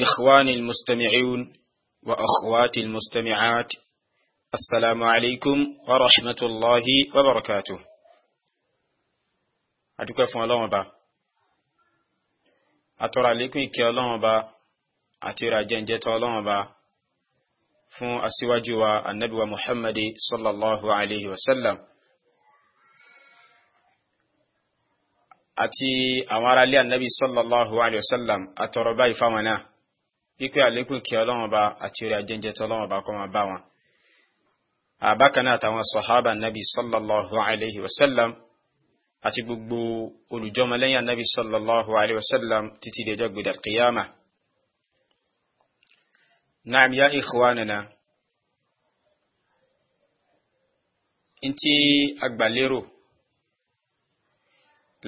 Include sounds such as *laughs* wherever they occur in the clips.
إخواني المستمعون وأخواتي المستمعات السلام عليكم ورحمة الله وبركاته أدوك فون الله با أترى لكم كي الله با أترى جنجة الله با fún aṣíwájú wa annabiwa muhammadi sallallahu alaihi wasallam àti àwọn aráalé annabi sallallahu alaihi wasallam àtọ̀rọ̀ báyìí fáwọn náà wípé àlékún kí ọlọ́run bá àti orí ajẹ́jẹ́ tó ọlọ́run bá kọ́ máa bá wọn. àbákan náà àtàwọn sọ̀hábà nàbì sallallahu alayhi wa sallam àti gbogbo olùjọ́mọlẹ́yìn nàbì sallallahu alayhi wa sallam títí dẹjọ́ gbèdàl qiyama. naam ya ikhwanana ntí agbàlérò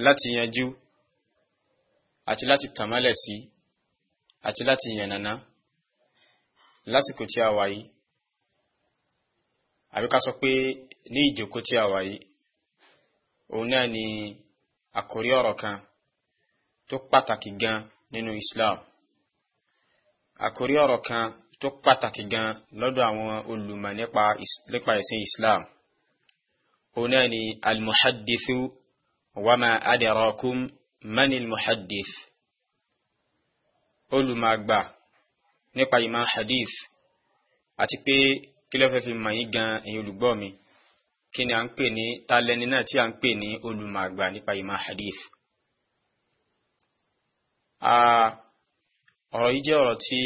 láti yanjú àti láti tàmálẹ̀ sí. Si àti láti yànnàná lásìkò tí a wà yìí àbí ká sọ pé ní ìjókòó tí a wà yìí òun náà ni àkórí ọ̀rọ̀ kan tó pàtàkì gan nínú Islam àkórí ọ̀rọ̀ kan tó pàtàkì gan lọ́dọ̀ àwọn olùmọ̀ nípa ẹ̀sìn Islam òun náà ni al-muhaddithu wa ma olùmọ̀gbà nípa ìmọ̀ hadith àti pé kí ló fẹ́ fi mọ̀ yín gan ẹ̀yin olùgbọ́ mi kí ni à ń pè ní ta náà tí à ń pè ní olùmọ̀gbà nípa ìmọ̀ hadith. ọ̀rọ̀ yìí jẹ́ ọ̀rọ̀ tí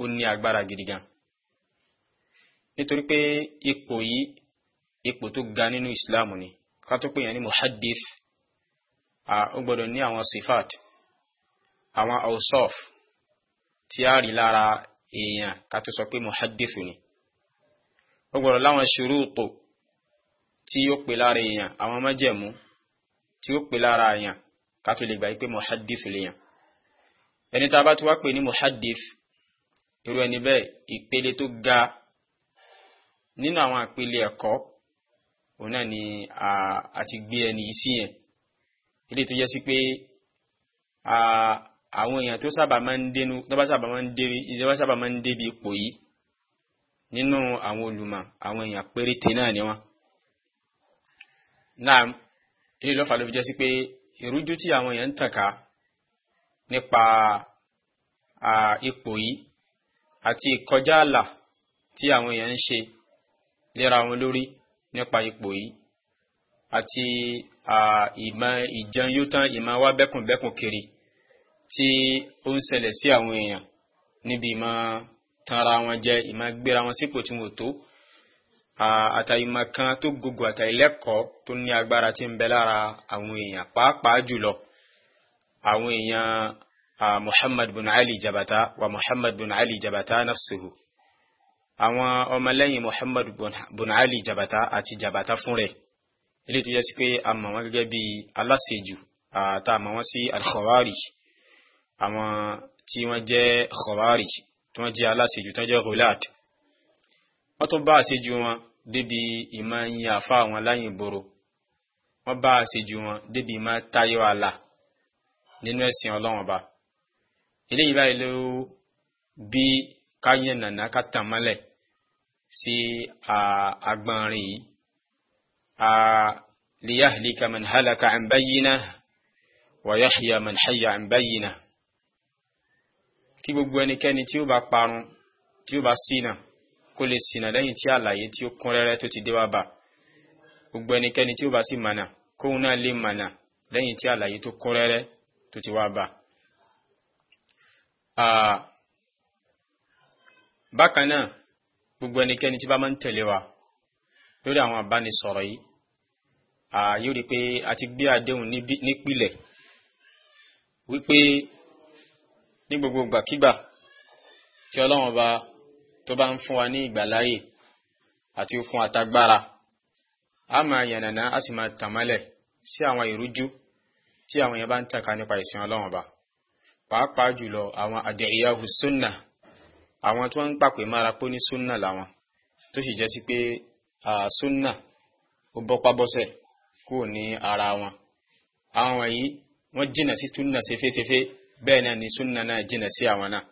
ó ní agbára gidi gan nítorí pé ipò yìí ipò tó ga nínú Islam ni ká tó pè yàn ní muhaddith ó gbọ́dọ̀ ní àwọn sifat àwọn awsaf tí a rí lára èèyàn ká tó sọ pé muhaddithu ni ó gbọ́dọ̀ láwọn ṣurutu tí ó pè lára èèyàn àwọn májẹ̀mú tí ó pè lára èèyàn ká tó lè gbà pé muhaddithu lèèyàn ẹni tá a bá ti wá pè ní muhaddith irú ẹni bẹ́ẹ̀ ìpele tó ga nínú àwọn àpele ẹ̀kọ́ òun náà ni a ti gbé ẹni yìí sí yẹn ilé tó yẹ sí pé àwọn èèyàn tó sábà máa ń dénú tó bá sábà máa ń débi tó bá sábà máa ń débi ipò yìí nínú àwọn olùmọ̀ àwọn èèyàn péréte náà ni wọ́n. náà èyí ló fà ló fi jẹ́ sí pé ìrújú tí àwọn èèyàn ń tàn ká nípa ipò yìí àti ìkọjá àlà tí àwọn èèyàn ń ṣe léra wọn lórí nípa ipò yìí àti ìmọ̀ ìjẹun yóò tán ìmọ̀ wá bẹ́kùnbẹ́kùn kiri tí ó ń ṣẹlẹ̀ sí àwọn èèyàn níbi ìmọ̀ tanra wọn jẹ ìmọ̀ gbéra wọn sípò tí wọ́n tó àtàìmọ̀ kan tó gbogbo àtàìlẹ́kọ̀ọ́ tó ní agbára tí ń bẹ lára àwọn èèyàn pàápàá jùlọ àwọn èèyàn Muhammad bin Ali Jabata wa Muhammad bin Ali Jabata nafsuhu àwọn ọmọlẹ́yìn Muhammad bin Ali Jabata àti Jabata fún rẹ̀ ilé tó yẹ sí pé a mọ̀ wọ́n gẹ́gẹ́ bí aláṣejù àtàmọ̀ wọ́n sí al àwọn tí wọ́n jẹ́ khawarij tí wọ́n jẹ́ aláṣejù tí wọ́n jẹ́ ghulat wọ́n tún bá àṣejù wọn débi ìmọ̀ yin àfa àwọn láyìn ìboro wọ́n bá àṣejù wọn débi ìmọ̀ tayọ àlà nínú ẹ̀sìn ọlọ́wọ́n ba eléyìí báyìí ló bí káyẹ̀ nànà ká tàn mọ́lẹ̀ sí agbọ̀nrin yìí liyahlika man halaka an bayyinah wa yahya man hayya an bayyinah kí gbogbo ẹnikẹ́ni tí ó bá parun tí ó bá ṣìnà kó lè ṣìnà lẹ́yìn tí àlàyé tí ó kún rẹ́rẹ́ tó ti dé wá bá gbogbo ẹnikẹ́ni tí ó bá sì mànà kóun náà lè mànà lẹ́yìn tí àlàyé tó kún rẹ́rẹ́ tó ti wá bá. bákan náà gbogbo ẹnikẹ́ni tí bá máa ń tẹ̀lé wa lórí àwọn àbánisọ̀rọ̀ yìí yóò rí i pé a ti gbé àdéhùn nípìlẹ̀ wípé ní gbogbo gbàkígbà tí ọlọ́run ọba tó bá ń fún wa ní ìgbàláyè àti fún àtagbára a máa yànnàná a sì máa tàmálẹ̀ sí àwọn ìrújú tí àwọn èèyàn bá ń tàka nípa ìsìn ọlọ́run ọba pàápàá jùlọ àwọn àdìyàhù súnà àwọn tó ń pàpè mára pé ní súnà làwọn tó sì jẹ́ sí pé súnà ó bọ́pá bọ́sẹ̀ kúrò ní ara wọn àwọn wọ̀nyí wọ́n jìnnà sí súnà ṣeféféfé bẹ́ẹ̀ náà ni sunna náà jìnà sí àwọn náà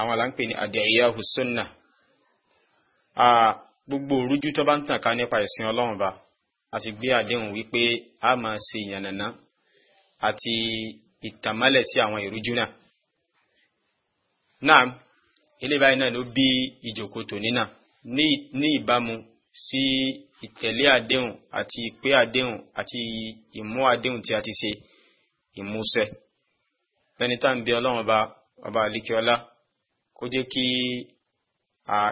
àwọn là ń pè ní ad'iyahu súnà gbogbo òrújú tó bá ń tàn ká nípa ìsìn ọlọ́run bá a sì gbé àdéhùn wípé a máa ṣe ìyànnàná àti ìtàmálẹ̀ sí àwọn ìrújú náà náà ilé báyìí náà ló bí ìjòkó tòní náà ní ìbámu sí ìtẹ̀lé àdéhùn àti ìpé àdéhùn àti ìmú àdéhùn tí a ti ṣe ìmúṣẹ lẹ́ni tá ń bí ọlọ́run ọba ọba àlekíọlá kó jẹ́ kí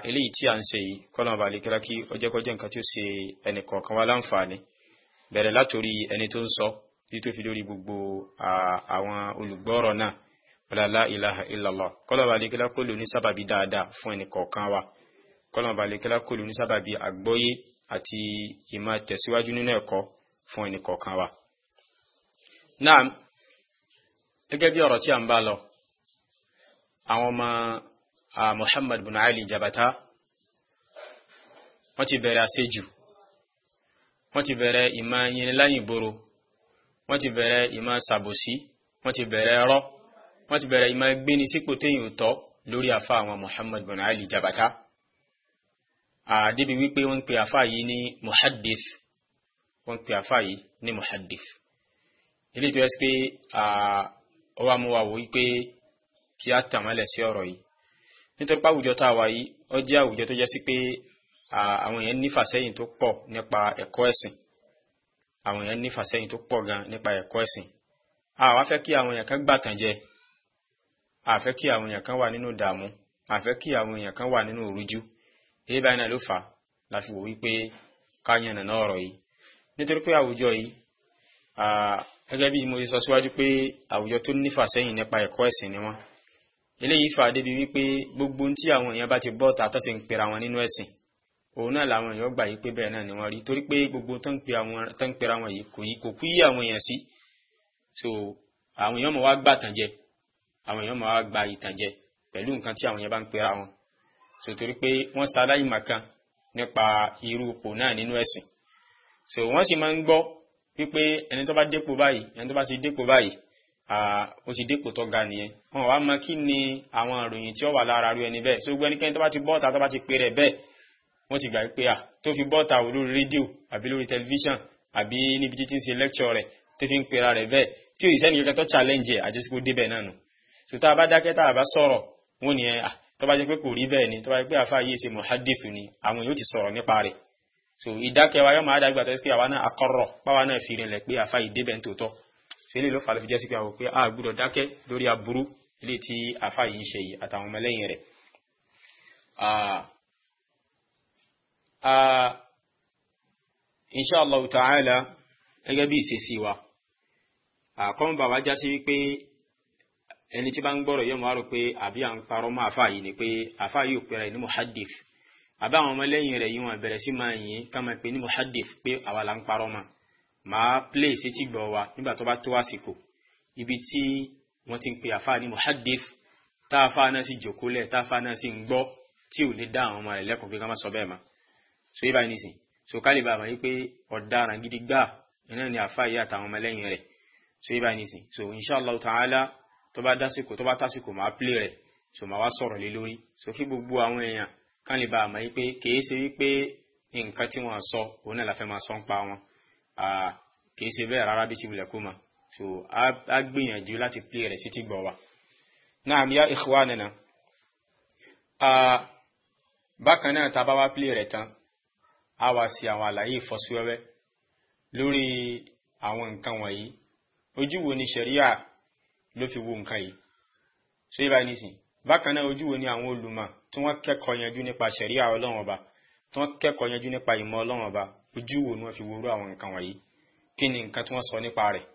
eléyìí tí a ń ṣe yìí kọ́lọ́run ọba àlekíọlá kí ó jẹ́ kó jẹ́ nǹkan tí ó ṣe ẹnì kọ̀ọ̀kan wa láǹfààní bẹ̀rẹ̀ látòrí ẹni tó ń sọ tí tó fi lórí gbogbo àwọn olùgbọ́rọ̀ náà ọ̀làlá ilaha illallah kọ́lọ́run ọba àlekíọlá kó lò ní sábàbí dáadáa fún ẹnì kọ̀ọ̀kan wa kọ́lọ́run ọba àlekíọlá kó lò ní sábàbí àgbọ́yé àti ìmọ̀ tẹ̀síwájú nínú ẹ̀kọ́ fún ẹnì kọ̀ọ̀kan wa. Naam gẹ́gẹ́ bí ọ̀rọ̀ tí a ń bá lọ àwọn ọmọ Muhammad bin Ali Jabata wọ́n ti bẹ̀rẹ̀ àṣejù wọ́n ti bẹ̀rẹ̀ ìmá yìnláyìn boro wọ́n ti bẹ̀rẹ̀ ìmá sàbòsí wọ́n ti bẹ̀rẹ̀ ẹ̀rọ wọ́n ti bẹ̀rẹ̀ ìmá gbéni sípò téyìn tọ́ lórí àfá àwọn Muhammad bin Ali Jabata àdébí wípé wọ́n ń pe àfá yìí ní muhaddith wọ́n ń pe àfá yìí ní muhaddith ilé tó yẹ sí pé ó wá wa wò wípé kí á tàn mọ́lẹ̀ sí ọ̀rọ̀ yìí nítorí pé àwùjọ tá a wà yìí ó jẹ́ àwùjọ tó jẹ́ sí pé àwọn èèyàn nífàsẹ́yìn tó pọ̀ nípa ẹ̀kọ́ ẹ̀sìn àwọn èèyàn nífàsẹ́yìn tó pọ̀ gan nípa ẹ̀kọ́ ẹ̀sìn a wá fẹ́ kí àwọn èèyàn kan gbàtàn jẹ a fẹ́ kí àwọn èèyàn kan wà nínú ìdààmú a fẹ́ kí àwọn èèyàn kan wà nínú òrújú èyí báyìí náà ló fà á la fi wò wípé ká yànnà náà ọ̀rọ̀ yìí nítorí pé àwùjọ yìí gẹ́gẹ́ bí mo ṣe sọ síwájú pé àwùjọ tó nífà sẹ́yìn nípa ẹ̀kọ́ ẹ̀sìn ni wọ́n eléyìí fà débi wípé gbogbo ohun tí àwọn èèyàn bá ti bọ́ tààtọ́ sì ń pera wọn nínú ẹ̀sìn òun náà làwọn èèyàn gbà yí pé bẹ́ẹ̀ náà ni wọ́n rí torí pé gbogbo tó ń pera wọn yìí kò kú yí àwọn èèyàn sí so àwọn èèyàn mọ̀ wá gbà tàn jẹ àwọn èèyàn mọ̀ wá gba ìtàn jẹ pẹ̀lú nǹkan tí àwọn èèyàn bá ń pera wọn so torí pé wọ́n ṣaláìmọ̀ kan nípa irú ipò náà nínú ẹ̀sìn so wọ́n sì máa ń gbọ́ wípé ẹni tó bá dépò báyìí ẹni tó bá ti dépò báyìí ó ti dépò tó ga nìyẹn wọn wá mọ kí ni àwọn ìròyìn tí ó wà lára rú ẹni bẹ́ẹ̀ sógbó ẹnikẹ́ni tó bá ti bọ́ọ̀ta tó bá ti pè rẹ̀ bẹ́ẹ̀ wọ́n ti gbà pé à tó fi bọ́ọ̀ta wò lórí rédíò àbí lórí tẹlifíṣàn àbí níbi títí ń ṣe lẹ́kṣọ̀ rẹ̀ tó fi ń pera rẹ̀ bẹ́ẹ̀ tí ò ìṣẹ́ni kankan tó challenge ẹ̀ àjẹsíkó débẹ̀ náà nù so bá dákẹ́ tá a bá sọ̀rọ̀ wọn ni ẹ tó bá jẹ́ pé kò rí bẹ́ẹ̀ ni tó bá jẹ́ pé àfa yìí ṣe muhadith ni àwọn yóò ti sọ̀rọ̀ nípa rẹ̀ so ìdákẹwàá yọ máa dàgbà tó ṣe pé àwa náà akọrọ báwa náà fi rinlẹ̀ pé àfa ìdébẹ̀ ń tòótọ́ ṣe lè ló fà lọ́fi jẹ́ sí pé àwọn pé a gbúdọ̀ dákẹ́ lórí aburú ilé tí àfa yìí ń ṣe yìí àtàwọn ọmọlẹ́yìn rẹ̀. insha Allah ta'ala gẹ́gẹ́ bí ìṣesí wa àkọ́n bàbá já sí wípé ẹni tí bá ń gbọ́rọ̀ yóò máa rò pé àbí à ń parọ́ mọ́ àfa yìí ni pé àfa yìí ò pẹ́ra ẹ̀ ní muhaddith àbá àwọn ọmọlẹ́yìn rẹ̀ yìí wọ́n bẹ̀rẹ̀ sí máa yìn ká máa pè ní muhaddif pé àwa là ń parọ́ mà máa plé sétí gbọ́ wa nígbà tó bá tó àsìkò ibi tí wọ́n ti ń pe àfáà ní muhaddif tá àfáà náà sì jòkó lẹ̀ tá àfáà náà sì ń gbọ́ tí ò ní dá àwọn ọmọ rẹ̀ lẹ́kọ̀ọ́ pé ká má sọ bẹ́ẹ̀ mà so yí báyìí nísìn so ká lè bá àmọ́ yí pé ọ̀daràn gidi gbà iná ni àfáà yìí àtàwọn ọmọlẹ́yìn rẹ̀ so yí báyìí nísìn so inshallah ta'ala tó bá dásìkò tó bá tásìkò máa plé rẹ̀ so máa wá sọ̀rọ̀ lé lórí so kí gbogbo àwọn èèyàn kán lè bá a mọ̀ wípé kìí ṣe wípé nǹkan tí wọ́n sọ òun náà la fẹ́ máa sọ ń pa wọn kìí ṣe bẹ́ẹ̀ rárá bí ti wulẹ̀ so a gbìyànjú láti pè rẹ̀ sí ti gbọ̀ wa. Naam ya ikhwanana bákan náà tá a bá wá pè rẹ̀ tán a wá sí àwọn àlàyé ìfọ́síwẹ́wẹ́ lórí àwọn nǹkan wọ̀nyí ojú wo ni ṣẹ̀ríà ló fi wo nǹkan yìí ṣé ibà nísìnyí bákan náà ojú wo ni àwọn olùmọ̀ tí wọ́n kẹ́kọ̀ọ́ yanjú nípa ṣẹ̀ríà ọlọ́run ọba tí wọ́n kẹ́kọ̀ọ́ yanjú nípa ìmọ̀ ọlọ́run ọba ojú wo ni wọ́n fi worú àwọn nǹkan wọ̀nyí kí ni nǹkan tí wọ́n sọ nípa rẹ̀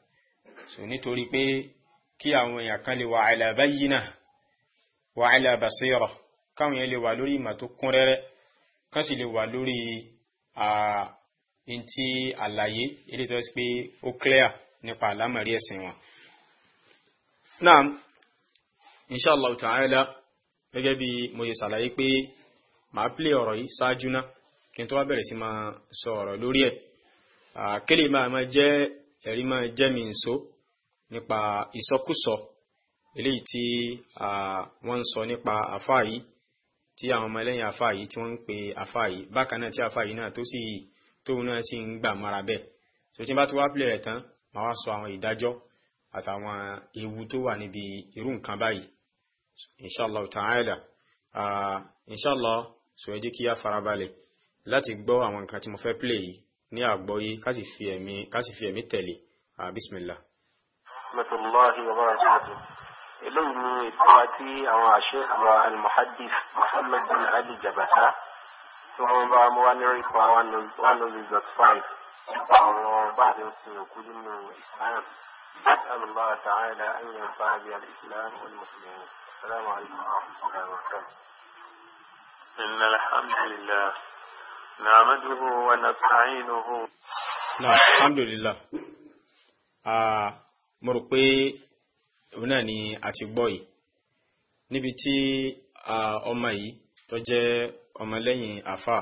so nítorí pé kí àwọn èèyàn kan lè wà ala bayyina wà ala basira káwọn èèyàn lè wà lórí ìmọ̀ tó kún rẹ́rẹ́ kán sì lè wà lórí ntí àlàyé eléyìí tó yẹ pé ó clear nípa àlámọ̀rí ẹ̀sìn wọn inshallah ta'ala gẹ́gẹ́ bí mo ṣe ṣàlàyé pé màá play ọ̀rọ̀ yìí ṣáájú náà kí n tó wá bẹ̀rẹ̀ sí máa sọ ọ̀rọ̀ lórí ẹ̀ kéle máa máa jẹ́ ẹ̀rí máa jẹ́ mi nso nípa ìsọkúsọ eléyìí tí wọ́n ń sọ nípa àfá yìí tí àwọn ọmọ ẹlẹ́yìn àfá yìí tí wọ́n ń pe àfá yìí bákan náà tí àfá yìí náà tó sì tóun náà sì ń gbà mara bẹ́ẹ̀ so tí n bá ti wá play rẹ̀ tán màá wá sọ àwọn ìdájọ́ àtàwọn ewu tó wà níbi irú nǹkan báyìí inshallah ta'ala ah, inshallah so ẹ jẹ́ kí a farabalẹ̀ láti gbọ́ àwọn nǹkan tí mo fẹ́ play yìí ní àgbọ́yé ká sì fi ẹ̀mí tẹ̀lé ah, bismillah. rahmatulahi wa barakatuh eléyìí ni ìtura tí àwọn àṣẹ àwọn al-muhaddith muhammad bin ali jabata tí wọ́n bá mú wá ní rípa one hundred dot five nípa àwọn báyìí ó ti òkú nínú islam. نسأل الله تعالى أن ينفع بها الإسلام والمسلمين السلام عليكم ورحمة الله وبركاته إن الحمد لله نعمده ونستعينه نعم الحمد لله mo rò pé òun náà ni a ti gbọ́ yìí níbi tí ọmọ yìí tó jẹ́ ọmọlẹ́yìn àfà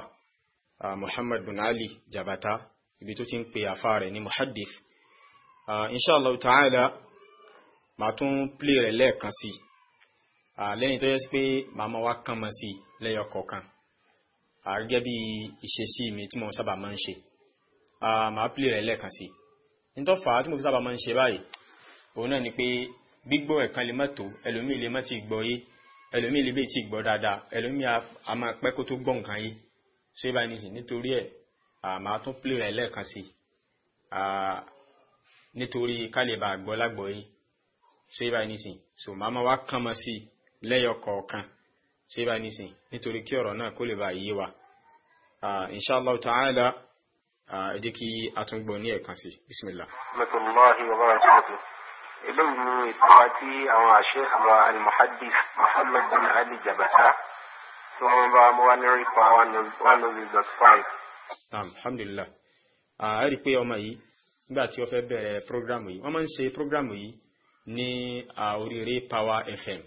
Muhammad bin Ali Jabata ibi tó ti ń pe àfà rẹ̀ ní muhaddith inshallah ta'ala ma tún plé rẹ̀ lẹ́ẹ̀kan sí i lẹ́yìn tó yẹ sí pé màmá wa kàn mọ́ sí lẹ́yọ kọ̀ọ̀kan gẹ́gẹ́ bí ìṣesí mi tí mo sábà máa ń ṣe màá pìlì rẹ̀ lẹ́ẹ̀kan sí nítorí fà á tí mo fi sábà máa ń ṣe báyìí òun náà ni pé gbígbọ́ ẹ̀kan lè má tó ẹlòmíì lè má ti gbọ́ yé ẹlòmíì lè bẹ́ẹ̀ ti gbọ́ dáadáa ẹlòmíì a máa pẹ́ kó tó gbọ́ nǹkan yé ṣé báyìí nìyí nítorí ẹ̀ màá tún pìlì rẹ̀ lẹ́ẹ̀kan sí nítorí kálíbà gbọ́ lágbọ́ yé ṣé báyìí nìyí so màá máa wá kàn mọ́ sí i lẹ́yọ kọ̀ọ̀kan ṣé bá ní sìn nítorí kí ọ̀rọ̀ náà kó lè bá yé wa inshallah ta'ala ẹ jẹ́ kí a ní ẹ̀kan sí bismillah. rahmatulahi wa barakatuh eléyìí ni ìtura tí àwọn àṣeyìí wa al-muhaddis muhammad bin ali jabata tí wọ́n bá wá ní oh rí pa one of the five. alhamdulillah a pé ọmọ yìí nígbà tí ó fẹ́ bẹ̀rẹ̀ programu yìí wọ́n máa ń ṣe programu yìí ní orí Power FM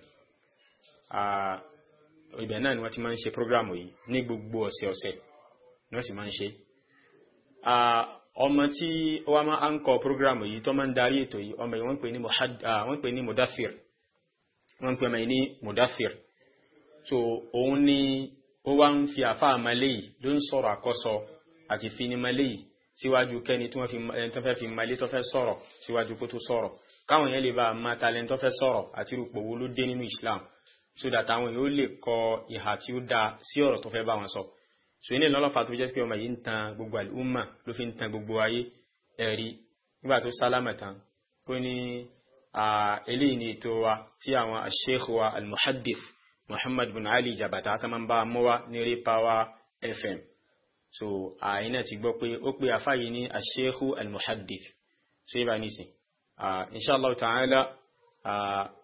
ibẹ̀ náà ni wọ́n ti máa ń ṣe prógrámù yìí ní gbogbo ọ̀sẹ̀ ọ̀sẹ̀ ni wọ́n sì máa ń ṣe ọmọ tí wọ́n máa ń kọ prógrámù yìí tó máa ń darí ètò yìí ọmọ yìí wọ́n pè ní mudafir wọ́n pè ní mudafir so òun ni ó wá ń fi àfa àmàlẹ́yì ló ń sọ̀rọ̀ àkọ́sọ àti finimàlẹ́yì síwájú kẹ́ni tí wọ́n fẹ́ fi malé tó fẹ́ sọ̀rọ̀ síwájú kó tó sọ̀rọ̀ káwọn yẹn lè bá a máa talẹ̀ tó sọ̀rọ̀ àti rúpò wo ló dé nínú Islam so that àwọn èèyàn ó lè kọ ìhà tí ó dáa sí ọ̀rọ̀ tó fẹ́ bá wọn sọ so ilé lọ́lọ́fà tó jẹ́ pé ọmọ yìí ń tan gbogbo àlùmà ló fi ń tan gbogbo ayé ẹ̀rí nígbà tó sálámà ó ní eléyìí ètò wa tí àwọn sheikh wa al-muhaddith muhammad bin ali jabata tá máa ń bá a mọ́ wa ní repawa fm so àyìn náà ti gbọ́ pé ó pe àfáyé ní sheikh al-muhaddith so yíba nísìn inshallah ta'ala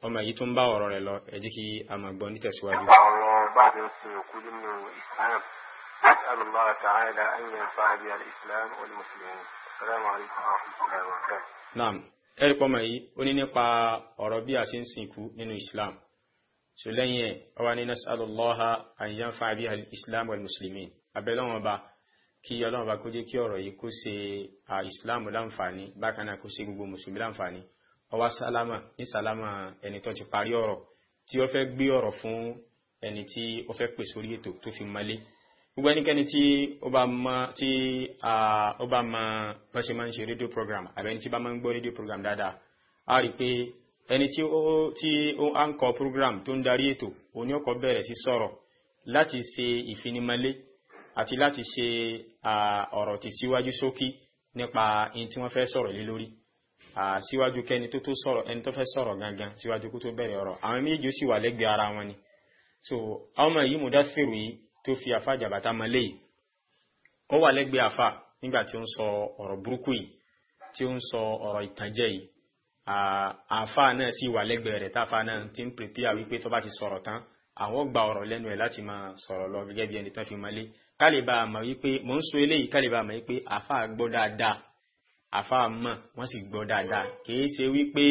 ọmọ yìí tó ń bá ọ̀rọ̀ rẹ̀ lọ ẹ jẹ́ kí a máa gbọ́ nítẹ̀síwájú. àwọn bàbá ṣe islam أسأل الله تعالى أن ينفع بها الإسلام والمسلمين السلام pọ́mọ yìí ó ní nípa ọ̀rọ̀ bí a ṣe ń sìnkú nínú Islam so lẹ́yìn ẹ̀ ọwá ní nas'alu Allaha an yanfa'a biha al-Islam wal-muslimin abẹ́lọ́wọ́n ba kí Ọlọ́run bá kó jẹ́ kí ọ̀rọ̀ yìí kó ṣe Islam láǹfààní bákan náà kó ṣe gbogbo mùsùlùmí láǹfààní ọwá sálámà ní sálámà ẹni tó ti parí ọ̀rọ̀ tí ó fẹ́ gbé ọ̀rọ̀ fún ẹni tí ó fẹ́ pè sórí ètò tó fi malé gbogbo ẹnikẹ́ni tí ó bá mọ bá ṣe máa ń ṣe rédíò program àbẹ́ni tí bá máa ń gbọ́ rédíò program dáadáa a rí pé ẹni tí ó tí ń kọ program tó ń darí ètò òní ọkọ̀ bẹ̀rẹ̀ sí sọ̀rọ̀ láti ṣe ìfinimọ́lé àti láti ṣe ọ̀rọ̀ tí síwájú sókí nípa in tí wọ́n fẹ́ sọ̀rọ̀ lé lórí síwájú kẹ́ni tó tó sọ̀rọ̀ ẹni tó fẹ́ sọ̀rọ̀ gangan síwájú kó tó bẹ̀rẹ̀ ọ̀rọ̀ àwọn méjì ó sì wà lẹ́gbẹ̀ẹ́ ara wọn ni so ọmọ yìí Mudaththir yìí tó fi àfa jàbàtà mọ léyìí ó wà lẹ́gbẹ̀ẹ́ àfa nígbà tí ó ń sọ ọ̀rọ̀ burúkú yìí tí ó ń sọ ọ̀rọ̀ ìtànjẹ yìí àfa náà sì wà lẹ́gbẹ̀ẹ́ rẹ̀ táfa náà ti ń pèpìà wípé tó bá ti sọ̀rọ̀ tán àwọn gba ọ̀rọ̀ lẹ́nu ẹ̀ láti máa sọ̀rọ̀ lọ gẹ́gẹ́ bí ẹni tán fi mọ́lé kálíbà mọ̀ wípé mò ń sọ eléyìí kálíbà mọ̀ wípé àfa gbọ́ dáadáa àfáà mọ̀ wọ́n sì gbọ́ dáadáa kìí ṣe wípé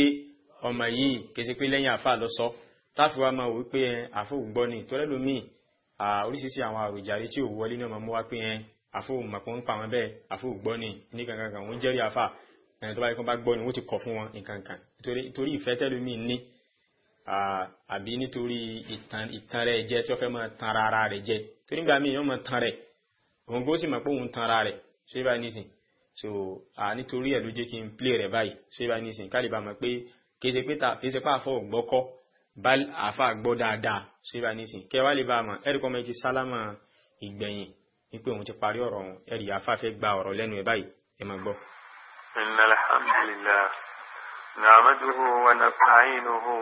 ọmọ yìí kìí ṣe pé lẹ́yìn àfáà lọ sọ táfi wá máa wípé àfóò gbọ́ ni tọ́lẹ́ lómi oríṣiríṣi àwọn àròjàre tí ò wọlé náà máa mú wá pé àfóò mọ̀pọ̀ ń pa wọn bẹ́ẹ̀ àfóò gbọ́ ni ní kankan wọ́n jẹ́rìí àfáà ẹni tó bá yẹ kó bá gbọ́ ni wọ́n ti kọ̀ fún wọn nǹkan kan torí ìfẹ́ tẹ́lómi ní àbí nítorí ìtàn rẹ̀ jẹ́ tí wọ́n fẹ́ máa tan ara rẹ̀ jẹ torí so nítorí ẹ̀ ló jẹ́ kí n play rẹ̀ báyìí ṣé bá ní ìsìn káàdì bá mọ̀ pé kése pé ta kése pé àfọ̀ gbọ́kọ́ bá àfà gbọ́ dáadáa ṣé bá ní ìsìn kẹ́ wá lè bá mọ̀ ẹ̀rí kọ́mọ ti sálámà ìgbẹ̀yìn ní pé òun ti parí ọ̀rọ̀ òun ẹ̀rí àfà fẹ́ gba ọ̀rọ̀ lẹ́nu ẹ̀ báyìí ẹ máa gbọ́. hamdulillah nahmaduhu wa nasta'inuhu.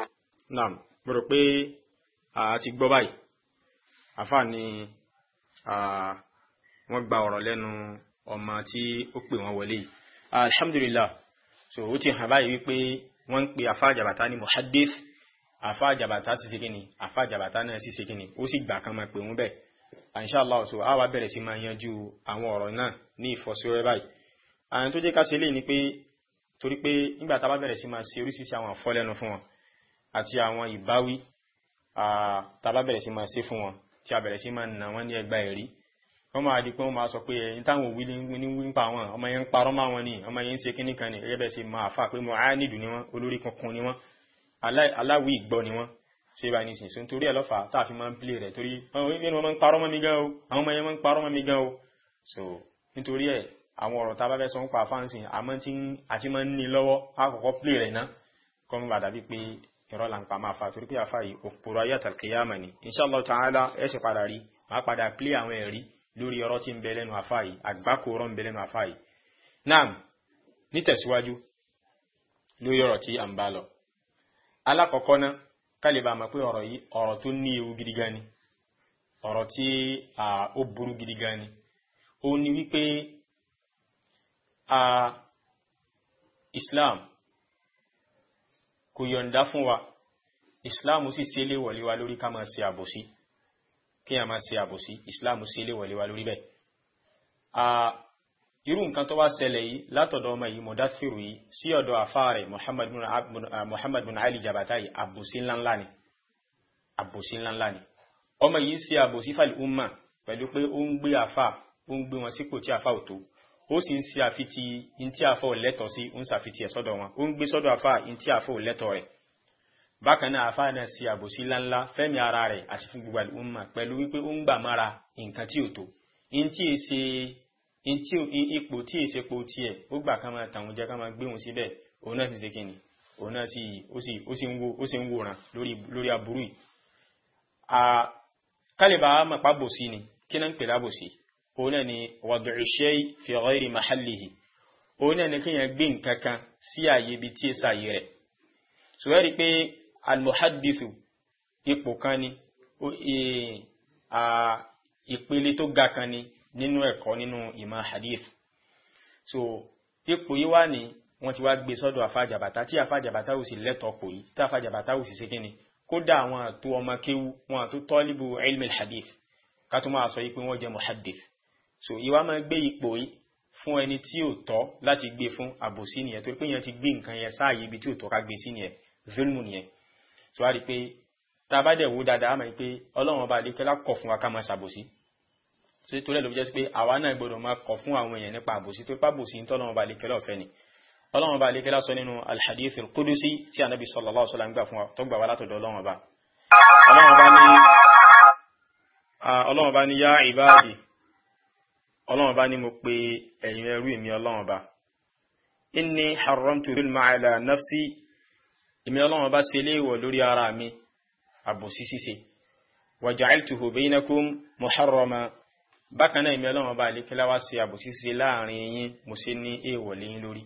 naam mo rò pé a ti gbọ́ báyìí àfà ni wọ́n gba ọ̀rọ̀ lẹ́nu ọmọ tí ó pè wọ́n wọlé alhamdulillah so ó ti hàn báyìí wípé wọ́n ń pe àfáà jàbàtà ní muhaddith àfáà jàbàtà sì kíni àfáà náà sì kíni ó sì gbà kan máa pè wọ́n bẹ́ẹ̀ inshallah so a wá bẹ̀rẹ̀ sí máa yanjú àwọn ọ̀rọ̀ náà ní ìfọ́síwẹ́wẹ́ báyìí àwọn tó jẹ́ ká ṣe lè ní pé torí pé nígbà tá a bá bẹ̀rẹ̀ sí máa ṣe oríṣiríṣi àwọn àfọ́lẹ́nu fún wọn àti àwọn ìbáwí tá bá bẹ̀rẹ̀ sí máa ṣe fún wọn tí a bẹ̀rẹ̀ sí máa nà wọ́n ní ẹgbà ẹ̀rí wọ́n máa di pé wọ́n máa sọ pé ẹ̀yìn táwọn òwí ní wí ń pa wọn ọmọ yẹn ń parọ́ máa wọn ni ọmọ yẹn ń ṣe kíní kan ni ẹ̀yẹ́ bẹ́ẹ̀ ṣe máa fà pé mo á nídùú ni wọ́n olórí kankan ni wọ́n aláwí ìgbọ́ ni wọ́n ṣe bá nìsín so nítorí ẹ̀ lọ́fà tá a fi máa ń pilẹ̀ rẹ̀ torí àwọn ìbínú wọn máa ń parọ́ mọ́ mi gan o àwọn ọmọ yẹn ń parọ́ mọ́ mi gan o so nítorí ẹ̀ àwọn ọ̀rọ̀ tá a bá fẹ́ sọ ń pa fáǹsì àmọ́ tí àti máa ń ní lọ́wọ́ á kọ́kọ́ pilẹ̀ rẹ̀ náà kọ́ mú bàdàbí pé ìrọ́ là ń pa máa fa torí pé àfa yìí òpòrò inshallah ta'ala ẹ̀ ṣe padà rí máa padà pilẹ̀ àwọn ẹ̀rí lórí ọ̀rọ̀ tí ń bẹ lẹ́nu àfáà yìí àgbákò ọ̀rọ̀ ń bẹ lẹ́nu àfáà yìí naam nítẹ̀síwájú lórí ọ̀rọ̀ tí à ń bá lọ alákọ̀ọ́kọ́ ná kálíbà mọ̀ pé ọ̀rọ̀ yìí ọ̀rọ̀ tó ní ewu gidi gan ni ọ̀rọ̀ tí ó burú gidi gan ni ó ní wípé Islam kò yọ̀ǹda fún wa Islam sì ṣe léwọ̀lé wa lórí ká máa ṣe àbòsí. Si kí a máa ṣe àbòsí islam sí ilé wọlé wa lórí bẹ́ẹ̀. irú nǹkan tó wá ṣẹlẹ̀ yìí látọ̀dọ̀ ọmọ yìí mọ̀dáfíru yìí sí ọ̀dọ̀ àfáà rẹ̀ bin ali jabata yìí àbòsí ńláńlá ni àbòsí ńláńlá ni ọmọ yìí ń ṣe àbòsí fàlì umma pẹ̀lú pé ó ń gbé àfáà ó ń gbé wọn sípò tí àfáà ò tó ó sì ń ṣe àfitì ní tí àfáà ò lẹ́tọ̀ọ́ sí ń ṣàfitì ẹ̀ sọ́dọ̀ wọn ó ń gbé sọ́dọ̀ àfáà ní tí àfáà ò lẹ́tọ̀ọ́ rẹ̀ bákan náà àfáà náà ṣe àbòsí ńláńlá fẹ́mi ara rẹ̀ àti fún gbogbo àlùmọ̀ pẹ̀lú wípé ó ń gbà mára nǹkan tí ò tó ipò tí èsè po tiẹ̀ ó gbà ká máa tàwọn jẹ́ ká máa gbé wọn síbẹ̀ òun náà sì ṣe kíni òun náà sì ó sì ń wòran lórí aburú yìí kálíbà mọ̀pá bòsí ni kí náà ń pè lábòsí òun náà ni wàdù ìṣe fi ghairi mahallihi òun náà ni kéèyàn gbé nǹkan kan sí àyè ibi tí èsà yìí rẹ̀ sùwẹ́rì pé almuhadithu ipò kan ni e, ìpele tó ga kan ni nínú ẹ̀kọ́ nínú ìmọ̀ hadith so ipò yìí wà ní wọ́n ti wá gbé sọ́dọ̀ àfàjàbàtà tí àfàjàbàtà ò sì lẹ́tọ̀ọ́ pò yìí tí àfàjàbàtà ò sì ṣe kíni kódà àwọn àtó ọmọ kéwú wọn àtó tọ́líbù ilmi hadith ká tó máa sọ yìí pé wọ́n jẹ́ muhadith so ìwà máa gbé ipò yìí fún ẹni tí ò tọ́ láti gbé fún àbòsí nìyẹn torí pé yẹn ti gbé nǹkan yẹn sáàyè ibi tí ò tọ́ ká gbé sí nìyẹn zulmu nìyẹn tí wàá rí i pé tá a bá dẹ̀ wò dáadáa á mọ̀ pé ọlọ́run ọba àdékẹ́lá kọ̀ fún wa ká máa ṣàbòsí ṣe torí ẹ̀ ló fi jẹ́ sí pé àwa náà gbọ́dọ̀ máa kọ̀ fún àwọn èèyàn nípa àbòsí tó pa àbòsí ní tọ́lọ́run ọba àdékẹ́lá ọ̀fẹ́ ni ọlọ́run ọba àdékẹ́lá sọ nínú alhadith kudusi tí anabi sallallahu alaihi wasallam gbà fún wa tó gbà wá látọ̀dọ̀ ọlọ́run ọba ọlọ́run ọba ní yá ìbáàdì ọlọ́run ọba ní mo pe ẹ̀yin ẹrú mi ọlọ́run ọba inni haramtu zulma ala nafsi èmi ọlọ́run bá ṣe léèwọ̀ lórí ara mi àbòsí ṣíṣe wa ja'altuhu bainakum muharrama bákan náà èmi ọlọ́run bá àlékẹ́lá wá ṣe àbòsí ṣíṣe láàrin yín mo ṣe ní èèwọ̀ lẹ́yìn lórí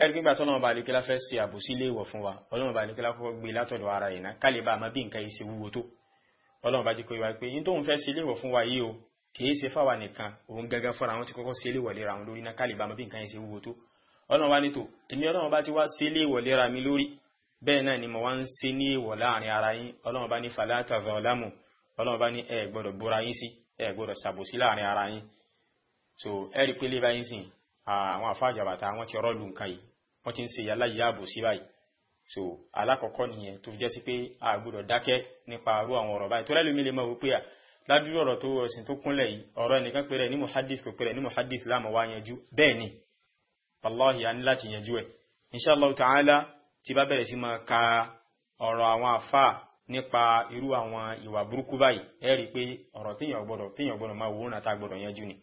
ẹ̀rí gbígbà tó ọlọ́run bá àlékẹ́lá fẹ́ ṣe àbòsí léèwọ̀ fún wa ọlọ́run bá àlékẹ́lá kọ́kọ́ gbé látọ̀dọ̀ ara yìí ná kálí bá àmọ́ bẹ́ẹ̀ náà ni mo wá ń ṣe ní èèwọ̀ láàrin ara yín ọlọ́run bá ní fala tazalamu ọlọ́run bá ní ẹ gbọ́dọ̀ bóra yín sí ẹ gbọ́dọ̀ ṣàbòsí láàrin ara yín so ẹ rí pé lébàá yín sìn àwọn àfáàjàbàtà wọ́n ti rọ́ọ̀lù nǹkan yìí wọ́n ti ń ṣe yálà yìí àbòsí báyìí so alákọ̀ọ́kọ́ nìyẹn tó fi jẹ́ sí pé a gbọ́dọ̀ dákẹ́ nípa irú àwọn ọ̀rọ̀ báyìí tó lẹ́lu mi lè mọ̀ wípé à ládùúgbò ọ̀rọ̀ tó ọ̀sìn tó kúnlẹ̀ yìí ọ̀rọ̀ ẹnìkan pé rẹ̀ ní muhadith kò pé rẹ̀ ní muhadith láàmú wá yanjú bẹ́ẹ̀ ni wàláhì a ní láti yanjú ẹ̀ inshallah tí bá bẹ̀rẹ̀ sí máa ka ọ̀rọ̀ àwọn àfáà nípa irú àwọn ìwà burúkú báyìí ẹ pé ọ̀rọ̀ téèyàn gbọ́dọ̀ téèyàn gbọ́dọ̀ máa wòórùn àtà gbọ́dọ̀ yanjú ni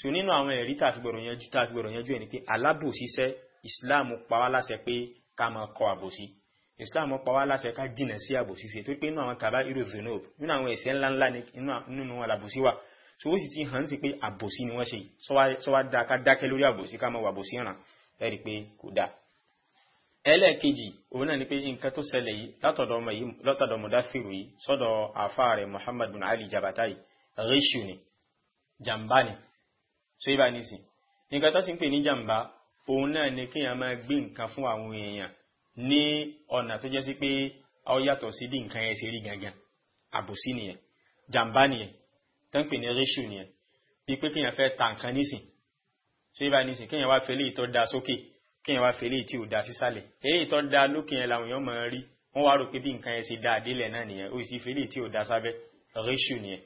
so nínú àwọn ẹ̀rí tá a fi gbọ́dọ̀ yanjú tá a fi gbọ́dọ̀ yanjú ẹ̀ ni pé alábòsíṣẹ́ Islam pa wá láṣẹ pé ká máa kọ àbòsí Islam pa wá láṣẹ ká jìnà sí àbòsí ṣe torí pé inú àwọn kaba irú zenob nínú àwọn ẹ̀ṣẹ̀ ńláńlá nínú wọn làbòsí wà so ó sì ti hàn sí pé àbòsí ni wọ́n ṣe sọ wá dáa ká dákẹ́ lórí àbòsí ká máa wà àbòsí ràn ẹ pé kò dáa ẹlẹ́ẹ̀kejì òun náà ni pé nǹkan tó ṣẹlẹ̀ yìí látọ̀dọ̀ mọ̀dáfíru yìí sọ́dọ̀ àfáà rẹ̀ Muhammad bin Ali Jabata yìí ríṣù ni jàmbá ni so ibà nísìn nǹkan tó sì ń pè ní jàmbá òun náà ni kéèyàn máa gbé nǹkan fún àwọn èèyàn ní ọ̀nà tó jẹ́ sí pé ó yàtọ̀ sí bí nǹkan yẹn ṣe rí gangan àbòsí nìyẹn jàmbá nìyẹn tó ń pè ní ríṣù nìyẹn bí pé kéèyàn fẹ́ ta nǹkan nísìn so ibà nísìn kéèyàn wá fẹ́ lè tọ́ da sókè. So kí yẹn wá fèrè tí ò da sísàlẹ̀ èyí tó da lókè yẹn làwọn èèyàn máa ń rí wọ́n wá rò pé bí nǹkan yẹn ṣe da àdélẹ̀ náà nìyẹn ó sì fèrè tí ò da sábẹ́ rẹ́ṣù nìyẹn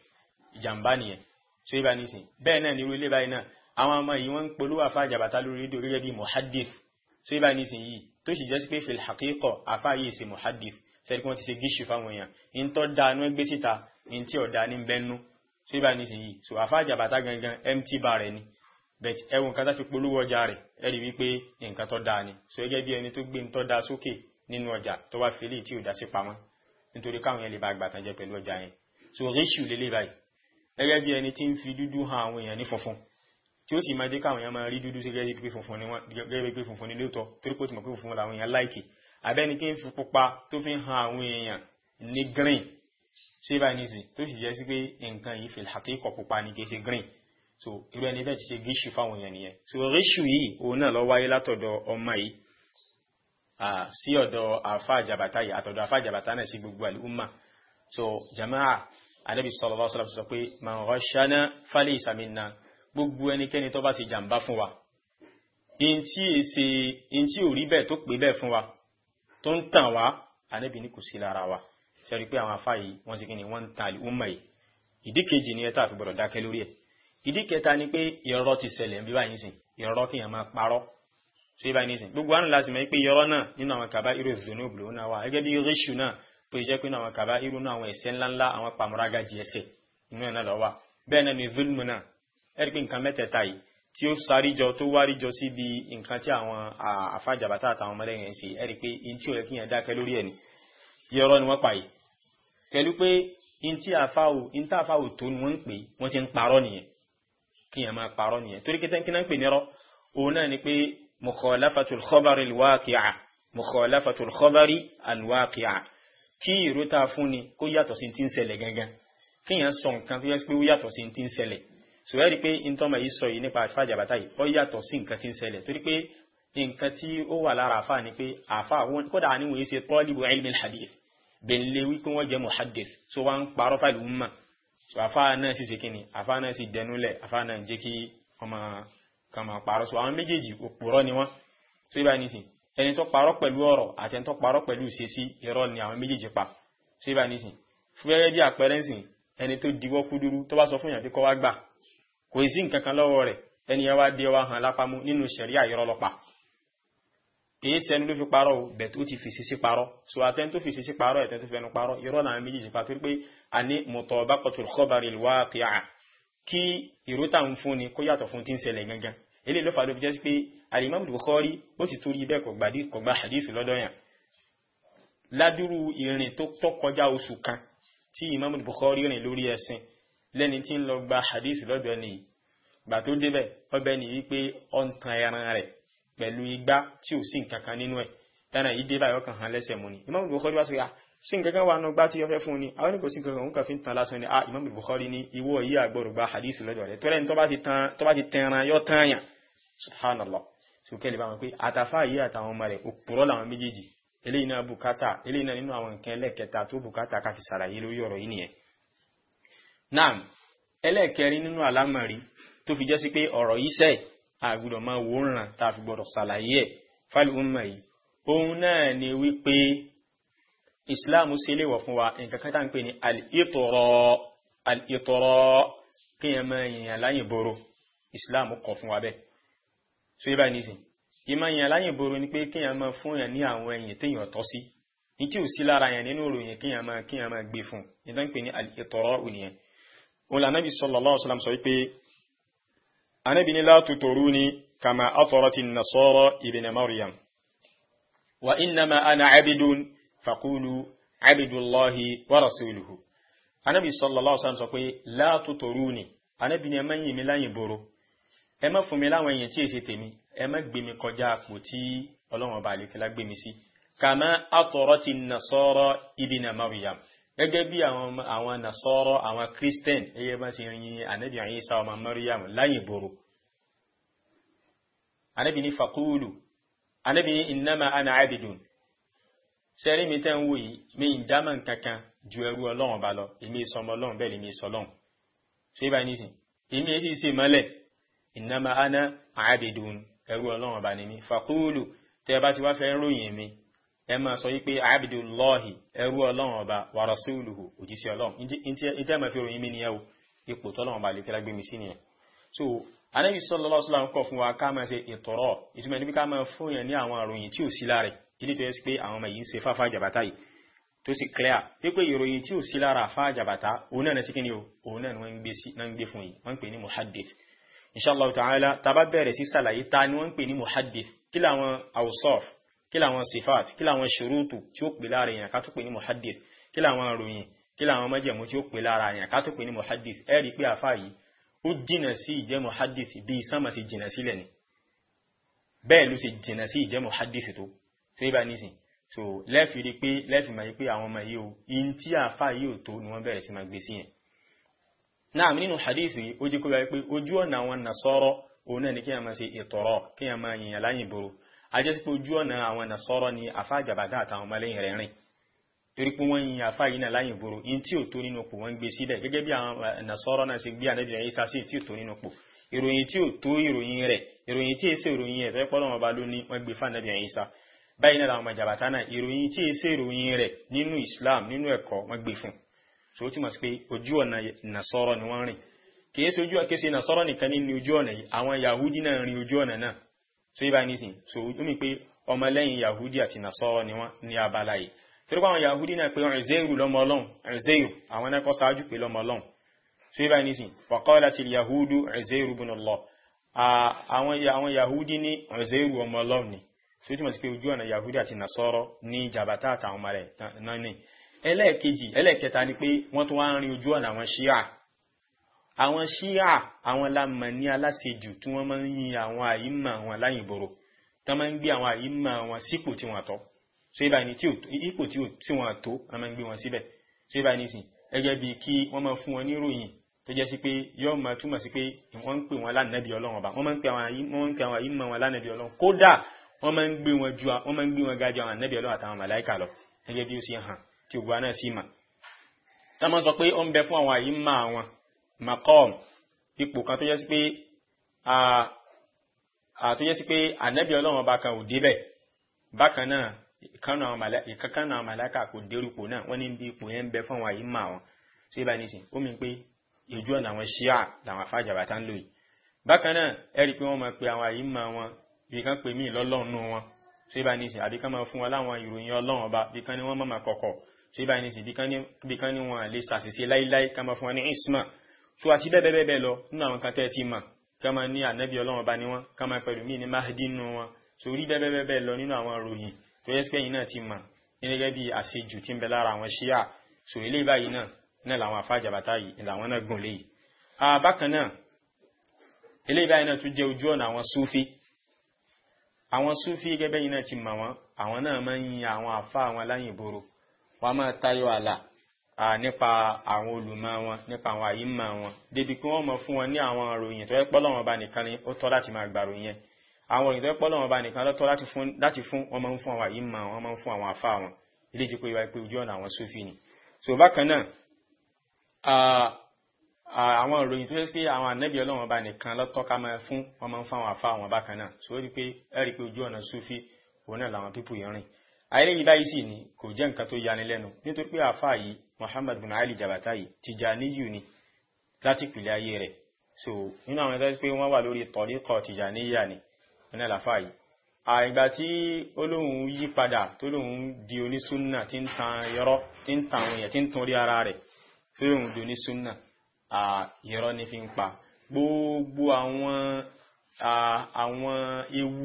ìjàmbá nìyẹn tó yẹ bá nísìn bẹ́ẹ̀ náà nírú ilé báyìí náà àwọn ọmọ yìí wọ́n ń polówó àfa àjàbàtà lórí rédíò gẹ́gẹ́ bí muhaddif tó yẹ bá nísìn yìí tó sì jẹ́ sí pé fil haqiqa yìí ṣe muhaddif sẹ́ni but ẹwùn kan láti polówó ọjà rẹ̀ ẹ̀rí wípé nǹkan tó dáa ni so gẹ́gẹ́ bí ẹni tó gbé ń tó dáa sókè nínú ọjà tó wá fẹ́lẹ̀ tí ò dá sí pamọ́ nítorí káwọn yẹn lè bá gbàtàn jẹ pẹ̀lú ọjà yẹn so ratio lélẹ̀ báyìí gẹ́gẹ́ bí ẹni tí ń fi dúdú han àwọn èèyàn ní funfun tí ó sì máa dé káwọn èèyàn máa rí dúdú gẹ́gẹ́ bí funfun ni wọ́n gẹ́gẹ́ bí pé funfun ni lóòótọ́ torí pé ó ti mọ̀ pé funfun làwọn èèyàn láìkì abẹ́ni tí ń ni kì í so irú ẹni bẹ́ẹ̀ ti ṣe gíṣù fáwọn èèyàn nìyẹn so gíṣù yìí òun náà lọ wáyé látọ̀dọ̀ ọmọ yìí sí ọ̀dọ̀ àfa àjàbàtà yìí àtọ̀dọ̀ àfa àjàbàtà náà sí gbogbo àlùmà so jamaa anabi sallallahu alaihi wasallam sọ pé man ghashana falaysa minna gbogbo ẹnikẹ́ni tó bá ṣe jàǹbá fún wa ntí èsè ntí ò rí bẹ́ẹ̀ tó pè bẹ́ẹ̀ fún wa tó ń tàn wá anabi ní kò sí lára wa ṣe rí i pé àwọn afá yìí wọ́n ti kí ni wọ́n ń tan àlùmà yìí ìdí kejì ni ẹ tá a fi gbọ́dọ̀ dákẹ́ lórí ẹ̀ ìdí kẹta ni pé irọ́ ti ṣẹlẹ̀ bí báyìí nìsín irọ́ kí èèyàn máa parọ́ tó yẹ báyìí nìsín gbogbo àná láti mọ̀ pé irọ́ náà nínú àwọn kaba irú ìdùnnú ìbùdó náà wà gẹ́gẹ́ bí ríṣù náà pé jẹ́ pé àwọn kaba irú náà àwọn ẹ̀ṣẹ̀ ńláńlá àwọn pàmòrágàjì ẹ̀ṣẹ̀ inú ẹ̀ náà lọ wà bẹ́ẹ̀ náà ni zulmu náà ẹ̀rí pé nǹkan mẹ́tẹ̀ẹ̀ta yìí tí ó sáríjọ tó wáríjọ síbi nǹkan tí àwọn àfàjàbátà àtàwọn ọmọlẹ́yìn ṣe ẹ̀rí pé in tí ò yẹ kí yẹn dákẹ́ lórí ẹ̀ ni irọ́ ni wọ́n pa yìí pẹ̀lú pé in tí àfáwò in tí àfáwò tó ni wọ́n ń pè wọ́n ti ń parọ́ nìyẹn kí yẹn máa parọ́ nìyẹn torí kí tẹ́ńkì náà ń pè nírọ́ òun náà ni pé mukhalafatul khabari alwaqi'a mukhalafatul khabari alwaqi'a kí ìró tá a fún ni kó yàtọ̀ sí ti ń ṣẹlẹ̀ gangan kí yẹn sọ nǹkan tó yẹ pé ó yàtọ̀ sí ti ń ṣẹlẹ̀ sùwẹ́rì pé ntọ́mọ yìí sọ yìí nípa àfàjàbátà yìí ó yàtọ̀ sí nǹkan tí ń ṣẹlẹ̀ torí pé nǹkan tí ó wà lára àfa ni pé àfa àwọn kódà àníwòye ṣe tọ́lìbù ilmi al-hadith bẹ̀ńlẹ̀ wípé wọ́n jẹ́ muhaddith so wọ́n ń parọ́ fáìlì mọ́ so àfáà náà sì ṣe kíni àfáà náà sì dẹnúlẹ̀ àfáà náà jẹ́ kí wọ́n máa kàn máa parọ́ so àwọn méjèèjì òpùrọ́ ni wọ́n so ibà nísìn ẹni tó parọ́ pẹ̀lú ọ̀rọ̀ àti ẹni tó parọ́ pẹ̀lú ìṣesí irọ́ ni àwọn méjèèjì pa so ibà nísìn fún gẹ́gẹ́ bí àpẹẹrẹ ńsìn ẹni tó diwọ́ kúdúrú tó bá sọ fún yàn pé kó wá gbà kò sí nǹkan kìí ṣẹni ló fi parọ́ o bẹ̀ tó ti fèsì sí parọ́ so àtẹni tó fèsì sí parọ́ ẹ̀tẹni tó fẹnu parọ́ irọ́ náà méjèèjì pa torí pé a ní mutabaqatul khabaril waqi'a kí ìró tà ń fún ni kó yàtọ̀ fún tí ń ṣẹlẹ̀ gangan eléyìí ló fà ló fi jẹ́ sí pé al-Imam Bukhari ó ti torí bẹ́ẹ̀ kò gba hadith lọ́dọ̀ yàn ládùrú ìrìn tó tọ́ kọjá oṣù kan tí Imam Bukhari rìn lórí ẹ̀sìn lẹ́ni tí ń lọ gba hadith lọ́dọ̀ nìyí gbà tó débẹ̀ ọbẹ̀ nìyí pé ọ̀ ń tan ẹran rẹ̀ pẹ̀lú igbá tí ò sí nǹkan kan nínú ẹ̀ dáná yìí dé báyọ̀ kan hàn lẹ́sẹ̀ mu ni Imam Bukhari wá sọ yà ah, ṣé nǹkan kan wà nù gbá tí wọ́n fẹ́ fún ni àwọn ènìyàn sí nǹkan kan fi ń tan lásán ni ah Imam Bukhari ni ìwọ yìí àgbọ̀rọ̀ gba hadith lọ́dọ̀ rẹ̀ tọ́lẹ̀ ní tó bá ti tẹran yọ tán yàn subhanallah sókè lè bá wọn pé àtàfà yìí àtàwọn ọmọ rẹ̀ òpùrọ̀ làwọn méjèèjì eléyìí náà bùkátà eléyìí náà nínú àwọn nǹkan ẹlẹ́kẹta tó bùkátà káfí sàlàyé àgbọ́dọ̀ máa wò ràn tá a fi gbọ́dọ̀ ṣàlàyé ẹ̀ fáìlì yìí òun náà ni wípé islam ṣe léwọ̀ fún wa nǹkan kan tá ń pè ní al-itọrọ al-itọrọ kéèyàn máa yìnyàn láyìn boro islam kọ̀ fún wa bẹ́ẹ̀ so yíba nísìn ìmọ̀ yìnyàn láyìn boro ni pé kéèyàn máa fún yàn ní àwọn ẹ̀yìn téèyàn tọ́ sí ní tí ò sí lára yàn nínú ìròyìn kéèyàn máa kéèyàn máa gbé fún ní tá ń pè ní al-itọrọ òun lànà bí sallallahu alaihi wasallam sọ anábì ní la tutoruni kama atharati nasara ibn maryam wa innama ana abidun faqulu abidullahi wa rasuluhu anábì sallallahu alaihi wasallam sọ pé la tutoruni anábì ní ẹ má yìn mí láyìn boro ẹ má fún mi láwọn èèyàn tí èsì tèmi ẹ má gbé mi kọjá àpò tí ọlọ́run ọba àlekèlá gbé mi sí kama atharati nasara ibn maryam gẹ́gẹ́ bí àwọn àwọn nasọ́rọ́ àwọn christian ẹyẹ bá ṣe yin anabi Isa ọmọ Maryam láyìn boro anabi ní fakulu anabi ní innama ana abidun sẹ́rí mi tẹ́ ń wò yìí mi ń jámọ̀ kankan ju ẹrú ọlọ́run ba lọ èmi sọmọ ọlọ́run bẹ́ẹ̀ ni mi sọ ọlọ́run ṣé bá ní sìn èmi èsì ṣe mọ́lẹ̀ innama ana abidun ẹrú ọlọ́run ba ni mi fakulu tẹ́ bá ti wá fẹ́ ròyìn mi ẹ máa sọ yí pé abdullahi ẹrú ọlọ́run ọba wa rasuluhu òjíṣẹ́ ọlọ́run ìtẹ́ ẹ̀ máa fi ròyìn mí nìyẹn o ipò tọ́lọ́run ọba àlefẹ́lá gbé mi sí nìyẹn so anabi sallallahu alaihi wasallam kọ̀ fún wa ká máa ṣe ìtọ̀rọ̀ ìtumọ̀ níbi ká máa fún yẹn ní àwọn àròyìn tí ò sí lára ilé tó yẹ sí pé àwọn ọmọ yìí ń ṣe fáfá jàbátá yìí tó sì clear bẹ̀rẹ̀ sí sàlàyé ta ni wọ́n ń pè ní muhaddith kí làwọn awsaf kí làwọn sifat kí làwọn ṣurutu tí ó pè lára èèyàn ká tó pè ní muhaddid kí làwọn ròyìn kí làwọn májẹ̀mú tí ó pè lára èèyàn ká tó pè ní muhaddid ẹ rí i pé àfa yìí ó jìnà sí ìjẹ́ muhaddid bíi sánmà ti jìnà sílẹ̀ ni bẹ́ẹ̀ ló ti jìnà sí ìjẹ́ muhaddid tó tó yẹ bá nísìn so lẹ́ẹ̀fì rí pé lẹ́ẹ̀fì máa yí pé àwọn ọmọ yìí o in tí àfa yìí ò tó ni wọ́n bẹ̀rẹ̀ sí máa gbé sí yẹn náà nínú hadithi ó jẹ́ kó yẹ pé ojú ọ̀nà àwọn nasọ́rọ̀ òun náà ni kí a máa ṣe ìtọ̀rọ̀ kí a máa yìnyàn láyìnboro ajẹ́sí pé ojú ọ̀nà àwọn nàṣọ́rọ̀ ni àfa àjàbàtà àtàwọn ọmọlẹ́yìn rẹ̀ rìn torí pé wọ́n yin àfa yìí náà láyìn ìgboro in tí ò tó nínú pò wọ́n gbé síbẹ̀ gẹ́gẹ́ bí àwọn eh, nàṣọ́rọ̀ náà ṣe gbé ànábì Ìsá sí tí ò tó nínú pò ìròyìn tí ò tó ìròyìn rẹ̀ ìròyìn tí èsè ìròyìn ẹ̀ fẹ́ pọ́ lọ́wọ́ bá ló ní wọ́n gbé fún ànábì Ìsá báyìí náà làwọn jàbàtà náà ìròyìn tí èsè ìròyìn rẹ̀ nínú Islam nínú ẹ̀kọ́ wọ́n gbé fún so ó túmọ̀ sí pé ojú ọ̀nà nàṣọ́rọ̀ ni wọ́n rìn kìí ṣe ojú ọ̀nà kìí ṣe nàṣọ́rọ̀ nìkan ní ojú ọ̀nà yìí àwọn Yahudi náà rìn ojú ọ̀nà náà so yíba nísìn so ó mi pé ọmọlẹ́yìn yahudi àti nasọ́rọ̀ ni wọ́n ní abala yìí torí pé àwọn yahudi náà pé ẹ̀zẹ́rù lọ́mọ ọlọ́run ẹ̀zẹ́rù àwọn ẹ̀kọ́ sáájú pé lọ́mọ ọlọ́run so yíba nísìn wa qalatil yahudu ẹ̀zẹ́rù ibn Allah àwọn yahudi ní ẹ̀zẹ́rù ọmọ ọlọ́run ni so tí mo ti pé ojú ọ̀nà yahudi àti nasọ́rọ̀ ní jàbátà àtàwọn ọmọ rẹ̀ náà ní ẹlẹ́ẹ̀kejì ẹlẹ́ẹ̀kẹta ni pé wọ́n tún wá ń rin ojú ọ̀nà àwọn ṣíà àwọn ṣíà àwọn lamọ̀ ní aláṣejù tí wọ́n máa ń yin àwọn àyímọ̀ àwọn aláyìnboro tí wọ́n máa ń gbé àwọn àyímọ̀ àwọn sípò tí wọ́n tọ́ so ibà ní ipò tí wọ́n tó wọ́n máa ń gbé wọn síbẹ̀ so ibà ní sìn gẹ́gẹ́ bíi kí wọ́n máa fún wọn ní ròyìn tó jẹ́ sí pé yóò máa túmọ̀ sí pé wọ́n ń pè wọn lánàbí ọlọ́run ọba wọ́n máa ń pè àwọn àyímọ̀ wọn lánàbí ọlọ́run kódà wọ́n máa ń gbé wọn ju wọ́n máa ń gbé wọn ga ju àwọn ànàbí ọlọ́run àtàwọn màláìkà lọ gẹ́gẹ́ bí ó ṣe hàn tí ògbó náà sì mà. tá sọ pé ó ń bẹ fún àwọn àyímọ̀ àwọn maqam ipò kan tó yẹ sí pé àti yẹ sí pé ànábì ọlọ́run ọba kan ò débẹ̀ bákan náà ìkankan náà màláka kò dérúpò náà wọ́n ní bí ipò yẹn ń bẹ fún àwọn àyíma wọn ṣé bá nìsín ó mi pé ìjú ọ̀nà àwọn ṣíà làwọn afájàbá tá ń lò yìí bákan náà ẹ rí i pé wọ́n máa pe àwọn àyíma wọn bí kan pè mí lọ́lọ́run wọn ṣé bá nìsín àbí kan máa fún wọn láwọn ìròyìn ọlọ́run ọba bí kan ní wọ́n máa kọ̀kọ̀ ṣé bá nìsín bí kan ní wọn lè ṣàṣìṣe láíláí kan máa fún wọn ní ìsmà so àti bẹ́ẹ̀ bẹ́ẹ̀ bẹ́ẹ̀ lọ nínú àwọn kan tẹ́ ti mà kama máa ní ànábì ọlọ́run ọba ni wọ́n ká máa pẹ̀lú míì ní mahdi nínú wọn so rí bẹ́ẹ̀ bẹ́ẹ̀ bẹ́ẹ̀ lọ nínú àwọn ròyìn tó yẹ pé yìí náà ti mà gẹ́gẹ́ bí àṣejù tí ń bẹ lára àwọn ṣíà so eléyìí báyìí náà náà làwọn àfáàjàbátá yìí làwọn náà gùn léyìí bákan náà eléyìí báyìí náà tún jẹ́ ojú ọ̀nà àwọn súfí àwọn súfí gẹ́gẹ́ bẹ́yìn náà ti mà wọ́n àwọn náà máa ń yin àwọn àfá àwọn aláyìnboro wọ́n máa tayọ àlà nípa àwọn olùmọ̀ wọn nípa àwọn àyímọ̀ wọn débi pé wọ́n mọ̀ fún wọn ní àwọn ìròyìn tó yẹ pé Ọlọ́run Ọba nìkan ni ó tọ́ láti máa gbà ròyìn yẹn àwọn ìròyìn tó yẹ pé Ọlọ́run Ọba nìkan lọ́tọ́ láti fún wọn máa fún àwọn àyímọ̀ wọn máa fún àwọn àfáà wọn ilé ìjẹ́ ìwà ìpè ojú ọ̀nà àwọn Sufi ni so bákan náà àwọn ìròyìn tó ṣe pé àwọn ànábì Ọlọ́run Ọba nìkan lọ́tọ́ ká máa fún wọn máa ń fún àwọn àfáà wọn bákan náà so ó rí pé ẹ rí ni kò jẹ́ nǹkan tó yanilẹ́nu nítorí pé àfáà Muhammad bin Ali Jabata yìí Tijaniyu ni láti pìlẹ̀ ayé rẹ̀ so nínú àwọn ẹgbẹ́ pé wọ́n wà lórí tọ̀ríkọ̀ Tijaniya ni ní àlàfà yìí àìgbà tí olóhùn yí padà tó lóhùn di onísúnnà tí ń tan irọ́ tí ń tan àwọn èèyàn tí ń torí ara rẹ̀ tó lóhùn di onísúnnà irọ́ ní fi ń pa gbogbo àwọn ewu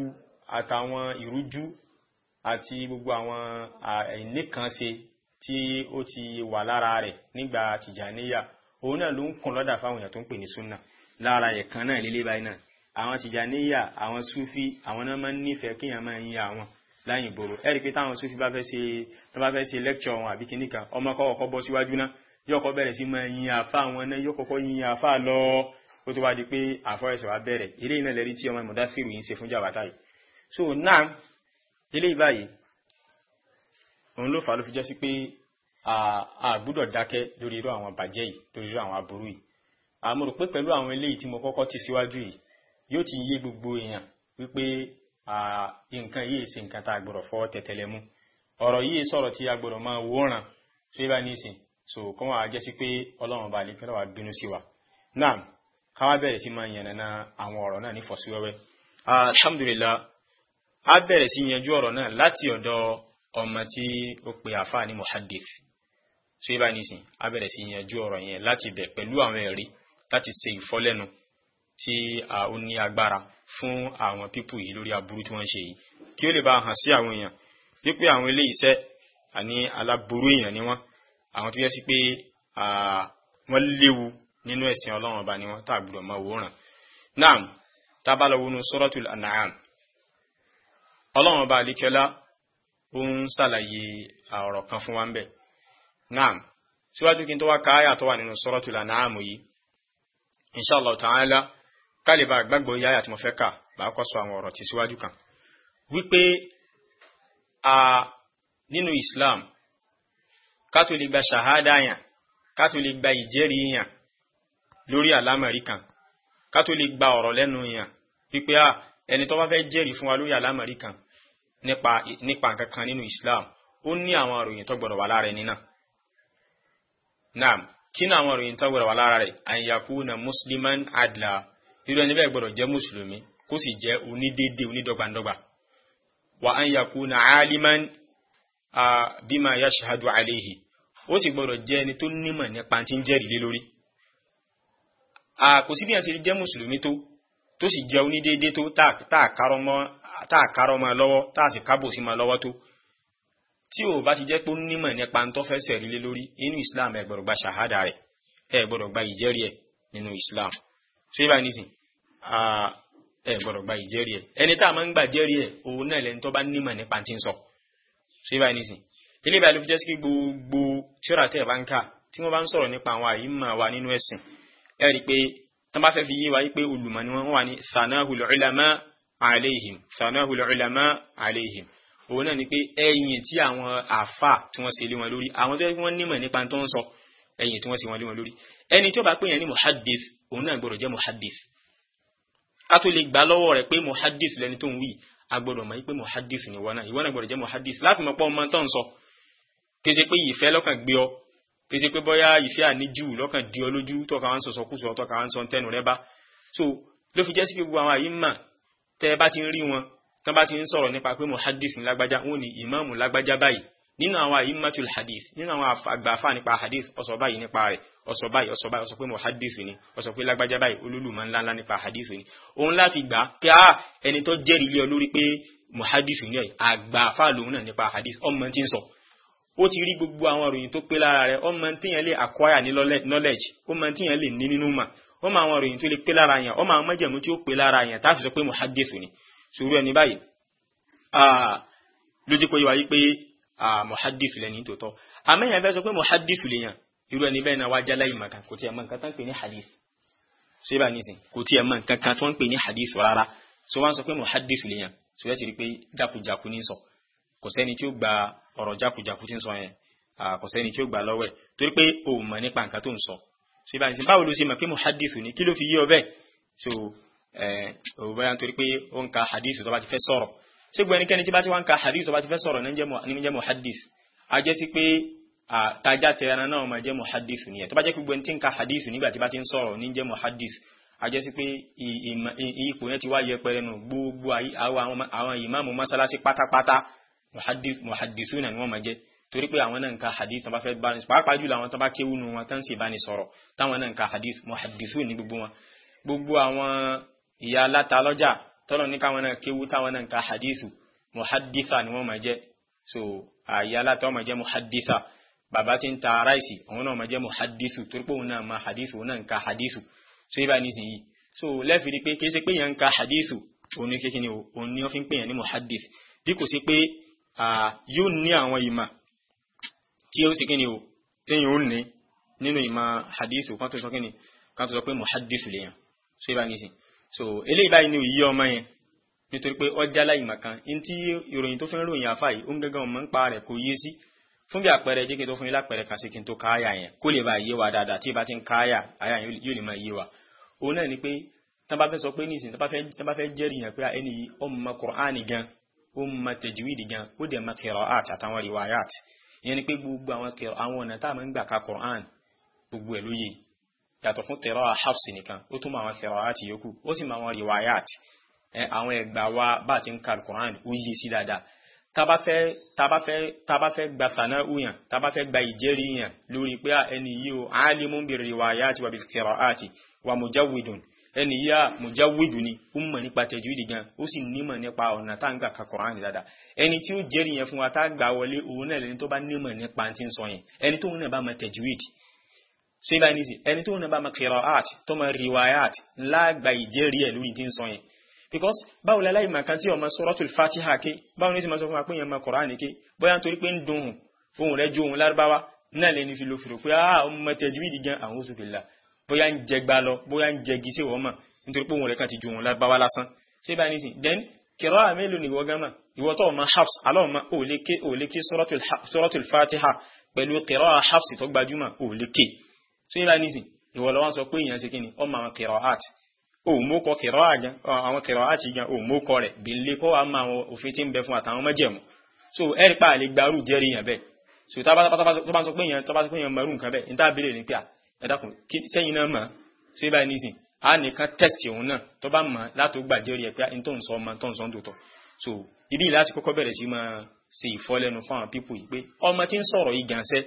àtàwọn ìrújú àti gbogbo àwọn àìníkànṣe tí ó ti wà lára rẹ̀ nígbà tìjàníyà òun náà ló ń kún lọ́dà fáwọn èèyàn tó ń pè ní súnà lára ẹ̀kan náà lélẹ́ báyìí náà àwọn tìjàníyà àwọn súfí àwọn náà máa ń nífẹ̀ẹ́ kéèyàn máa ń yìn àwọn láyìn ìgboro ẹ̀rí pé táwọn súfí bá fẹ́ ṣe tó bá fẹ́ ṣe lẹ́kṣọ̀ wọn àbí kinní kan ọmọ kọ́kọ́ bọ́ síwájú náà yóò kọ́ bẹ̀rẹ̀ sí máa yìn àfa àwọn náà yóò kọ́kọ́ yìn àfa lọ ó tó wá di pé àfọwẹ́sẹ̀ wá bẹ̀rẹ̀ eléyìí náà lẹ́rí tí ọmọ ìmọ̀dá yìí ń ṣe fún jàbátá yìí so náà eléyìí báyìí òun ló fà á ló fi jẹ́ sí pé a gbúdọ̀ dákẹ́ lórí irú àwọn bàjẹ́ yìí lórí irú àwọn aburú yìí àmọ́ rò pé pẹ̀lú àwọn eléyìí tí mo kọ́kọ́ ti síwájú yìí yóò ti yé gbogbo èèyàn wípé nǹkan yìí ṣe nǹkan tá a gbọ́dọ̀ fọwọ́ tẹ̀tẹ̀lẹ̀ mú ọ̀rọ̀ yìí sọ̀rọ̀ tí a gbọ́dọ̀ máa wòran tó yẹ bá ní ìsìn so kọ́ wọn àjẹsí pé ọlọ́run ọba àlejò náà wà bínú sí wa náà káwá bẹ̀rẹ̀ sí máa yànnàná àwọn ọ̀rọ̀ náà ní fọ̀síwẹ́wẹ́ alhamdulillah a bẹ̀rẹ̀ sí yanjú ọ̀rọ̀ náà láti ọ̀dọ̀ ọmọ tí ó pe àfáà ní muhaddith so yíba nísìn a bẹ̀rẹ̀ sí yanjú ọ̀rọ̀ yẹn láti bẹ̀ pẹ̀lú àwọn ẹ̀rí láti ṣe ìfọ́lẹ́nu tí a ó ní agbára fún àwọn pípù yìí lórí aburú tí wọ́n ń ṣe yìí kí ó lè bá hàn sí àwọn èèyàn wípé àwọn ilé iṣẹ́ àní aláburú èèyàn ni wọ́n àwọn tó yẹ sí pé wọ́n léwu nínú ẹ̀sìn ọlọ́run ọba ni wọ́n tá àgbùdọ̀ mọ́ wòóràn náà tábàlọ́wọ́nú suratul an'am ọlọ́run ọba àlíkẹ́lá ó ń ṣàlàyé ọ̀rọ̀ kan fún wa ń bẹ̀. naam síwájú kí n tó wá káyà tó wà nínú suratul An'am yìí inshallah ta'ala kálíbà gbàgbọ́ yáyà tí mo fẹ́ kà bá kọ́ àwọn ọ̀rọ̀ tí síwájú kan wípé a nínú Islam kátó lè gba ṣàhádà yàn kátó lè gba ìjẹ́rìí yàn lórí àlámọ̀rí kan kátó lè gba ọ̀rọ̀ lẹ́nu yàn wípé a ẹni tó bá fẹ́ jẹ́rìí fún wa lórí àlámọ̀rí kan nípa nǹkan kan nínú Islam ó ní àwọn ìròyìn tó gbọdọ̀ wà lára ẹni náà naam kí ni àwọn ìròyìn tó gbọdọ̀ wà lára rẹ̀ an yakuna musliman adla irú ẹni bẹ́ẹ̀ gbọdọ̀ jẹ́ mùsùlùmí kó sì jẹ́ onídéédé onídọ́gbandọ́gba wa an na aliman bima yashhadu alayhi ó sì gbọdọ̀ jẹ́ ẹni tó nímọ̀ nípa tí ń jẹ́rìí lé lórí kò sí bí wọ́n ṣe jẹ́ mùsùlùmí tó tó sì jẹ́ onídéédé tó tá tá a kárọ́ máa lọ́wọ́ tá a sì kábò sí máa lọ́wọ́ tó tí ò bá ti jẹ́ pé ó nímọ̀ nípa ń tọ́fẹ́ sẹ̀rí lé lórí inú Islam ẹ gbọ́dọ̀ gba ṣàhádà rẹ̀ ẹ gbọ́dọ̀ gba ìjẹ́rì ẹ̀ nínú Islam ṣé ibà nísìn ẹ gbọ́dọ̀ gba ìjẹ́rì ẹ̀ ẹni tá a máa ń gbà jẹ́rì ẹ̀ òun náà lẹ́ni tó bá nímọ̀ nípa ti ń sọ ṣé ibà nísìn ilé ìbàlẹ̀ fi jẹ́ sí gbogbo ṣọ́ra tẹ́ ẹ̀ bá ń kà tí wọ́n bá ń sọ̀rọ̀ nípa àwọn àyímọ̀ wa nínú ẹ̀sìn ẹ rí i pé tán bá fẹ́ fi yé wa yí pé olùmọ̀ ni wọ́n wà ní sanahul ulama alayhim sanahul ulama alayhim òun náà ni pé ẹ̀yìn tí àwọn àfà tí wọ́n ṣe lé wọn lórí àwọn tó yẹ kí wọ́n nímọ̀ nípa tó ń sọ ẹ̀yìn tí wọ́n ṣe wọn lé wọn lórí ẹni tí ó bá pè yẹn ní muhaddith òun náà gbọ́dọ̀ jẹ́ muhaddith a tó lè gbà lọ́wọ́ rẹ̀ pé muhaddith lẹni tó ń wí a gbọ́dọ̀ mọ̀ pé muhaddith ni wọ́n náà ìwọ́n náà gbọ́dọ̀ jẹ́ muhaddith láti mọ̀ pé ọmọ tó ń sọ kése pé ìfẹ́ lọ́kàn gbé ọ kése pé bọ́yá ìfẹ́ àníjù lọ́kàn di ọ lójú tọ́ka wọn sọ̀sọ̀kúsọ̀ tọ́ka wọn sọ tẹnu rẹ bá so ló fi jẹ́ sí gbogbo àwọn àyíma tẹ́ bá ti ń rí wọn tán bá ti ń sọ̀rọ̀ nípa pé muhaddith lágbájá wọn ni ìmáàmù lágbájá báyìí nínú àwọn àyímmatul hadith nínú àwọn àgbàfà nípa hadith ọ̀sọ̀ báyìí nípa rẹ̀ ọ̀sọ̀ báyìí ọ̀sọ̀ báyìí ọ̀sọ̀ pé muhaddith ni ọ̀sọ̀ pé lágbájá báyìí olólùmọ̀ ńláńlá nípa hadith ni òun láti gbà pé a ah, ẹni tó jẹ́rìí lé ọ pé muhaddith ni ọ̀yìn àgbàfà lòun náà nípa hadith ọmọ tí ń sọ ó ti rí gbogbo àwọn ìròyìn tó pé lára rẹ̀ ọmọ tí lè acquire ní knowledge ọmọ tí yẹn lè ní nínú mà ó máa wọn ròyìn tó lè pé lára yẹn ó máa mọ́jẹ̀mú tí ó pé lára yẹn tá a sì sọ pé muhaddisu ni sùúrù ẹni báyìí lójú pé wáyé pé muhaddisu lẹni tòótọ́ àmẹ́yìn abẹ́ sọ pé muhaddisu lè yàn irú ẹni bẹ́ẹ̀ náà wá jálá ìmọ̀ kan kò tiẹ̀ mọ̀ nǹkan tán pè ní hadith ṣé bá nísìn kò tiẹ̀ mọ̀ nǹkan kan tó ń pè ní hadith rárá so wọ́n sọ pé muhaddisu lè yàn so yẹ́ ti rí pé jákujàku ní sọ kò sẹ́ni tí ó gba ọ̀rọ̀ jákujàku tí ń sọ yẹn kò sẹ́ni tí ó gba lọ́wọ́ ẹ̀ torí pé òun mọ̀ nípa nǹkan tó ń sọ so ibà nísìn báwo ló ṣe mọ̀ pé muhadith ni kí ló fi yí ọ so òwò báyà nítorí pé ó ń ka hadith tó bá ti fẹ́ sọ̀rọ̀ ṣé gbogbo ẹnikẹ́ni tí bá ti wá ń ka hadith tó bá ti fẹ́ sọ̀rọ̀ ní jẹ́ muhadith a jẹ́ sí pé àtajà tẹran náà máa jẹ́ muhadith nìyẹn tó bá hadith nígbà tí bá ti ń sọ̀rọ̀ ní jẹ́ muhadith a jẹ́ sí pé ipò yẹn ti wá yẹpẹrẹ nù gbogbo àwọn ìmáàmù mọ́sálásí jẹ́ torí pé àwọn náà ń ka hadith tán bá fẹ́ bá ní pàápàá jùlọ àwọn tán bá kéwú nu wọn tán sì bá ní sọ̀rọ̀ táwọn náà ń ka hadith muhaddithu ní gbogbo wọn gbogbo àwọn ìyá aláta lọ́jà tọ́lọ̀ ní káwọn náà kéwú táwọn náà ń ka hadithu muhadditha ni wọ́n máa jẹ́ so àyà aláta wọ́n máa jẹ́ muhadditha bàbá tí ń ta ráìsì òun náà máa jẹ́ muhaddithu torí pé òun náà máa hadithu òun náà ń ka hadithu so ibà nísìnyí so lẹ́fìrí pé kì í ṣe pé yẹn ń ka hadithu òun ní kékeré òun ní wọ́n fi ń pè yẹn ní muhaddith bí kò sí pé yóò ní àwọn ìmọ̀ tí ó sì kíni o téyìn ó ní nínú ìmọ̀ hadithu kan tó sọ kíni kan tó sọ pé muhadithu lèyàn so ibà ní sí so eléyìí báyìí ni òyìí ọmọ yẹn nítorí pé ọjà láìmọ̀ kan ní tí ìròyìn tó fẹ́ ròyìn àfà yìí ó ń gángan ọmọ ń pa rẹ̀ kò yé sí fún bí àpẹẹrẹ jẹ́ kí n tó fún yín lápẹẹrẹ kan sí kí n tó káyà yẹn kó lè bá yé wa dáadáa tí ì ti ń káyà àyà yẹn yóò lè máa yé wa òun náà ni pé tán bá fẹ́ sọ pé nísìnyí tán bá fẹ́ jẹ́rìí yẹn pé ẹni yìí ó mọ Kùránì gan ó mọ tẹ̀júwìdì gan ó dẹ̀ mọ kẹrọ àti àtàwọn rìwáyàtì ìyẹn ni pé gbogbo àwọn kẹrọ àwọn ọ̀nà tá a máa ń gbà ka Qur'an gbogbo ẹ̀ lóye yàtọ̀ fún tẹ̀rọ Hafs nìkan ó tún mọ àwọn kẹrọ àti yòókù ó sì mọ àwọn riwayat àwọn ẹgbà wa bá ti ń ka Qur'an ó yé sí dáadáa tába fẹ́ tába fẹ́ tába fẹ́ gba sànà uyan tába fẹ́ gba ìjẹ́rìí yàn lórí pé ẹni yìí o alimun bi riwayat wa bil qira'ati wa ẹni yá mùjáwédù ni ó mọ̀ nípa tẹ̀júwìdì gan ó sì nímọ̀ nípa ọ̀nà tá à ń gbà ka Kùránì dáadáa ẹni tí ó jẹ́rìí yẹn fún wa tá a gbà wọlé òun náà lẹni tó bá nímọ̀ nípa ti ń sọ yẹn ẹni tóun náà bá mọ̀ tẹ̀júwìdì ṣé báyìí ní sè ẹni tóun náà bá mọ̀ kírà'át tó mọ̀ rìwáyàt lágbà ìjẹ́rìí ẹ̀ lórí ti ń sọ yẹn because báwo la láì màkàn tí ọmọ suratul Fatiha ké báwo ni ó sì máa sọ fún wa pé yẹn mọ̀ Kùránì ké bóyá ah ọmọ tẹ̀júwìdì gan àwọn bóyá ń jẹ gba lọ bóyá ń jẹ gíṣẹ́ wọ́n mọ̀ nítorí pé òun rẹ̀ kan ti ju òun lábáwá lásán ṣé báyìí nísìn then kẹrọ àmẹ́lò ni ìwọ gánmà ìwọ tó ọmọ hafs aláwọ̀mọ òlékè òlékè suratul fatiha pẹ̀lú kẹrọ hafs tó gbajúmọ̀ òlékè ṣé báyìí nísìn ìwọ lọ́wọ́ sọ pé èèyàn ṣe kí ni ọmọ àwọn kẹrọ art òmókọ kẹrọ àgán àwọn kẹrọ art gan òmókọ rẹ̀ bèlè kọ́ àmọ́ àwọn òfin tí ń bẹ fún àtàwọn mọ́jẹ̀mú so ẹ̀rí pa àlè gbarú jẹ́rìí yàn bẹ́ẹ̀ so tó bá sọ pé èèyàn mọ̀rú nǹkan bẹ́ẹ̀ ní tábìlì ní pé ẹ̀dàkùn sẹ́yìn náà mọ̀ ṣé báyìí nísìn a nìkan tẹ́sì òun náà tó bá mọ̀ látò gbàjẹ́rì ẹ̀ pé n tó ń sọ ọmọ tó ń sọ ń tòótọ́ so ibi láti kọ́kọ́ bẹ̀rẹ̀ sí máa ṣe ìfọ́lẹ́nu fáwọn pípò yìí pé ọmọ tí ń sọ̀rọ̀ yìí gan sẹ́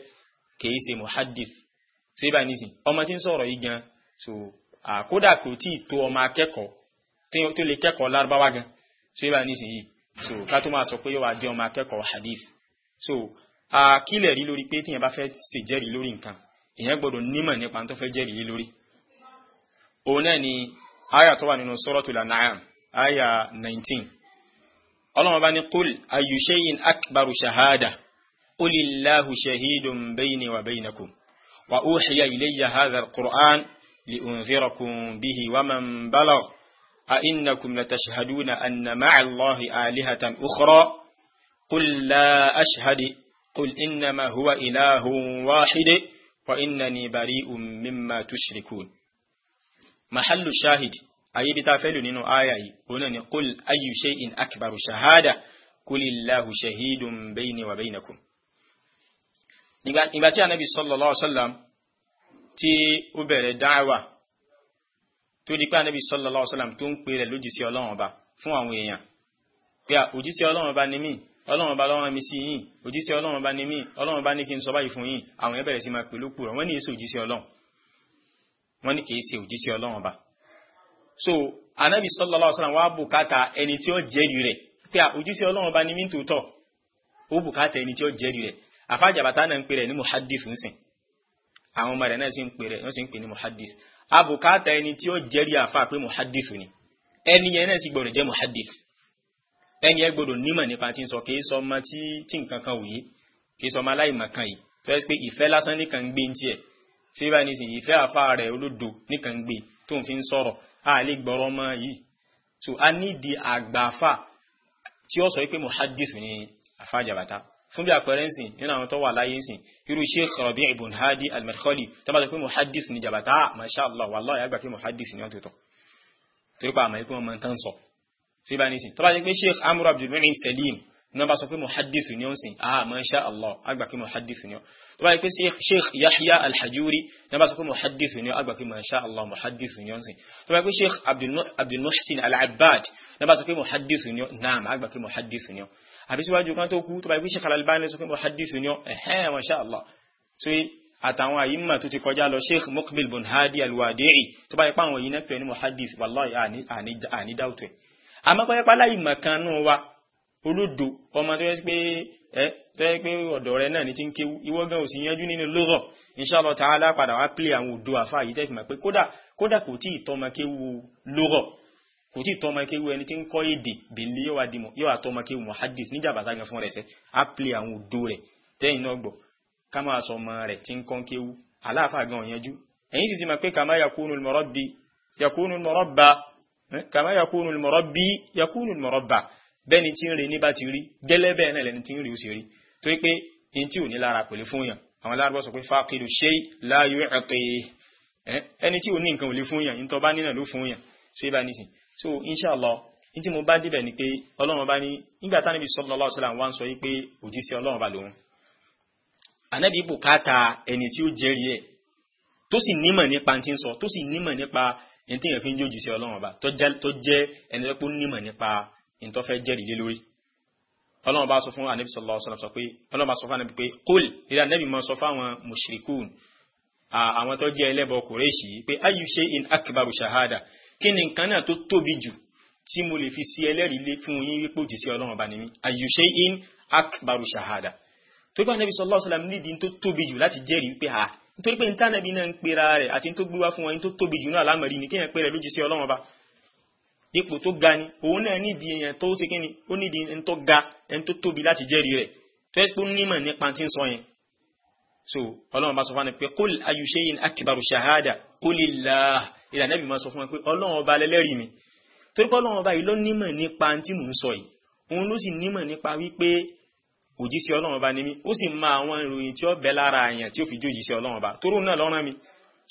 kìí ṣe muhaddith ṣé báyìí nísìn ọmọ tí ń sọ̀rọ̀ yìí gan so àkódà kò tí ì tó ọmọ akẹ́kọ̀ọ́ tó lè kẹ́kọ̀ọ́ lárúbáwá gan ṣé báyìí nísìn yìí so ká tó máa sọ pé hadith so àkílẹ̀ rí lórí pé téèyàn bá fẹ́ ṣèjẹ́rìí lórí nǹkan èèyàn gbọ́dọ̀ nímọ̀ nípa tó fẹ́ jẹ́rìí lórí òun náà ni aya tó wà nínú suratul an'am aya 19 ọlọ́run bá ní qul ayyu shay'in akbaru shahada qulillahu shahidun bayni wa baynakum wa uhiya ilayya hadha alquran liunzirakum bihi wa man balagh a innakum latashhaduna anna ma'a allahi alihatan ukhra qul la ashhadu قل إنما هو إله واحد وإنني بريء مما تشركون محل الشاهد أي بتافل نينو آية هنا قل أي شيء أكبر شهادة قل الله شهيد بيني وبينكم نباتي النبي صلى الله عليه وسلم tí ó bẹ̀rẹ̀ dáwà tó di pé anábì sallallahu alaihi wasallam tó ń pè rẹ̀ lójíṣẹ́ ọlọ́run ọba fún àwọn èèyàn pé òjíṣẹ́ ọlọ́run ọba ni mí ọlọ́run bá lọ́wọ́ mi sí yìí òjíṣẹ́ ọlọ́run bá ní mí ọlọ́run bá ní kí n sọ báyìí fún yìí àwọn ẹbẹ̀rẹ̀ sí máa pè ló purọ́ wọ́n ní èso òjíṣẹ́ ọlọ́run wọ́n ní kìí ṣe òjíṣẹ́ ọlọ́run bá so anabi sallallahu alaihi wasallam wá bùkátà ẹni tí ó jẹ́rìí rẹ̀ pé òjíṣẹ́ ọlọ́run bá ní mí tòótọ́ ó bùkátà ẹni tí ó jẹ́rìí rẹ̀ àfájàbàtà náà ń pè rẹ̀ ní ni ẹni yẹn náà sì gbọ́dọ̀ jẹ́ muhaddif ẹni ẹ gbọ́dọ̀ nímọ̀ nípa tí ń sọ kìí sọ ọmọ tí tí nǹkan kan wòye kìí sọ ọmọ aláìmọ̀kan yìí fẹ́ẹ́ pé ìfẹ́ lásán nìkan ń gbé ń tiẹ̀ tí bá ní sìn ìfẹ́ àfa rẹ̀ olódo nìkan ń gbé tó ń fi ń sọ̀rọ̀ a lè gbọ́rọ̀ mọ́ yìí so a nídi àgbàfà tí ó sọ pé muhaddis ni àfa jàbàtà fún bí àpẹẹrẹ ń sìn nínú àwọn tó wà láyé ń sìn irú Sheikh Rabi' ibn Hadi al tó bá sọ pé muhaddis ni jàbàtà masha Allah wallahi àgbà pé muhaddis ni wọ́n tó tọ̀ torí pa àmọ́ ikú wọn máa tó yẹ bá ní sìn tó bá jẹ́ pé sheikh amr abdulmuin salim náà bá sọ pé muhaddith ni ó ń sìn ah masha allah àgbà pé muhaddith ni ó tó bá jẹ́ pé sheikh yahya alhajuri náà bá sọ pé muhaddith ni ó àgbà pé masha allah muhaddith ni ó ń sìn tó bá jẹ́ pé sheikh abdulmuhsin alabbad náà bá sọ pé muhaddith ni ó naam àgbà pé muhaddith ni ó àbí síwájú kan tó kú tó bá jẹ́ pé sheikh alalbani sọ pé muhaddith ni ó ẹ̀hẹ́n masha allah tó àtàwọn àyímà tó ti kọjá lọ sheikh mukbil bin alwadiri tó bá yẹ pé àwọn yìí náà pè ní muhaddith wallahi àní dáwùtò àmọ́ pẹ́pẹ́ láìmọ̀ kan nù wa olódo ọmọ tó yẹ pé ẹ tó yẹ pé ọ̀dọ̀ rẹ náà ní ti ń kéwú ìwọ gan ò sì yanjú nínú lọ́rọ̀ inshallah ta'ala padà wá pílé àwọn òdo àfa yìí tẹ́fì mọ̀ pé kódà kódà kò tí ì tọmọ kéwú lọ́rọ̀ kò tí ì tọmọ kéwú ẹni tí ń kọ́ èdè bèlè yóò wá dìmọ̀ yóò wá tọmọ kéwú muhaddis níjàmbá tá gan fún rẹ̀ sẹ́ yakunu al-murabba Eh? kàmá yakunu al-murabbi yakunu al-murabba bẹ́ẹ̀ ni tí ń rí ní bá ti rí gẹ́lẹ́ bẹ́ẹ̀ náà lẹni tí ń rí ó sì rí torí pé in tí ò ní lára kò lè fún yàn àwọn lárúbọ̀ sọ pé faqidu shay la yu'ti eh? ẹni tí ò ní nǹkan ò lè fún yàn ní tó bá nínà ló fún yàn so ibà nísìn so inshallah in tí mo bá débẹ̀ ni pé ọlọ́run bá ní nígbà tá níbi sallallahu alaihi wasallam wá ń sọ yìí pé òjíṣẹ́ ọlọ́run bá lòun ànábì bùkátà ẹni tí ó jẹ́rìí ẹ̀ tó sì nímọ̀ nípa ti ń sọ tó sì nímọ̀ nípa ní tí èèyàn fi ń jòjì sí ọlọ́run ọba tó jẹ́ ẹni tó pé nímọ̀ nípa ní tó fẹ́ jẹ́rìí lé lórí ọlọ́run bá sọ fún anabi sallallahu alaihi wasallam sọ pé ọlọ́run bá sọ fún anabi pé kol ìdá anabi máa sọ fún àwọn mushrikun àwọn tó jẹ́ ẹlẹ́bọ kùrẹ́ṣì pé ayu shay'in akbaru shahada kí ni nǹkan náà tó tóbi jù tí mo lè fi sí ẹlẹ́rìí lé fún yín wípé òjìṣẹ́ ọlọ́run ọba ni nítorí pé ntánẹ́bí náà ń pera rẹ̀ àti tó gbé wá fún wọn tó tóbi jù náà lámàrí ní kéèyàn pé rẹ̀ lójú sí ọlọ́run ọba ipò tó ga ni òun náà nídìí èèyàn tó ṣe kí ni ó nídìí ẹni tó ga ẹni tó tóbi láti jẹ́rìí rẹ̀ tó ẹ́sìpó nímọ̀ nípa tí ń sọ yẹn so ọlọ́run ọba sọ fún wa pé kul ayu shay'in akbaru shahada kulillah ìlànà ìbí máa sọ fún wa pé ọlọ́run ọba lẹ́lẹ́rìí mi torí pé ọlọ́run ọba yìí ló òjíṣẹ́ ọlọ́run ọba ni mí ó sì máa àwọn ìròyìn tí ó bẹ lára àyàn tí ó fi jó ọlọ́run ọba tó náà lọ́rán mi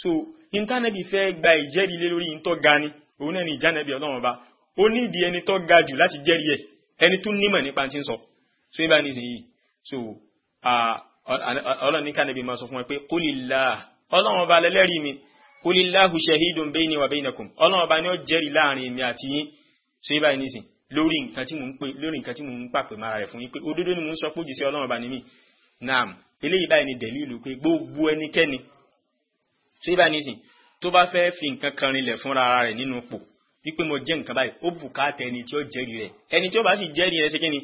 so intanẹ́ẹ̀tì fẹ́ gba ìjẹ́rìí lé lórí ntọ́ ga ni òun náà ni ìjánẹ́bí ọlọ́run ọba ó ní ìdí ẹni tó ga jù láti jẹ́rìí ẹ̀ ẹni tó nímọ̀ nípa ti ń sọ so ibà ní ìsìn yìí so ọlọ́run ní kánẹ́bí máa sọ fún ẹ pé kólìlá ọlọ́run ọba lẹ́lẹ́rìí mi kólìlá hùṣẹ́hídùn bayni wa baynakum ọlọ́run ọba ni ó jẹ́rìí láàrin mi àti yín so ibà ní ìsìn lórí nǹkan tí mò ń pè lórí nǹkan tí mò ń pàpè mára rẹ̀ fún yín pé òdodo ni mò ń sọ pé òjíṣẹ́ Ọlọ́run bá ní mí naam eléyìí báyìí ni dẹ̀lílù pé gbogbo ẹnikẹ́ni tó yẹ báyìí nísìn tó bá fẹ́ fi nǹkan kan rinlẹ̀ fúnra ara rẹ̀ nínú pò wípé mo jẹ́ nǹkan báyìí ó bùkátà ẹni tí ó jẹ́rìí rẹ̀ ẹni tí ó bá sì jẹ́rìí rẹ̀ ṣe kí ni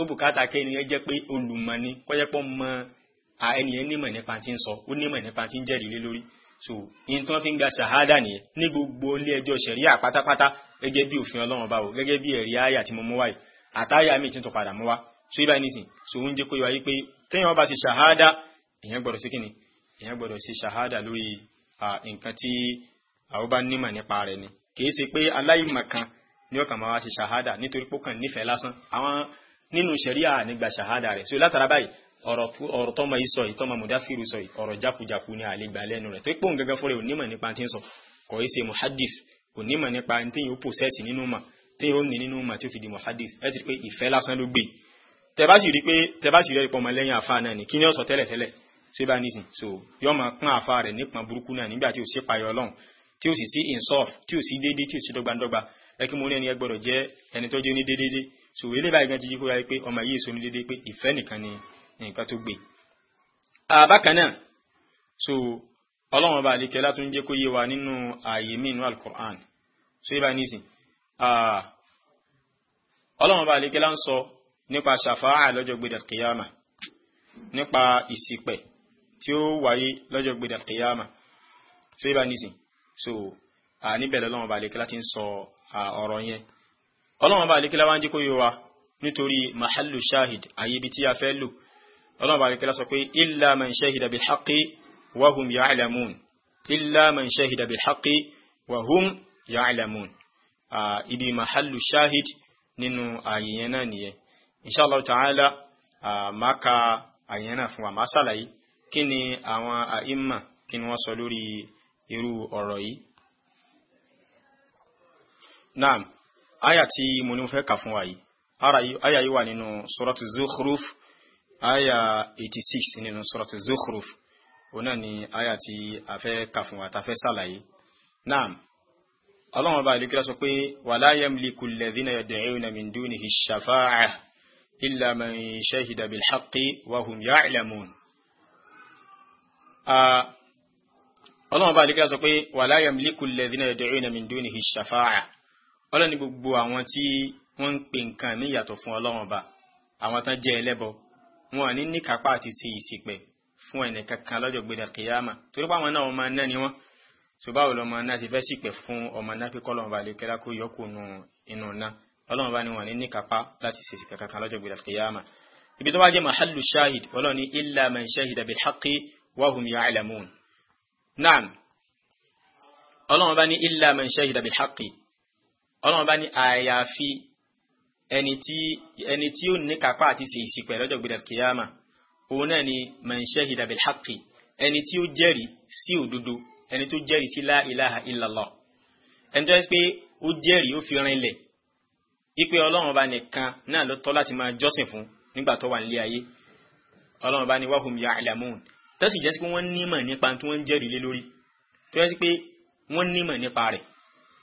ó bùkátà kẹ́ni ẹ jẹ́ pé olùmọ̀ ni kọ́jẹ́pọ̀ mọ ẹni ẹ nímọ̀ nípa ti ń sọ ó nímọ̀ nípa ti ń jẹ́rìí lé lórí so in tí wọ́n fi ń gba ṣàhádà nìyẹn ní gbogbo ilé ẹjọ́ ṣẹ̀ríà pátápátá gẹ́gẹ́ bí òfin ọlọ́run báwo gẹ́gẹ́ bí ẹ̀rí àyà tí mo mú wáyé àtàyà mi ti tún padà mú wá so ibà nísìn so oúnjẹ kó yọ pé téèyàn bá ṣe ṣàhádà èèyàn gbọ́dọ̀ sí kíni èèyàn gbọ́dọ̀ ṣe ṣàhádà lórí nǹkan tí àwọn bá nímọ̀ nípa rẹ̀ ni kìí ṣe pé aláìmọ̀kan ni ọkàn máa wá ṣe ṣàhádà nítorí pé ó kàn nífẹ̀ẹ́ lásán àwọn nínú ṣẹ̀ríà nígbà ṣàhádà rẹ̀ so látara báyìí ọ̀rọ̀ tọ́mọ yìí sọ yìí tọ́mọ mùdáfíìrù sọ yìí ọ̀rọ̀ jákujàku ni àlegbà lẹ́nu rẹ̀ tó pọ̀ ngangan fúnra ẹ̀ onímọ̀ nípa tí ń sọ kò í ṣe muhadif onímọ̀ nípa tí yóò pòṣẹ́sì nínú mà tí yóò ní nínú mà tí ó fi di muhadif ẹ ti rí pé ìfẹ́ lásán ló gbé tẹ́bá ni kí ni ó sọ tẹ́lẹ̀ tẹ́lẹ̀ insof tí ò sí déédé tí ò sí dọ́gbandọ́gba ẹ kí mo ní ẹni ẹ gbọ́dọ̀ jẹ́ ẹni so eléyìí báyìí gan ti yí kó yára pé ọmọ yìí èso nǹkan tó gbé bákan náà so ọlọ́run ọba àlekẹ́ látún jẹ́ kó yé wa nínú ààyè mí inú alukur'an so yíba nísìn ọlọ́run ọba àlekẹ́ lá ń sọ nípa ṣàfáà lọ́jọ́ gbédà kìyàmà nípa ìṣìpẹ̀ tí ó wáyé lọ́jọ́ gbédà kìyàmà so yíba nísìn so níbẹ̀ lọ́lọ́run ọba àlekẹ́ láti sọ ọ̀rọ̀ yẹn ọlọ́run ọba àlekẹ́ lá ń jẹ́ kó yé wa nítorí mahalu shahid àyè ibi tí a fẹ́ lò ọlọ́run bá rí kílá sọ pé illa man shahida bil haqqi wa hum ya'lamun illa man shahida bil haqqi wa hum ya'lamun ibi mahallu shahid nínú ààyè yẹn náà nìyẹn inshallah ta'ala máa ka ààyè yẹn náà fún wa máa ṣàlàyé kí ni àwọn àìmà kí ni wọ́n sọ lórí irú ọ̀rọ̀ yìí naam aya mo ní mo fẹ́ kà fún wa yìí aya yìí wà nínú suratu zukhruf aya 86 nínú suratu Zukhruf òun náà ni aya tí a fẹ́ kà fún wa ta fẹ́ sàlàyé naam ọlọ́run ọba ìlúkíra sọ pé wala yamliku alladhina yad'una min dunihi ash-shafa'a illa man shahida bil haqqi wa hum ya'lamun ọlọ́run ọba àdíkà sọ pé wala yamliku alladhina yad'una min dunihi shafa'a ọlọ́ni gbogbo wọn ní ní kápá àti ṣe ìṣìpẹ̀ fún ẹnì kankan lọ́jọ́ gbéra kìyàmà torí pé àwọn náà ọmọ náà ni wọ́n tó báwo lọ́mọ náà ti fẹ́ ṣìpẹ̀ fún ọmọ náà pé kọ́lọ́mọ bá lè kẹ́lá kó yọkù inú náà ọlọ́mọ bá ní wọn ní ní kápá láti ṣe ìṣìpẹ̀ kankan lọ́jọ́ gbéra kìyàmà ibi tó bá jẹ́ mahallu shahid ọlọ́run ní illa man shahida bil haqqi wa hum ya'lamun naam ọlọ́run bá ní illa man shahida bil haqqi ọlọ́run bá ní àyàfi ẹni tí ó ní kápá àti ṣe ìṣìpẹ̀ lọ́jọ́ gbẹ̀dẹ̀ kìyàmà òun náà ni man shahida bil haqqi ẹni tí ó jẹ́rìí sí òdodo ẹni tó jẹ́rìí sí la ilaha illallah ẹni tó yẹ pé ó jẹ́rìí ó fi ran ilẹ̀ ipe ọlọ́run ọba nìkan náà ló tọ́ láti máa jọ́sìn fún nígbà tó wà nílé ayé ọlọ́run ọba ni wahum ya'lamun tó sì jẹ́ sí pé wọ́n nímọ̀ nípa tí wọ́n jẹ́rìí lé lórí tó yẹ sí pé wọ́n nímọ̀ nípa rẹ̀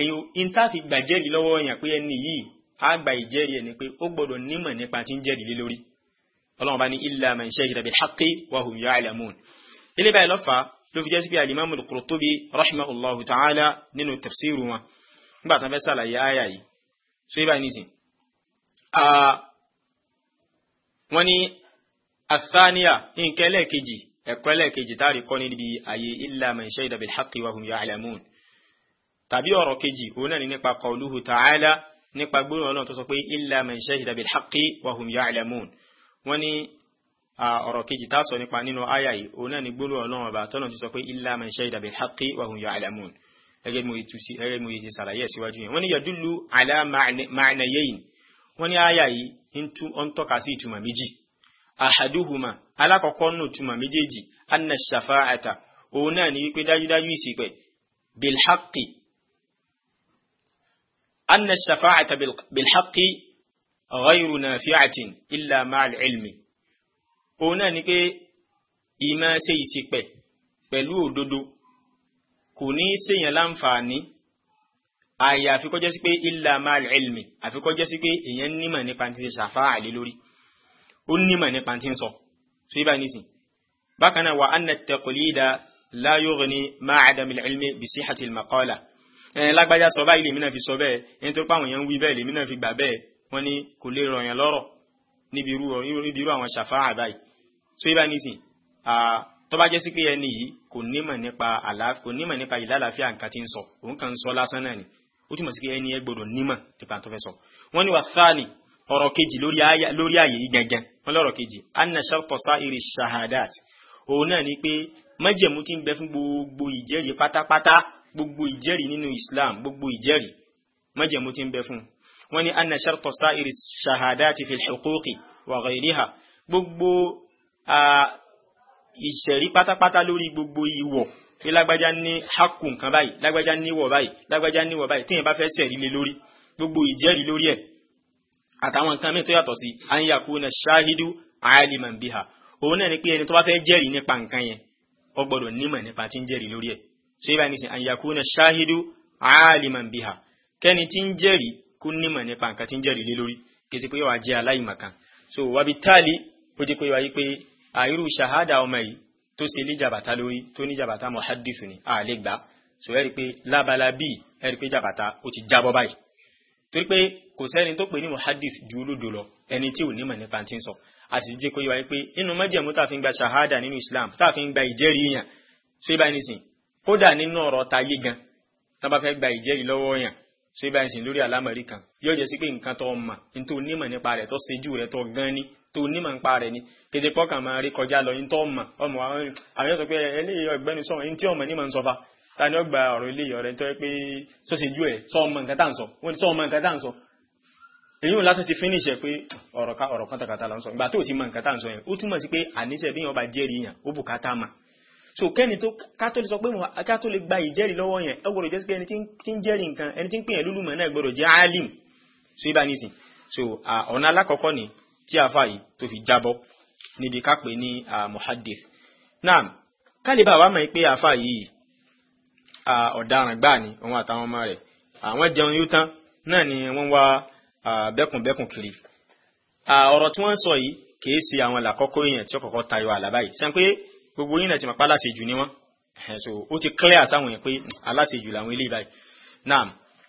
èyàn ìntàfi gbàjẹ́rìí lọ́wọ́ èèyàn pé ẹni yìí á gba ìjẹ́rìí ẹni pé ó gbọ́dọ̀ nímọ̀ nípa tí ń jẹ́rìí lé lórí ọlọ́run bá ní illa man shahida bil haqqi wa hum ya'lamun ilé báyìí lọ́fà ló fi jẹ́ sí pé al-imam al-Qurtubi rahimahullahu ta'ala nínú tafsiru wọn nígbà tán fẹ́ sàlàyé àyà yìí so ibà nísìn wọ́n ní athaniya nǹkan ẹlẹ́ẹ̀kejì ẹ̀kọ́ ẹlẹ́ẹ̀kejì táàrí kọ́ níbi àyè illa man shahida bil haqqi wa hum ya'lamun tàbí ọ̀rọ̀ kejì òun náà ni nípa qawluhu ta'ala nípa gbólóhùn Ọlọ́run tó sọ pé illa man shahida bil haqqi wa hum ya'lamun wọ́n ní ọ̀rọ̀ kejì tá a sọ nípa nínú àyà yìí òun náà ni gbólóhùn Ọlọ́run ọba tọ́nà ti sọ pé illa man shahida bil haqqi wa hum ya'lamun gẹ́gẹ́ bí mo ti sàlàyé síwájú yẹn wọ́n أن الشفاعة بالحق غير نافعة إلا مع العلم òun náà ni pé ìmọ̀ ṣe ìṣìpẹ̀ pẹ̀lú òdodo kò ní í ṣèyàn láǹfààní àyà àfikọ́jẹ́ sí pé illa ma'al ilmi àfikọ́jẹ́ sí pé èèyàn nímọ̀ nípa ti ṣe ṣàfáà àlè lórí ó nímọ̀ nípa ti ń sọ tó yí báyìí nísìn bákan náà wà anna taqlida la yughni ma'a adamil ilmi bi sihhatil maqala ẹ eh, lágbájá sọ báyìí lèmi náà fi sọ bẹ́ẹ̀ ẹni tó pàwọn èèyàn ń wí bẹ́ẹ̀ lèmi náà fi gbà bẹ́ẹ̀ wọ́n ní kò lè rọ̀yàn lọ́rọ̀ níbi irú àwọn ṣàfáà báyìí so ibà nísìn tó bá jẹ́ sí pé ẹni yìí kò nímọ̀ nípa àlàáfíà kò nímọ̀ nípa ìlàlàáfíà nǹkan tí ń sọ òun kàn ń sọ lásán náà ni ó túmọ̀ sí pé ẹni ẹ gbọ́dọ̀ nímọ̀ nípa tó fẹ́ sọ wọ́n ní wàsáàlì ọ̀rọ̀ kejì lórí ààyè yìí wọ́n lọ́rọ̀ kejì anna shartosa iri shahadat òun náà ni pé májẹ̀mú tí ń bẹ fún gbogbo ìjẹ́rìí pátápátá gbogbo ìjẹ́rìí nínú islam gbogbo ìjẹ́rìí májẹ̀mú tí ń bẹ fún wọ́n ní anna shartu sa'iri shahadati fil huquqi wa ghayriha gbogbo ìṣẹ̀rí pátápátá lórí gbogbo ìwọ̀ pé lágbájá ní hakù nǹkan báyìí lágbájá níwọ̀ báyìí lágbájá níwọ̀ báyìí téèyàn bá fẹ́ ṣẹ̀rí lé lórí gbogbo ìjẹ́rìí lórí ẹ̀ àtàwọn nǹkan mìíràn tó yàtọ̀ sí an yakuna shahidu aliman nímọ̀ nípa tí ń jẹ́rìí lórí ẹ̀ so yíba nísìn an yakuna shahidu aliman biha kẹ́ni tí ń jẹ́rìí kó nímọ̀ nípa nǹkan tí ń jẹ́rìí lé lórí kìí sí pé wà jẹ́ aláìmọ̀kan so wàbí táàlì ó jẹ́ pé wà yí pé àìrú shahada ọmọ yìí tó ṣe lé jàbàtà lórí tó ní jàbàtà muhaddith ni a lè gbà so ẹ̀rí pé lábala bíi ẹ̀rí pé jàbàtà ó ti jábọ́ báyìí torí pé kò sẹ́ni tó pè ní muhaddith ju olódo lọ ẹni tí ò nímọ̀ nípa tí ń sọ a sì jẹ́ Islam tá a fi ń gba ìjẹ́rìí yàn so kódà nínú ọ̀rọ̀ tayé gan tán bá fẹ́ gba ìjẹ́rìí lọ́wọ́ yàn ṣé bá ń sìn lórí àlámọ̀rí kan yóò jẹ́ sí pé nǹkan tó mọ̀ ní tó nímọ̀ nípa rẹ̀ tó ṣejú rẹ̀ tó gan ni tó nímọ̀ nípa rẹ̀ ni kété pọ́kàn máa rí kọjá lọ ní tó mọ̀ ọmọ àwọn sọ pé eléyìí ọ̀gbẹ́ni sọ̀rọ̀ ní tí ọmọ ní mọ̀ ń sọfa ta ni ó gba ọ̀rọ̀ eléyìí ọ̀rẹ́ tó yẹ pé sọ ṣejú ẹ̀ sọ ọmọ nǹkan tá à ń sọ so kẹ́ni tó kátó lè sọ pé kátó lè gba ìjẹ́rìí lọ́wọ́ yẹn ẹ gbọ́dọ̀ jẹ́ sí pé ẹni tí ń jẹ́rìí nǹkan ẹni tí ń pèyàn lólùmọ̀ náà gbọ́dọ̀ jẹ́ alim so ibà nísìn so ọ̀nà alákọ̀ọ́kọ́ ni tí àfa yìí tó fi jábọ́ níbi ká pè ní muhaddith naam kálíbà wa mọ̀ pé àfa yìí ọ̀daràn gbáà ni òun àtàwọn ọmọ rẹ̀ àwọn jẹun yóò tán náà ni wọ́n wá bẹ́kùnbẹ́kùn kiri ọ̀rọ̀ tí wọ́n ń sọ yìí kìí ṣe àwọn làkọ́kọ́ èèyàn tí ó kọ́kọ́ tayọ àlàbáyìí sàn pé gbogbo yín náà ti mọ̀ pé aláṣejù ni wọ́n so ó ti clear sáwọn yẹn pé hmm, aláṣejù làwọn eléyìí báyìí náà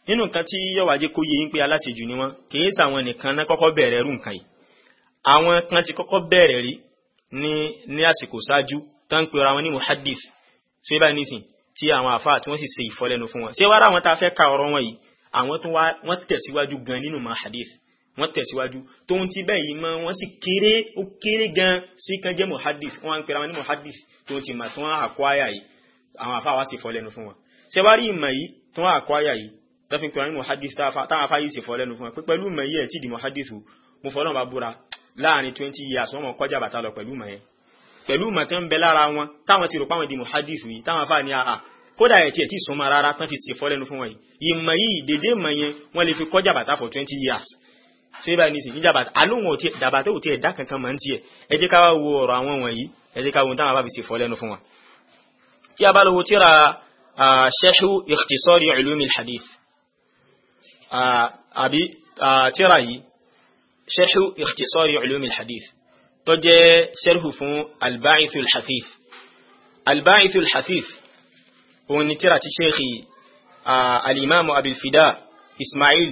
nínú nǹkan tí yọ̀wá jẹ́ kó yé yín pé aláṣejù ni wọ́n kì í sàwọn nìkan náà kọ́kọ́ bẹ̀rẹ̀ rú nǹkan yìí àwọn kan ti kọ́kọ́ bẹ̀rẹ̀ rí ní ní àsìkò ṣáájú tó ń pera wọn ní muhaddith ṣé báyìí nísìn tí àwọn àfáà tí wọ́n sì ṣe ìfọlẹ́nu fún wọn ṣé wàá ráwọn tá a fẹ́ ka ọ̀rọ̀ wọn yìí àwọn tó wá tẹ̀síwájú gan nínú mahadith wọ́n tẹ̀síwájú tó ń ti bẹ́ẹ̀ yìí mọ́ wọ́n sì kéré ó kéré gan sí kan jẹ́ muhadif wọ́n ń pera wọn ní tó ti mà tó ń àkọ́yà yìí àwọn afá wa sì fọ́ lẹ́nu fún wọn ṣé ìmọ̀ yìí tó ń àkọ́yà yìí tó fi pera wọn táwọn afá yìí sì fọ́ lẹ́nu fún wọn pẹ̀lú ìmọ̀ yìí ẹ̀ tí di muhadif mo fọ́ lọ́n kódà ẹ̀ tí sọmọ rárá tán fi ṣèfọ́ lẹ́nu fún wọn yìí ìmọ̀ yìí dédé ìmọ̀ yẹn wọ́n lè fi kọjá bàtà for twenty years so ibà ní sìnkí jàbàtà alóhùn òtí jàbàtà òtí ẹ̀dá kankan máa ń tiẹ̀ ẹ jẹ́ ká wá wo ọ̀rọ̀ àwọn wọ̀nyí ẹ jẹ́ ká wo táwọn bá fi ṣèfọ́ lẹ́nu fún wa. tí a bá lọ wo tíra ṣẹ́ṣu ikhtisari ulumi al-hadith àbí tíra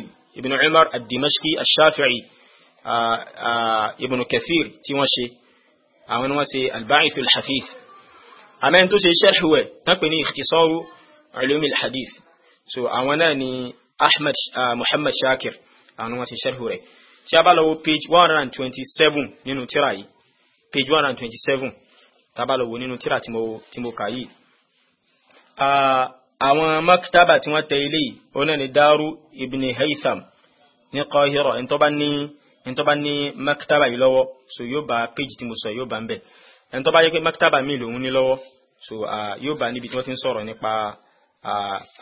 yìí ibn umar ad-dimashqi ash-shafi'i ibn kathir tí wọ́n ṣe àwọn wọ́n ṣe al-ba'ith al-hafith àmẹ́ tó ṣe sharhu ẹ̀ tán pè ní ikhtisaru ulum hadith so àwọn náà ni ahmed muhammad shakir àwọn wọ́n ṣe sharhu rẹ̀ tí a bá lọ page 127 nínú tírà 127 tá a bá lọ yìí àwọn maktaba tí wọ́n tẹ ilé oní ni Daru ibn Haytham ní Qahira ẹni tó bá ní ẹni tó bá ní maktaba yìí lọ́wọ́ so yóò bá péjì tí mo sọ yóò bá ń bẹ̀ ẹni tó bá yẹ pé maktaba mi lòun ní lọ́wọ́ so yóò bá níbi tí wọ́n ti ń sọ̀rọ̀ nípa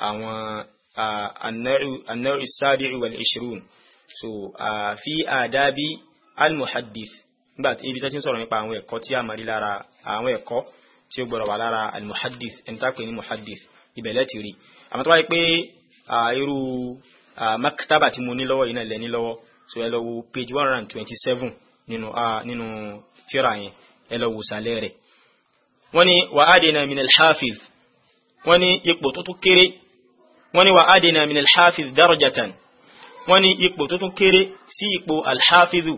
àwọn an-naw'u as-sabi'u ibẹ̀lẹ̀ ti rí àmọ́ tó wáyé pé irú maktaba tí mo ní lọ́wọ́ yìí náà lẹ́ ní lọ́wọ́ so ẹ lọ wo page one hundred and twenty seven nínú nínú tírà yẹn ẹ lọ wo sàlẹ̀ rẹ̀ wọ́n ní wà á dènà min al-hafiz wọ́n ní ipò tó tún kéré wọ́n ní wà á dènà min al-hafiz darajatan wọ́n ní ipò tó tún kéré sí ipò al-hafizu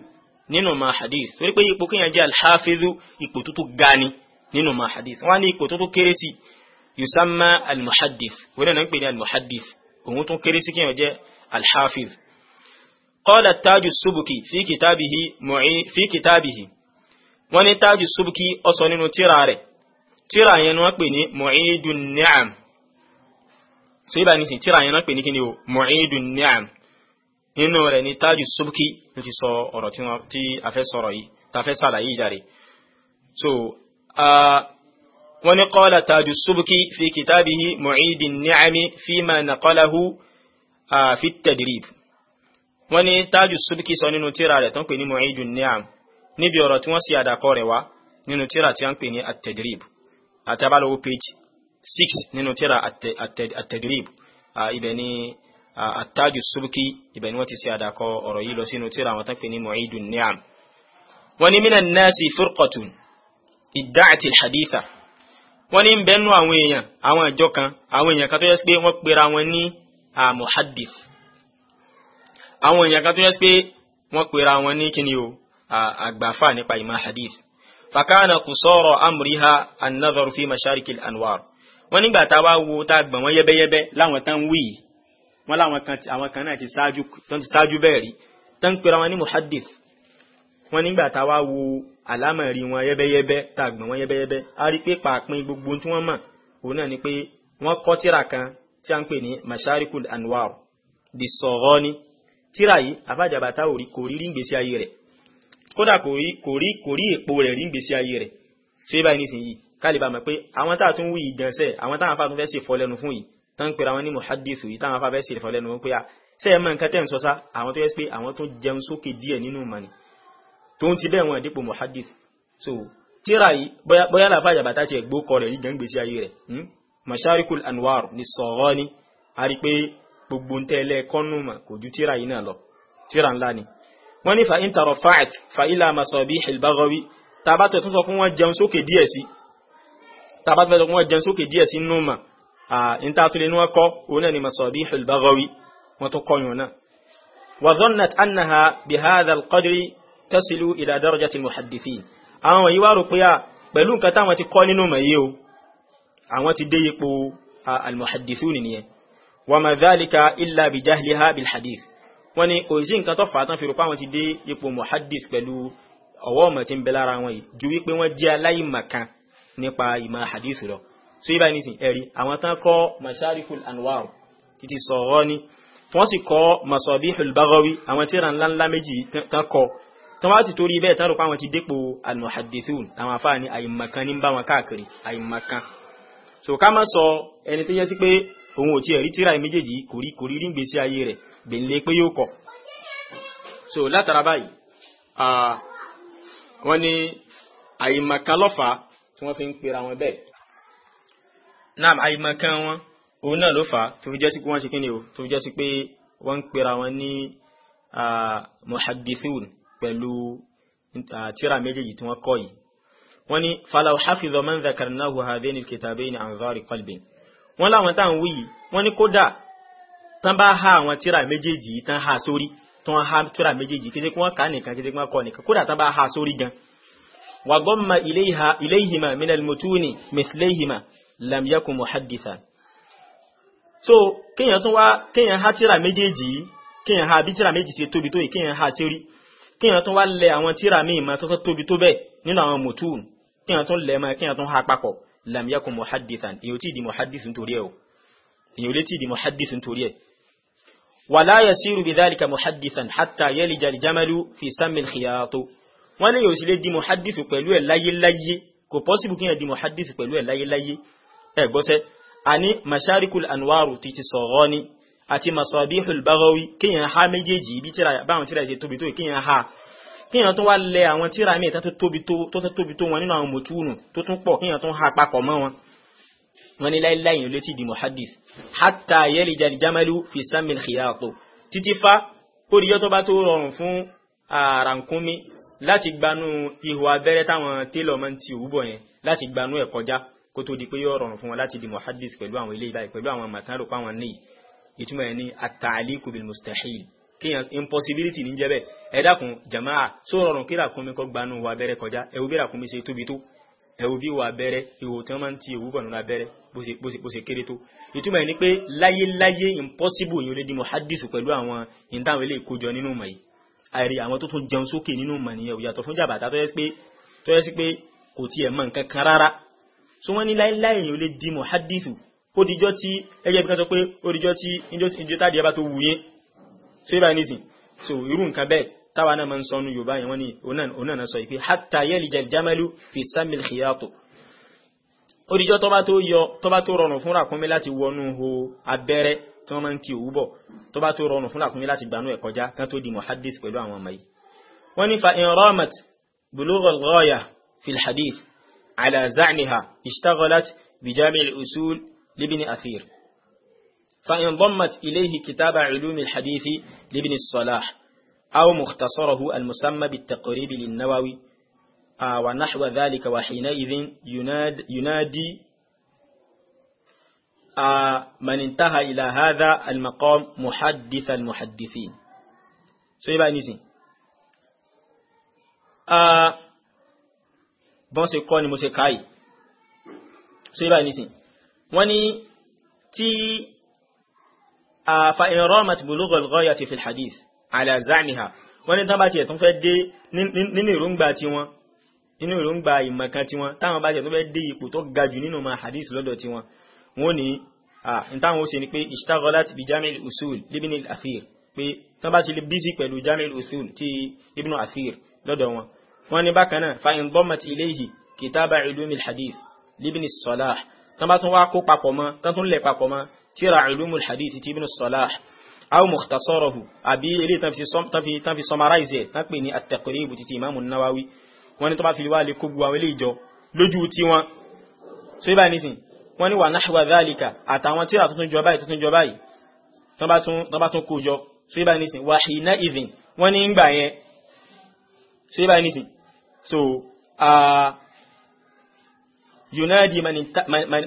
nínú ma hadith torí pé ipò kéèyàn jẹ́ al-hafizu ipò tó tún ga ni nínú ma hadith wọ́n ní ipò tó tún kéré sí i yusamma almuhaddith wọ́n náà ń pè ní almuhaddith òun tún kéré sí kíyàn jẹ́ alhafiz qala tájù subuki fi kitabihi mu'i fi kitabihi wọ́n ní tájù subuki ọsọ nínú tíra rẹ̀ tíra yẹn ni wọ́n pè ní mu'idun ni'am so ibà nísìn tíra yẹn ni wọ́n pè ní kí ni o mu'idun ni'am nínú rẹ̀ ní tájù subuki ló ti sọ ọ̀rọ̀ tí a fẹ́ sọ̀rọ̀ yìí ta fẹ́ sàlàyé ìjà so uh, wọ́n ní qala Taju Subki fi kitabihi Mu'idin Ni'ami fima naqalahu fi tadrib wọ́n ní Taju Subki sọ nínú tírà rẹ̀ tó ń pè ní Mu'idin Ni'am níbi ọ̀rọ̀ tí wọ́n sì àdàkọ rẹ̀ wá nínú tírà tí wọ́n pè ní at-tadrib page 6 nínú tírà at ibẹ̀ ni àtàjù subki ibẹ̀ ni wọ́n ti ṣe àdàkọ ọ̀rọ̀ yìí lọ sínú tírà àwọn tán fi ní mu'idun ni'am wọ́n ní nasi furqatun idda'ati al-haditha wọ́n ní bẹ́nu àwọn èèyàn àwọn ìjọ kan àwọn èèyàn kan tó yẹ sí pé wọ́n pera wọn ní muhaddith àwọn èèyàn kan tó yẹ sí pé wọ́n pera wọn ní kíni o àgbàfà nípa ìmọ̀ hadith fakana qusara amriha an-nadharu fi masharikil anwar wọ́n nígbà tá a wá wo tá a gbọ̀n wọ́n yẹ́bẹ́yẹ́bẹ́ láwọn tán wí wọ́n láwọn kan àwọn kan náà ti ṣáájú bẹ́ẹ̀ rí tán pera wọn ní muhaddith wọ́n nígbà tá a wá wo àlámọ̀rí wọn yẹ́bẹ́yẹ́bẹ́ tá a gbọ̀n wọn yẹ́bẹ́yẹ́bẹ́ a rí pé pàápín gbogbo tí wọ́n mọ̀ òun náà ni pé wọ́n kọ́ tíra kan tí a ń pè ní masharikul anwar di sọ̀rọ̀ ni tíra yìí àbájábàtà ò rí kò rí rí ngbèsí ayé rẹ̀ kódà kò rí kò rí kò rí èpo rẹ̀ rí ngbèsí ayé rẹ̀ tó yẹ báyìí nísìnyí kálíbà mọ̀ pé àwọn tá a tún wí ìgbọ̀nsẹ̀ àwọn táwọn afáàtún fẹ́ ṣe fọlẹ́nu fún yìí tán pèrè àwọn ní muhadithu yìí táwọn afáàfẹ́ ṣe fọlẹ́nu wọn pé à sẹ́yìn mọ̀ nǹkan tẹ́ ń sọ sá àwọn tó yẹ pé àwọn tó jẹun sókè díẹ̀ nínú mọ̀ ni tó ń ti bẹ́ẹ̀ wọn dípò muhaddith so tíra yìí bóyá làfà àjàbàtà tiẹ̀ gbó kọ rẹ̀ yìí gan gbèsè ayé rẹ̀ hmm? masharikul anwar ní sọ̀rọ̀ ni a rí pé gbogbo ń tẹ́lẹ̀ kọ́nù mà kò ju tíra yìí náà lọ tíra ńlá ni wọ́n ní fa intaro fact fa ilà masobi hilbagawi tabatọ̀ tún sọ fún wọn jẹun sókè díẹ̀ sí tabatọ̀ fún wọn jẹun sókè díẹ̀ sí nù mà ìntàtúlẹ̀ ni wọ́n kọ́ òun náà ni masobi hilbagawi wọ́n tó kọ́yùn náà wàzọ́nà annaha bihadal qadri tasilu ila darajati muhaddithin àwọn wọ̀nyí wá rò pé à pẹ̀lú nǹkan táwọn ti kọ́ nínú mẹ̀yẹ o àwọn ti dé ipò almuhaddithun nìyẹn wa ma dhalika illa bi jahliha bil hadith wọ́n ní kò sí nǹkan tó fà á tán fi rò pé àwọn ti dé ipò muhaddith pẹ̀lú ọwọ́ ọmọ tí ń bẹ lára wọn tán wá ti torí bẹ́ẹ̀ tán rò pé àwọn ti dépò al àwọn afáà ní àìmọ̀kan ní bá wọn káàkiri àìmọ̀kan so ká má sọ ẹni tó yẹ sí pé òun ò tiẹ̀ rí tíra méjèèjì kò rí rí gbèsè ayé rẹ̀ gbèǹlé pé yóò kọ̀ so látara báyìí wọ́n ní àìmọ̀kan lọ́fà tí wọ́n fi ń pera wọn bẹ́ẹ̀ náà àìmọ̀kan wọn òun náà ló fà á tó fi jẹ́ sí pé wọ́n ń pera wọn ní muhaddithun pẹ̀lú tíra méjèèjì tí wọ́n kọ́ yìí wọ́n ní falaw hafidhu man dhakarnahu hadhaini alkitabaini an dhari qalbin wọ́n láwọn tá à ń wí yìí wọ́n ní kódà tán bá ha àwọn tíra méjèèjì yìí tán ha sórí tán ha tíra méjèèjì kété tún wá kéèyàn ha tíra méjèèjì yìí ha bí tíra méjì ṣe tóbi tó ha sórí kíyàn tún wá lẹ àwọn tíra míì máa tó tóbi tó bẹ́ẹ̀ nínú àwọn mùtúùn kíyàn tún lẹ máa kíyàn tún ha papọ̀ lam yakun muhaddithan èyàn tí di muhaddith nítorí ẹ̀ o èyàn lè tí di muhaddith nítorí ẹ̀ wala yasiru bidhalika muhaddithan hatta yalija al-jamalu fi sammi al-khiyatu wọ́n lè yóò sì lè di muhaddith pẹ̀lú ẹ̀ láyéláyé kò pọ́sibú kíyàn di muhaddith pẹ̀lú ẹ̀ láyéláyé ẹ̀ gbọ́sẹ́ àní masharikul anwaru titi sọ̀rọ̀ ni àti Masabihul Baghawi kéèyàn ha méjèèjì ibi tíra báwọn tíra ṣe tóbi tó kéèyàn ha kéèyàn tó wá lẹ àwọn tíra míì tó tóbi tó wọn nínú àwọn mòtúùnù tó tún pọ̀ kéèyàn tó ha papọ̀ mọ́ wọn wọn ni láíláí yìí ló ti di muhaddith hatta yalija al-jamalu fi sammi al-khiyato títí fa kórìíyọ́ tó bá tó rọrùn fún àràǹkúnmí láti gbanú ihò abẹ́rẹ́ táwọn télọ̀ máa ń ti òwúbọ̀ yẹn láti gbanú ẹ̀ kó tó di pé yóò rọrùn fún wọn láti di muhaddith pẹ̀lú àwọn ilé ìbáyìí pẹ̀lú àwọn màtánrò pàwọn níyì ìtumọ̀ ẹ̀ ní at-ta'liqu mustahil kíyàn impossibility ní jẹ́bẹ̀ ẹ dákun jama'a só rọrùn kí ràkúnmí kọ́ gbanú wa bẹ́rẹ́ kọjá ẹ̀wù bí ràkúnmí ṣe tóbi tó ẹ̀wù bí wa bẹ́rẹ́ ìwò tí wọ́n máa ń ti ìwú bọ̀nù lábẹ́rẹ́ bó ṣe kéré tó ìtumọ̀ ẹ̀ ní pé láyéláyé impossible yìí ó lè di muhaddisu pẹ̀lú àwọn ìdáhùn ilé ìkójọ nínú mọ̀ yìí àìrí àwọn tó tún jẹun sókè nínú mọ̀ nìyẹn ò yàtọ̀ fún jàbàtà tó yẹ sí pé kò tiẹ̀ mọ̀ nǹkan kan rárá so wọ́n ní láyéláyé yìí ó lè di muhaddisu ó dijọ́ tí ẹgbẹ́ ibi kan sọ pé ó dijọ́ tí ìjọtàdì ẹbá tó wù yín tó yẹ báyìí nísìn so irú nǹkan bẹ́ẹ̀ táwa náà máa ń sọnù yorùbá yẹn wọ́n ní òun náà sọ ìpè hatta yalija al-jamalu fi sammil khiyato ó dijọ́ tó bá tó yọ tó bá tó rọrùn fún ràkúnmí láti wọnú abẹ́rẹ́ tí wọ́n máa ń ti òwú لابن أثير فإن ضمت إليه كتاب علوم الحديث لابن الصلاح أو مختصره المسمى بالتقريب للنووي آه، ونحو ذلك وحينئذ يناد ينادي آه، من انتهى إلى هذا المقام محدث المحدثين سيبا نيسي آه، بون سيكون موسيقاي سيبا نيسي wọ́n ní tí fa iramat bulugh al-ghayati fi al-hadith ala za'miha wọ́n ní tán bá tiẹ̀ tún fẹ́ dé nínú ìrúngbà tí wọ́n nínú ìrúngbà ìmọ̀kan tí wọ́n táwọn bá tiẹ̀ tún fẹ́ dé ipò tó ga jù nínú ma hadith lọ́dọ̀ tí wọ́n wọ́n ní ìtàwọn ó ṣe ni pé ishtaghalat bi jami'il usul libin al pé tán bá ti lè bísí pẹ̀lú jami'il usul ti ibn al lọ́dọ̀ wọn wọ́n ní bákan náà fa in dhammat ilayhi kitaba hadith libin salah tán bá tún wá kó papọ̀ mọ́ tán tún lẹ̀ papọ̀ mọ́ tíra ulumul hadith ti ibn salah aw mukhtasarahu àbí ilé tán fi tán fi summarize tán pè ní at-taqrib ti ti imam wọ́n ní tó bá fi wá lè kó àwọn ilé ìjọ lójú tí wọ́n so ibà nísìn wọ́n ní wà nahwa dhalika àtàwọn tíra tuntun yunadi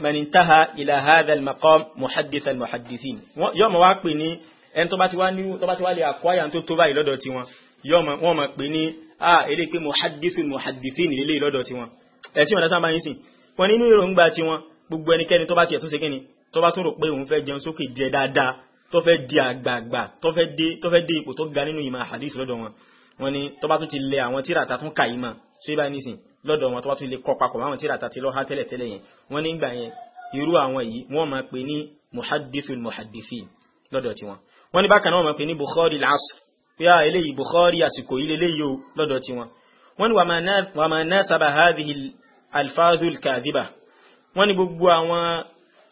manintaha ila hadha al-maqam muhaddith al-muhaddithin yóò máa wá pè ní ẹni tó bá ti wá ní tó bá ti wá lè àkọ́yà tó tó báyìí lọ́dọ̀ tí wọn yóò máa wọ́n máa pè ní à èlé pé muhaddithul muhaddithin lélẹ̀ lọ́dọ̀ tí wọn ẹ̀sìn ọ̀dá sábà yín sìn wọn nínú èròǹgbà tí wọn gbogbo ẹnikẹ́ni tó bá tiẹ̀ tó ṣe kíni tó bá tó rò pé òun fẹ́ jẹun sókè jẹ dáadáa tó fẹ́ di àgbààgbà tó fẹ́ dé tó fẹ́ dé ipò tó ga nínú ìmọ̀ hadith lọ́dọ̀ wọn wọn ni tó bá tún ti lẹ àwọn tíra ta tún kà yìí mà ṣé lọ́dọ̀ wọn tó wá tún lè kọ papọ̀ máwọn tíra àtàtì lọ́ha tẹ́lẹ̀tẹ́lẹ̀ yẹn wọ́n nígbà yẹn irú àwọn yìí wọ́n máa pè ní muhaddithul muhaddithin lọ́dọ̀ tiwọn wọ́n ní bákan náà wọ́n máa pè ní bukhari al-asr yá ah, eléyìí bukhari àsìkò yìí lélẹ́yìí o lọ́dọ̀ tiwọn wọ́n ní wa ma nasaba hadhihi alfazul kadhiba wọ́n ní gbogbo àwọn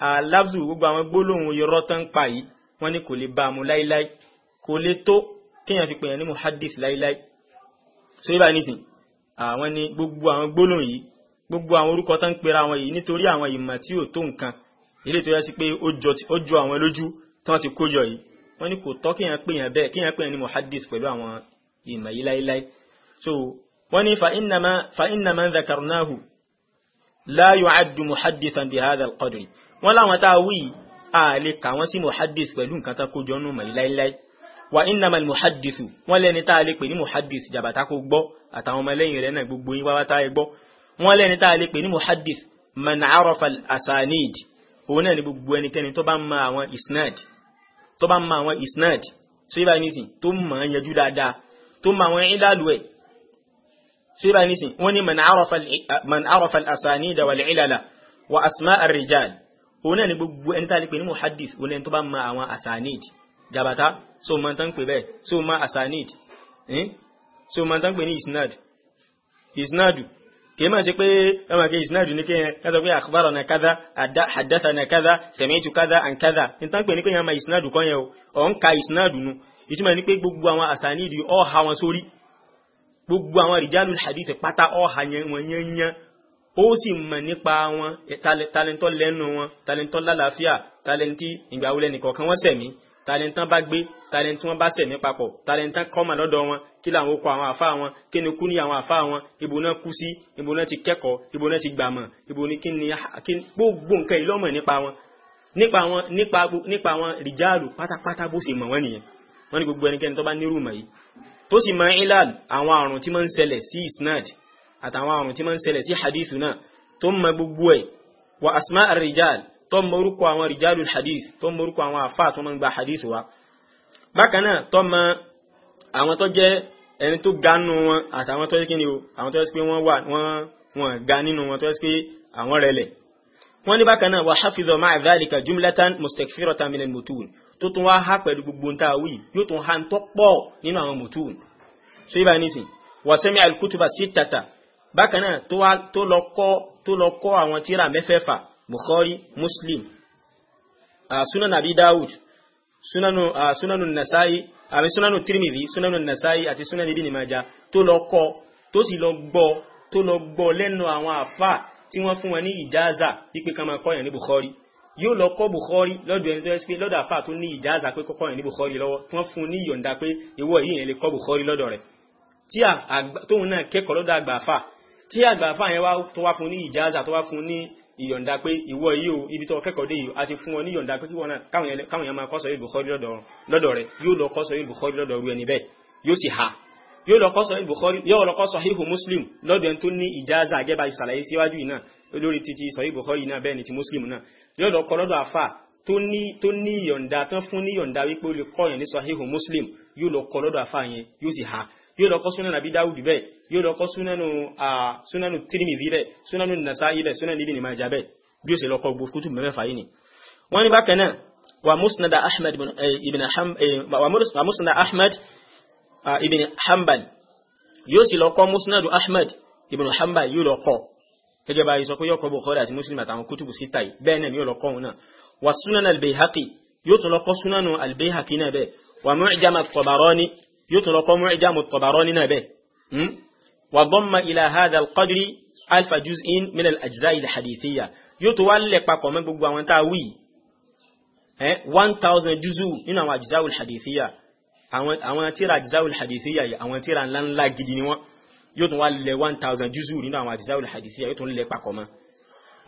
alafzu gbogbo àwọn gbólóhùn irọ́ tán pa yìí wọ́n ní kò lè bá mu láíláí kò lè tó kéèyàn fi pèèyàn ní muhaddith láíláí so yíba nísìnyí àwọn ni gbogbo àwọn gbólóhùn yìí gbogbo àwọn orúkọ tán ń pera wọn yìí nítorí àwọn ìmọ̀ tí ò tó nǹkan ilé tó yẹ sí pé ó jọ àwọn lójú tí wọ́n ti kó jọ yìí wọ́n ní kò tọ́ kéèyàn pè yàn bẹ́ẹ̀ kéèyàn pè yàn ní muhaddis pẹ̀lú àwọn ìmọ̀ yìí láéláé so wọ́n ní fa inna man dhakarnahu la yu'addu muhaddithan bi hadha wọ́n láwọn tá a wí à kà wọ́n sí muhaddis pẹ̀lú nǹkan tán kó jọ nù mọ̀ yìí láéláé wa innamal muhaddithu wọ́n lẹ́ni tá a lè pè ní muhaddith jàbàtà kò gbọ́ àtàwọn ọmọlẹ́yìn rẹ̀ náà gbogbo yín wáwá tá a gbọ́ wọ́n lẹ́ni tá a lè pè ní muhaddith man arafa al-asanid òun náà ni gbogbo ẹnikẹ́ni tó bá ń ma àwọn isnad tó bá ń ma àwọn isnad tó yíba nísìn tó mọ̀ ń yẹjú dáadáa tó ma àwọn ìlàlù ẹ̀ tó yíba nísìn wọ́n ni man arafa asanid wal ilala wa asma ar òun náà ni gbogbo ẹni tá a lè pè ní muhaddith òun náà tó bá ń ma àwọn asanid jabata so mọ̀ tán pè bẹ́ẹ̀ so ma asanid eh? so mọ̀ tán pè ní isnad isnadu kìí máa ṣe pé ọmọ kí isnadu ní kíyàn ká sọ pé àkùbárọ̀ na kádá àdáta na kádá sẹ̀mẹ́tù kádá àn kádá ní tán pè ní kíyàn máa isnadu kan yẹn ọ̀ ń ka isnadu nu ìtumọ̀ ní pé gbogbo àwọn asanid ọ̀ ha wọn sórí gbogbo àwọn rìjálù hadith pátá ọ̀hà wọn yẹnyẹn ó sì mọ̀ nípa wọn talentọ́ lẹ́nu wọn talentọ́ lálàáfíà talenti ìgbàwọlẹ̀ nìkọ̀ọ̀kan wọ́n sẹ̀mí tàlẹ́ntàn bá gbé tàlẹ́ntì wọn bá ṣẹ̀ ní papọ̀ tàlẹ́ntàn kọ́mà lọ́dọ̀ wọn kí làwọn kọ àwọn àfa wọn kí ni kú ní àwọn àfa wọn ibo náà kú sí ibo náà ti kẹ́kọ̀ọ́ ibo náà ti gbàmọ̀ ibo ni kí ni gbogbo nǹkan yìí lọ́mọ̀ nípa wọn nípa wọn nípa nípa wọn rìjáàlù pátápátá bó ṣe mọ̀ wọ́n nìyẹn wọ́n ní gbogbo ẹnikẹ́ni tó bá nírú mọ̀ yìí tó sì mọ̀ ilal àwọn àrùn tí máa ń ṣẹlẹ̀ sí isnad àtàwọn àrùn tí wa asma ar-rijal tó mọ orúkọ àwọn rijalul hadith tó mọ orúkọ àwọn àfáà tó mọ gba hadith wa bákan náà tó mọ àwọn tó jẹ́ ẹni tó ga nínú wọn àtàwọn tó jẹ́ kí ni o àwọn tó jẹ́ pé wọ́n wà wọ́n wọ́n ga nínú wọn tó jẹ́ pé àwọn rẹlẹ̀ wọ́n ní bákan náà wa hafiza ma'a dhalika jumlatan mustakfiratan min bukhari muslim uh, sunan abi dawud sunanu uh, sunanu nasa'i àbí sunanu tirmidhi sunanu nasa'i àti sunan ibn majah tó lọ kọ́ tó sì lọ gbọ́ tó lọ gbọ́ lẹ́nu àwọn àfà tí wọ́n fún wọn ní ìjáza wípé ká máa kọ́yàn ní bukhari yóò lọ kọ́ bukhari lọ́dọ̀ ẹni tó yẹ pé lọ́dọ̀ àfà tó ní ìjáza pé kọ́kọ́yàn bukhari lọ́wọ́ tí wọ́n fún ní ìyọ̀ǹda pé ìwọ yìí yẹn lè kọ́ bukhari lọ́dọ̀ rẹ̀ tí tóun náà kẹ́kọ̀ọ́ lọ́dọ̀ àgbà àfà tí àgbà àfà yẹn wá tó wá fún ní ìjáza tó wá fún ní ìyọ̀ǹda pé ìwọ yìí o ibi tó kẹ́kọ̀ọ́ dé yìí a ti fún wọn ní ìyọ̀ǹda pé kíwọ́n náà káwọn yẹn máa kọ́ sọ ìbùkọ́rí lọ́dọ̀ rẹ̀ yóò lọ kọ́ sọ ìbùkọ́rí lọ́dọ̀ rú ẹni bẹ́ẹ̀ yóò sì ha yóò lọ kọ́ sọ muslim lọ́dọ̀ ẹni tó ní ìjáza àgẹ́bà ìsàlàyé síwájú yìí náà lórí títí sọ ìbùkọ́rí náà bẹ́ẹ̀ ni muslim náà yóò lọ kọ́ lọ́dọ̀ àfà tó ní ìyọ̀ǹda tán fún ní ìyọ̀ǹda wípé ó muslim yóò lọ kọ́ lọ́dọ̀ àfà yóò lọ kọ́ súnánù àbí dáwùdì bẹ́ẹ̀ yóò lọ kọ́ súnánù tirimidi rẹ̀ súnánù nasa'i rẹ̀ súnánù ibn majah bẹ́ẹ̀ bí ó ṣe lọ kọ́ gbogbo kútù mẹ́fẹ̀ẹ̀fà yìí ni. wọ́n ní bákan náà wà musnada ahmed ibn wà musnada ahmed ibn hanbal yóò sì lọ kọ́ musnadu ahmed ibn hanbal yóò lọ kọ́ gẹ́gẹ́ bá sọ pé yóò kọ́ àti muslim àtàwọn kútùbù síta yìí bẹ́ẹ̀ náà yóò lọ يطلق معجم الطبراني kọ́ Mu'jam إلى هذا القدر ألف جزء من الأجزاء الحديثية. al-qadri alfa juz'in min al-ajza' al-hadithiyya yóò tún àwọn tá a wí eh, one thousand juzu nínú àwọn ajza' al-hadithiyya àwọn tíra ajza' al-hadithiyya yìí àwọn tíra gidi ni wọ́n yóò tún wá lẹ̀ one thousand juzu nínú àwọn ajza' al-hadithiyya yóò tún lẹ̀ papọ̀ mọ́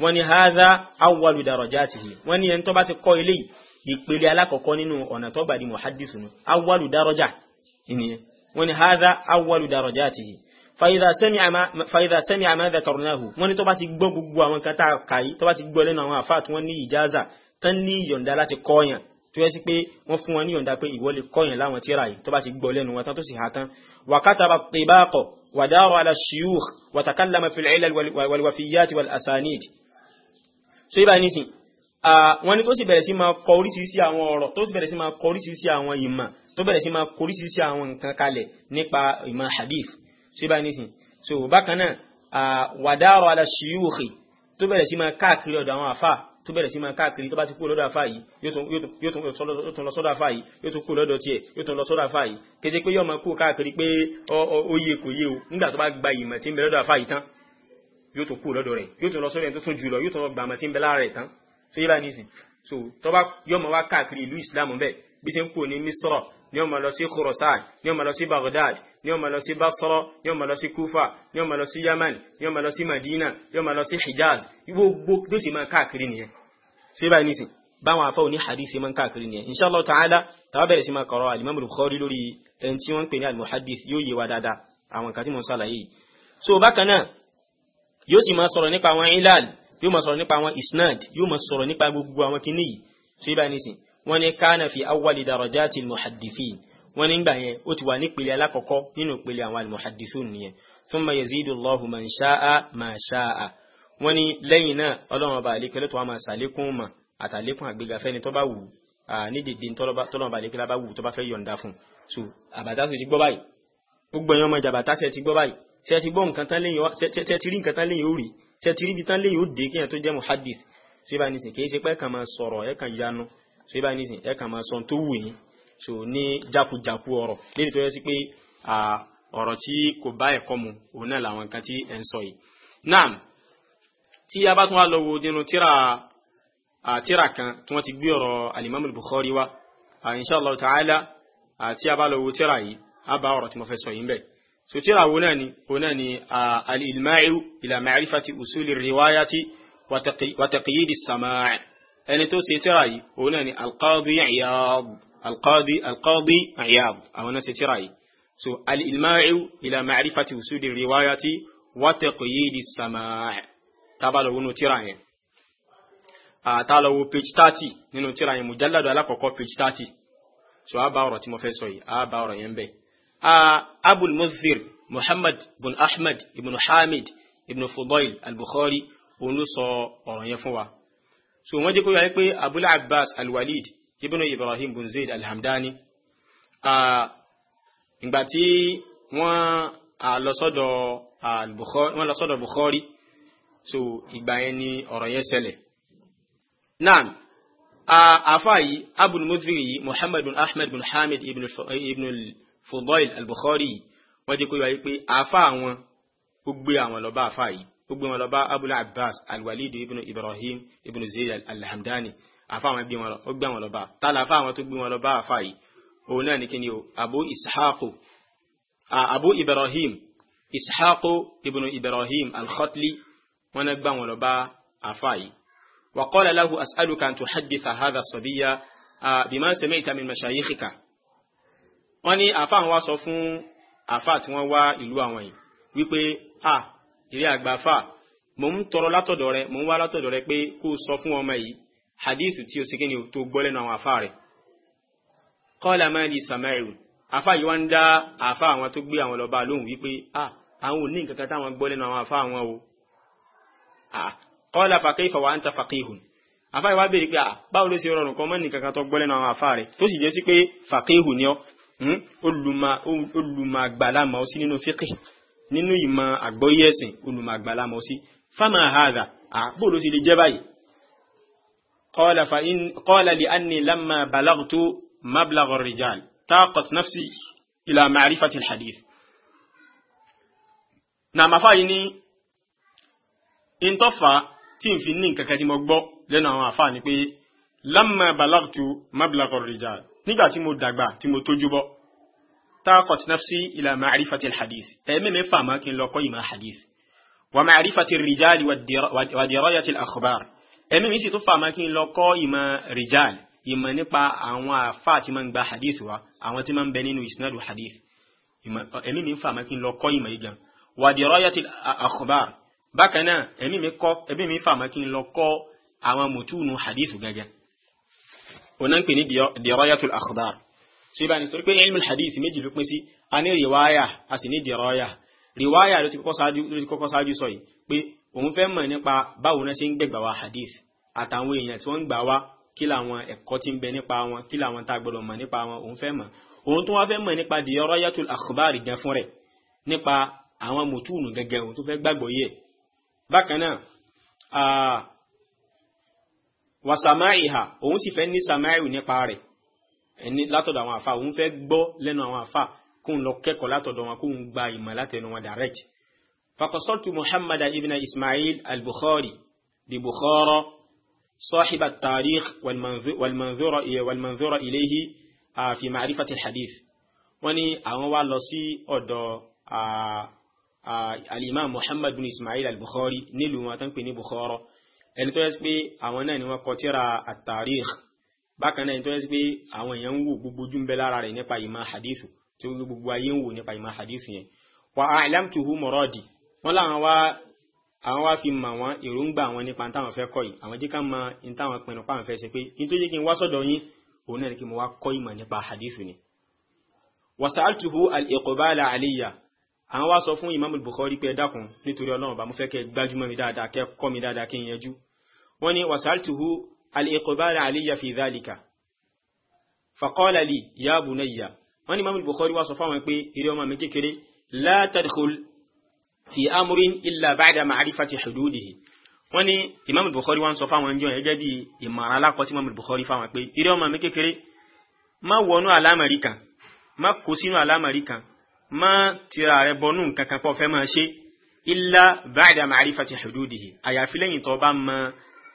wọ́n ní hadha awwalu darajatihi wọ́n ní ẹni tó bá ti kọ́ eléyìí ìpele alákọ̀ọ́kọ́ nínú ọ̀nà tó gbà di muhaddisunu awwalu daraja ìnìyẹn wọ́n ní hadha awwalu darajatihi fàyídà sẹ́mi àmàdà kàrúnáhù wọ́n ní tó bá ti gbọ́ gbogbo àwọn kan tá a kà yìí tó bá ti gbọ́ lẹ́nu àwọn àfáà tí wọ́n ní ìjáza tán ní ìyọ̀ǹda láti kọ́yàn tó yẹ sí pé wọ́n fún wọn ní ìyọ̀ǹda pé ìwọ lè kọ́yàn láwọn tíra yìí tó bá ti gbọ́ lẹ́nu wọn tán tó sì hà tán wàkátàbà tìbáàkọ̀ wàdáwà ala shiyukh wàtàkàlàmà fìlẹ́lẹ̀ wàlúwàfíyàtì wàlásánìd so ibà nísìn wọ́n ní tó sì bẹ̀rẹ̀ sí máa kọ oríṣiríṣi àwọn ọ̀rọ̀ tó sì bẹ̀rẹ̀ sí máa kọ oríṣiríṣi àwọn ìmọ̀ tó bẹ̀rẹ̀ sí máa koríṣiríṣi àwọn nǹkan kalẹ̀ nípa ìmọ̀ hadith ṣé bá nísìn so bákan náà wàdáàrọ̀ aláṣíyúùkì tó bẹ̀rẹ̀ sí máa káàkiri ọ̀dọ̀ àwọn àfà tó bẹ̀rẹ̀ sí máa káàkiri tó bá ti kú lọ́dọ̀ àfà yìí yóò tún lọ sọ́dọ̀ àfà yìí yóò tún kú lọ́dọ̀ tiẹ̀ yóò tún lọ sọ́dọ̀ àfà yìí kété pé yóò máa kú káàkiri pé ó yẹ kò yé o nígbà tó bá gba ìmọ̀ tí ń bẹ lọ́dọ̀ àfà yìí tán yóò tún kú lọ́dọ̀ rẹ̀ yóò tún lọ sọ́dọ̀ ẹ̀ tó tún jù lọ yóò tún lọ gbà àmọ̀ tí ń bẹ lára rẹ̀ tán so yóò bá nísìn so tó bá yóò máa wá káàkiri ìlú ìsìlámù bẹ́ẹ̀ bí ṣe ń kú ní misra ní ó máa lọ sí khurasan ní ó máa lọ sí baghdad ní ó máa lọ sí basra ní ó máa lọ sí kufa ní ó máa lọ sí yaman ní ó máa lọ sí madina ní ó máa lọ sí hijaz gbogbo tó sì máa káàkiri nìyẹn ṣé báyìí nìsín báwọn afọ òní hadith máa káàkiri nìyẹn inshallah ta'ala tàwọn bẹ̀rẹ̀ sí máa kọ̀rọ̀ alimam bukhari lórí ẹni tí wọ́n ń pè ní almuhadith yóò yé wa dáadáa àwọn nǹkan mo ń sàlàyé yìí so bákan náà yóò sì máa sọ̀rọ̀ nípa àwọn ilal yóò máa sọ̀rọ̀ nípa àwọn isnad yóò máa sọ̀rọ̀ nípa gbogbo àwọn kinní yìí ṣé báyìí nìsín wọ́n ní kánà fi awwali darajati almuhaddithin wọ́n ní gbà yẹn ó ti wà nípele alákọ̀ọ́kọ́ nínú ìpele àwọn almuhaddithun nìyẹn thumma yazidu allahu man sha'a ma sha'a wọ́n ní lẹ́yìn náà ọlọ́run ọba àlékẹ́ lọ́tọ̀ máa ṣàlékún mà àtàlékún àgbéga fẹ́ni tó bá wù ní dèdè tọ́lọ́run ọba àlékẹ́ wù tó bá fẹ́ yọ̀ǹda fún so àbàtà tó ti gbọ́ báyìí gbogbo ẹ̀yàn ọmọ ìjàbàtà ṣe ti gbọ́ báyìí ṣe ti gbọ́ nǹkan tán lẹ́yìn ó rí ṣe ti rí ibi tán lẹ́yìn ó dé kéèyàn so ibà nísìn ẹ kàn máa sọ tó wù yín so ní jákujàku ọ̀rọ̀ léyìí tó yẹ sí pé ọ̀rọ̀ tí kò bá ẹ̀kọ́ mu òun náà làwọn nǹkan tí ẹ ń sọ yìí naam tí a bá tún wá lọ wo nínú tíra tíra kan tí wọ́n ti gbé ọ̀rọ̀ alimami Bukhari wa inshallah ta'ala tí a bá lọ wo tíra yìí a bá ọ̀rọ̀ tí mo fẹ́ sọ yìí ń bẹ̀ so tíra wo náà ni wo náà ni al-ilma'u ila ma'rifati usuli riwayati wa taqyidi as-sama' ẹni tó ṣe tíra yìí òun náà ni alqadi Iyad alqadi alqadi Iyad àwọn náà ṣe tíra yìí so al-ilma'u ila ma'rifati usuli riwayati wa taqyidi as-sama' tábàlọ̀ wọnú tíra yẹn àtàlọ́wọ́ page thirty nínú tíra yẹn mujalladu alákọ̀ọ́kọ́ page thirty so a bá ọ̀rọ̀ tí mo fẹ́ sọ yìí a bá ọ̀rọ̀ yẹn bẹ́ẹ̀ abul muzir muhammad bin ahmed ibn hamid ibn fudayl al-bukhari òun ló sọ ọ̀rọ̀ yẹn fún wa so wọ́n jẹ́ kó yà pé abul abbas alwalid ibn ibrahim bin zayd alhamdani ìgbà tí wọ́n lọ sọ́dọ̀ bukhari so ìgbà yẹn ni ọ̀rọ̀ yẹn ṣẹlẹ̀ naam àfáà yìí abul mudhiri yìí muhammad bin ahmed bin hamid ibn al al-bukhari wọ́n jẹ́ kó yà pé àfáà wọn ó àwọn lọ bá yìí ó gbé wọn lọ bá abul abbas alwalid ibn ibrahim ibn zayd alhamdani afa àwọn gbé wọn lọ ó gbé wọn lọ bá tálà afa àwọn tó gbé wọn lọ bá afa yìí òun náà ní kí ni o abu ishaqu abu ibrahim ishaqu ibn ibrahim alkhatli wọn náà gbá wọn lọ bá afa yìí wa qala lahu as'aluka an tuhadditha hadha sabiya bima sami'ta min mashayikhika wọn ní afa àwọn wa sọ fún afa tí wọn wá ìlú àwọn yìí wípé ah ìrí àgbàfà mò ń tọrọ látọ̀dọ̀ rẹ mò ń wá látọ̀dọ̀ rẹ pé kó o sọ fún ọmọ yìí hadithu tí o sì kíni tó gbọ́ lẹ́nu àwọn afá rẹ̀ kọ́lá máa di samaru afá yìí wá ń dá afá àwọn tó gbé àwọn lọ́ba lóhùn wípé ah àwọn ò ní nǹkan kan táwọn gbọ́ lẹ́nu àwọn afá àwọn o ah kọ́lá fàkẹ́ ìfọwọ́ à ń ta fàkẹ́ ìhùn afá yìí wá béèrè pé ah báwo ló ṣe rọrùn kan mọ́ nǹkan kan tó gbọ́ nínú ìmọ̀ àgbọ́yé ẹ̀sìn olùmọ̀gbàlámọ̀ sí fama hadha àpò ló sì lè jẹ́ báyìí qala li anni lamma balagtu mablagha rijal taqat nafsi ila ma'rifati alhadith na mafa yìí ni in tó fa tí n fi ní nǹkan kan tí mo gbọ́ lẹ́nu àwọn àfa ni pé lamma balagtu mablagha rijal nígbà tí mo dàgbà tí mo tójú bọ́ taqat nafsi ila ma'rifati alhadith ẹ̀mí mi fàmà kí n lọ kọ́ ìmọ̀ hadith wa ma'rifati rijal wa dirayati al-akhbar ẹ̀mí mi sì tún fàmà kí n lọ kọ́ ìmọ̀ rijal ìmọ̀ nípa àwọn àfáà tí máa ń gba hadith wa àwọn tí máa ń bẹ nínú isnadu hadith ẹ̀mí mi fàmà kí n lọ kọ́ ìmọ̀ yìí gan wa dirayati al-akhbar bákan náà ẹ̀mí mi kọ́ ẹ̀mí mi fàmà kí n lọ kọ́ àwọn hadith gangan. onan kì ní dirayati al so ibà ní torí pé ilmul hadith méjì ló pín sí a ní riwaya a sì ní diraya riwaya ló ti kọ́kọ́ ṣáájú sọ yìí pé òun fẹ́ mọ̀ nípa báwo náà ṣe ń gbẹ̀gbà wa hadith àtàwọn èèyàn tí wọ́n ń gbà wá kí làwọn ẹ̀kọ́ tí ń bẹ nípa wọn kí làwọn tá a gbọ́dọ̀ mọ̀ nípa wọn òun fẹ́ mọ̀ òun tó wá fẹ́ mọ̀ nípa dirayatul akhbari gan fún rẹ̀ nípa àwọn mùtúùnù gẹ́gẹ́ òun tó fẹ́ gbàgbọ́ yẹ bákan náà wàsàmáìhà òun sì fẹ́ ní sàmáìhù nípa rẹ̀ ẹni látọ̀dọ̀ àwọn àfa òun fẹ́ gbọ́ lẹ́nu àwọn àfa kóun lọ kẹ́kọ̀ọ́ látọ̀dọ̀ wọn kóun gba ìmọ̀ látẹnu wọn direct. fakọsọ́tù muhammad ibn ismail al-bukhari bi bukhara صاحب التاريخ والمنظور والمنظور إليه في معرفة الحديث وني àwọn wá lọ sí ọ̀dọ̀ al-imam muhammad bin ismail al-bukhari nílùú wọn tán pè ní bukhara ẹni tó yẹ pé àwọn náà ni wọ́n kọ tírà at bákan náà tó yẹ sí pé àwọn èèyàn ń wò gbogbo ojú ń bẹ lára rẹ̀ nípa ìmọ̀ hadithu tí ó gbogbo ayé ń wò nípa ìmọ̀ hadithu yẹn wa a'lamtuhu muradi wọ́n láwọn wá àwọn wá fi mọ̀ wọ́n èròǹgbà wọn nípa táwọn fẹ́ kọ́ yìí àwọn jẹ́ ká mọ ní táwọn pinnu páwọn fẹ́ ṣe pé ní tó yẹ kí n wá sọ́dọ̀ yín òun náà ni kí mo wá kọ́ ìmọ̀ nípa hadithu ni wa sa'altuhu al-iqbala àwọn wá sọ fún imam bukhari pé dákun nítorí ọlọ́run bá mo fẹ́ kẹ́ gbájúmọ́ mi dáadáa kẹ́ kọ́ mi dáadáa kí n yẹjú wọ́n ní wa sa'altuhu al-iqbal alayya fi dhalika faqala li ya bunayya wọ́n ní Imam Bukhari wá sọ fáwọn pé eré ọmọ mi kékeré la tadkhul fi amrin illa ba'da ma'rifati hududihi wọ́n ní Imam Bukhari wá ń sọ fáwọn ẹjọ́ ẹgẹ́ bí ìmọ̀ràn alákọ̀ọ́ tí Imam Bukhari fáwọn pé eré ọmọ mi kékeré má wọnú àlámọ̀rí kan má kó sínú àlámọ̀rí kan má tira rẹ bọnú kan pọ̀ fẹ́ máa ṣe illa ba'da ma'rifati hududihi àyàfi lẹ́yìn tó bá mọ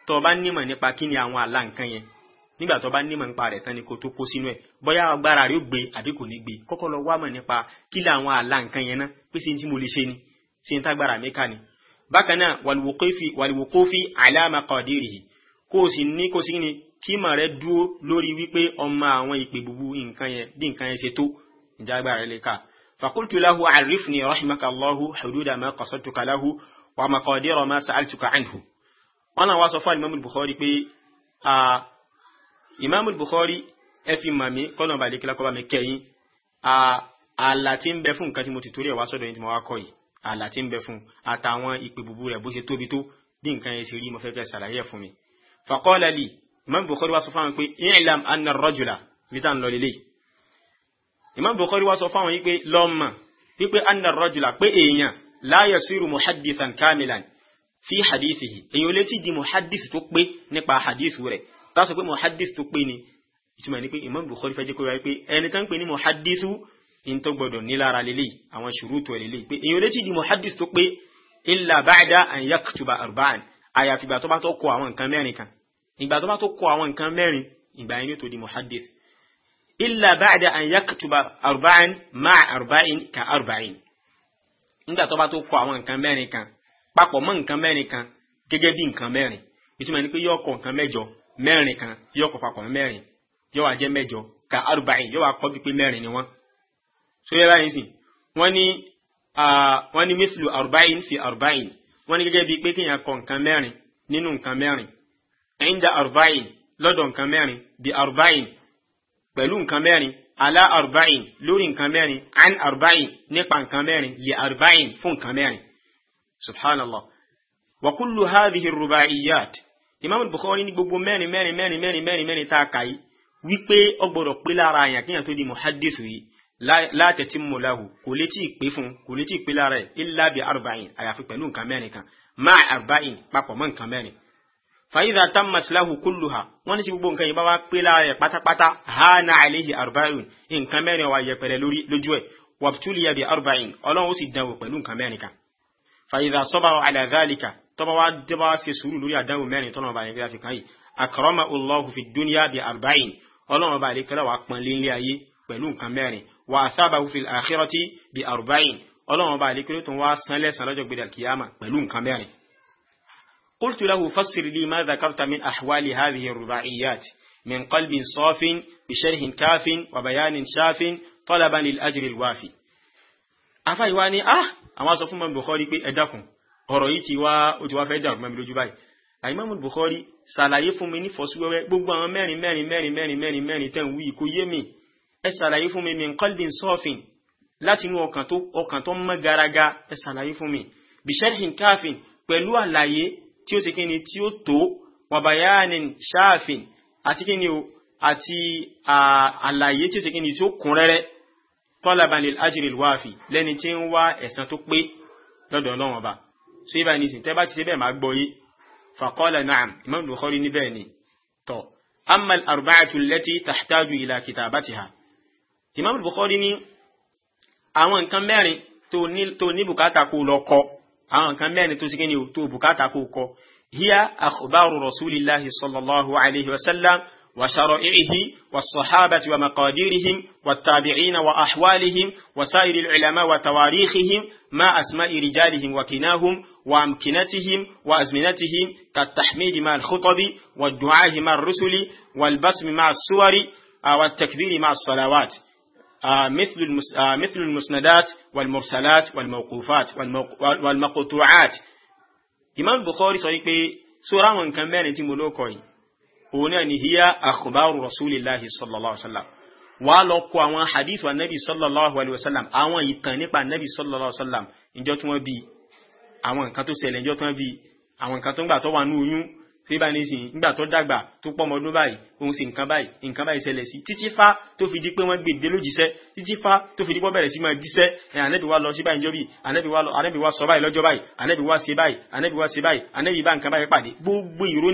tó o bá nímọ̀ nípa kí ni àwọn àlá nǹkan yẹn nígbà tó o bá nímọ̀ nípa rẹ̀ tán ni kó tó kó sínú ẹ̀ bóyá agbára rẹ̀ ó gbé àbí kò ní gbé kọ́kọ́ lọ wámọ̀ nípa kí ni àwọn àlá nǹkan yẹn ná pé ṣe ń tí mo lè ṣe ni ṣe ń tágbára mi ká ni. bákan náà wàlúwòkófì aláàmàkọ̀ọ́dẹ́rì kó o sì ní kó o sì ní kí mọ̀ rẹ dúró lórí wípé ọmọ àwọn ìpè gbogbo nǹkan yẹn bí nǹkan له عرفني رحمك الله حدود ما قصدتك له ومقادير ما سألتك عنه wọn náà wá sọ fún alimami Bukhari pé imam Bukhari ẹ fi mà mí kọ́nà bàlẹ́ kí lákọ́bà mi kẹ́yìn ààlà tí ń bẹ fún nǹkan tí mo ti torí ẹ̀ wá sọ́dọ̀ yín tí mo wá kọ́ yìí ààlà tí ń bẹ fún àtàwọn ìpè bùbù rẹ̀ bó ṣe tóbi tó bí nǹkan yẹn ṣe rí mo fẹ́ fẹ́ ṣàlàyé ẹ̀ fún mi. faqala li imam Bukhari wá sọ fún àwọn pé i'lam anna ar-rajula vita ń lọ lélẹ̀ imam Bukhari wá sọ fún àwọn pé lọ́mọ wípé anna ar pé èèyàn la yasiru muhaddithan kamilan fi hadithi èyàn létí di muhaddis tó pé nípa hadith rẹ̀ tá sọ pé muhaddis tó pé ni ìtumọ̀ ni pé imam bukhari fẹ́ jẹ́ kó wáyé pé ẹni tán pé ní muhaddisu in tó gbọdọ̀ nílára lélẹ̀ àwọn ṣurutu ẹ̀ lélẹ̀ pé èyàn létí di muhaddis tó pé illa ba'da an yaktuba arba'an àyàfi ìgbà tó bá tó kọ àwọn nǹkan mẹ́rin kan ìgbà tó bá tó kọ àwọn nǹkan mẹ́rin ìgbà yẹn tó di muhaddis illa ba'da an yaktuba arba'an ma'a arba'in ka arba'in papọ̀ mọ́ nǹkan mẹ́rin kan gẹ́gẹ́ bí nǹkan mẹ́rin ìtumọ̀ ni pé yóò kọ nǹkan mẹ́jọ mẹ́rin kan yóò kọ papọ̀ mẹ́rin yóò wá jẹ́ mẹ́jọ ka arúbáyìn yóò wá kọ́ bí pé mẹ́rin ni wọ́n. so yẹ báyìí sìn wọ́n ní wọ́n ní mísìlù arúbáyìn fi arúbáyìn wọ́n ní gẹ́gẹ́ bí pé kéèyàn kọ nǹkan mẹ́rin nínú nǹkan mẹ́rin ẹ̀yìndà arúbáyìn lọ́dọ̀ nǹkan mẹ́rin bí arúbáyìn pẹ̀lú nǹkan mẹ́rin an arubain nípa nǹkan mẹ́rin lè arúbáyìn fún nǹkan mẹ́rin subhanallah wa kullu hadhihi rubaiyat imam al-bukhari ní gbogbo mẹ́rin mẹ́rin mẹ́rin mẹ́rin mẹ́rin mẹ́rin tá a kà yìí wípé ó gbọ́dọ̀ pé lára àyàn kíyàn tó di muhaddith yìí látẹ̀tí mọ̀láhù kò lè tí ì pé fún kò lè tí ì pé lára ẹ̀ illa bi arba'in àyàfi pẹ̀lú nǹkan mẹ́rin kan máa arba'in papọ̀ mọ́ nǹkan mẹ́rin fàyídà tammat lahu kulluha wọn ní sí gbogbo nǹkan yìí bá wá pé lára ẹ pátápátá hana alayhi arba'un nǹkan mẹ́rin wà yẹpẹrẹ lójú ẹ wabtuliya bi arba'in Ọlọ́run ó sì dánwò pẹ̀lú nǹkan mẹ́rin kan fàyíza sọ́bàrọ̀ àlàzáàlìkà tọ́ba wá dẹ́bà ṣe sùúrù lórí àdánwò mẹ́rin tọ́nà ọba àyẹ̀kẹ́lá fi kàn yìí àkàrọ́mà olóhùn fi dúníyà bí àrùbáyìn ọlọ́run ọba àyẹ̀kẹ́lá wà pọ́n lílé ayé pẹ̀lú nǹkan mẹ́rin wà á sábà fi àkírọ́tì bí àrùbáyìn ọlọ́run ọba àyẹ̀kẹ́lá tó ń wá san lẹ́sàn lọ́jọ́ gbẹdẹ̀ قلت له فسر لي ما ذكرت من أحوال هذه الرباعيات من قلب صاف بشرح كاف وبيان شاف طلبا للأجر الوافي أفايواني أه àwọn sọ fún Imam Bukhari pé ẹ dákun ọ̀rọ̀ yìí ti wá ó ti wá fẹ́ dàrú mọ́ mi lójú báyìí àìmọ́mù Bukhari ṣàlàyé fún mi ní fọ́síwẹ́wẹ́ gbogbo àwọn mẹ́rin mẹ́rin mẹ́rin mẹ́rin mẹ́rin mẹ́rin tẹ̀ ń wí kò yé mi ẹ ṣàlàyé fún mi min qalbin safin láti inú ọkàn tó ọkàn tó mọ́ garaga ẹ ṣàlàyé fún mi bisharhin káfin pẹ̀lú àlàyé tí ó ṣe kí ni tí ó tó wàbáyánin ṣáàfin àti kí ni o àti àlàyé tí ó ṣe kí ni tí ó kún rẹ́rẹ́ talaban lil ajri al-wafi lẹ́ni tí ń wá ẹ̀san tó pé lọ́dọ̀ ọlọ́wọ́n ọba so ibà ní ìsìn tẹ́ bá ti ṣe bẹ́ẹ̀ máa gbọ́ yé faqala na'am imam bukhari ní ni tọ́ amma al-arba'atu allati tahtaju ila kitabatiha imam bukhari ní àwọn nǹkan mẹ́rin tó ní bùkátà kó lọ kọ àwọn nǹkan mẹ́rin tó sì kí tó bùkátà kó kọ hiya akhbaru rasulillahi sallallahu alayhi wa sallam وشرائعه والصحابة ومقاديرهم والتابعين وأحوالهم وسائر العلماء وتواريخهم ما أسماء رجالهم وكناهم وأمكنتهم وأزمنتهم كالتحميد مع الخطب والدعاء مع الرسل والبسم مع السور والتكبير مع الصلوات مثل مثل المسندات والمرسلات والموقوفات والمقطوعات Imam Bukhari sọ wípé sóra àwọn nǹkan mẹ́rin tí òun náà ni hiya akhbaru rasulillahi sallallahu alaihi wa sallam wàá lọ kó àwọn hadith anabi sallallahu alaihi wa sallam àwọn ìtàn nípa anabi sallallahu alaihi wa sallam ìjọ tí wọ́n bí àwọn nǹkan tó ṣẹlẹ̀ ìjọ tí wọ́n bí àwọn nǹkan tó ń gbà tó wà tí bá ní sìn nígbà tó dàgbà tó pọ̀ ọmọdún báyìí òun sì nǹkan báyìí nǹkan báyìí ṣẹlẹ̀ sí títí fá tó fi di pé wọ́n gbèdé lójíṣẹ́ títí fá tó fi di pé bẹ̀rẹ̀ sí máa jíṣẹ́ ẹ̀ ànẹ́bí wa lọ sí báyìí jọ́bì ànẹ́bí wa ànẹ́bí wa sọ báyìí lọ́jọ́ báyìí ànẹ́bí wa ṣe báyìí ànẹ́bí wa ṣe báyìí ànẹ́bí bá nǹkan báyìí pàdé gbogbo ìró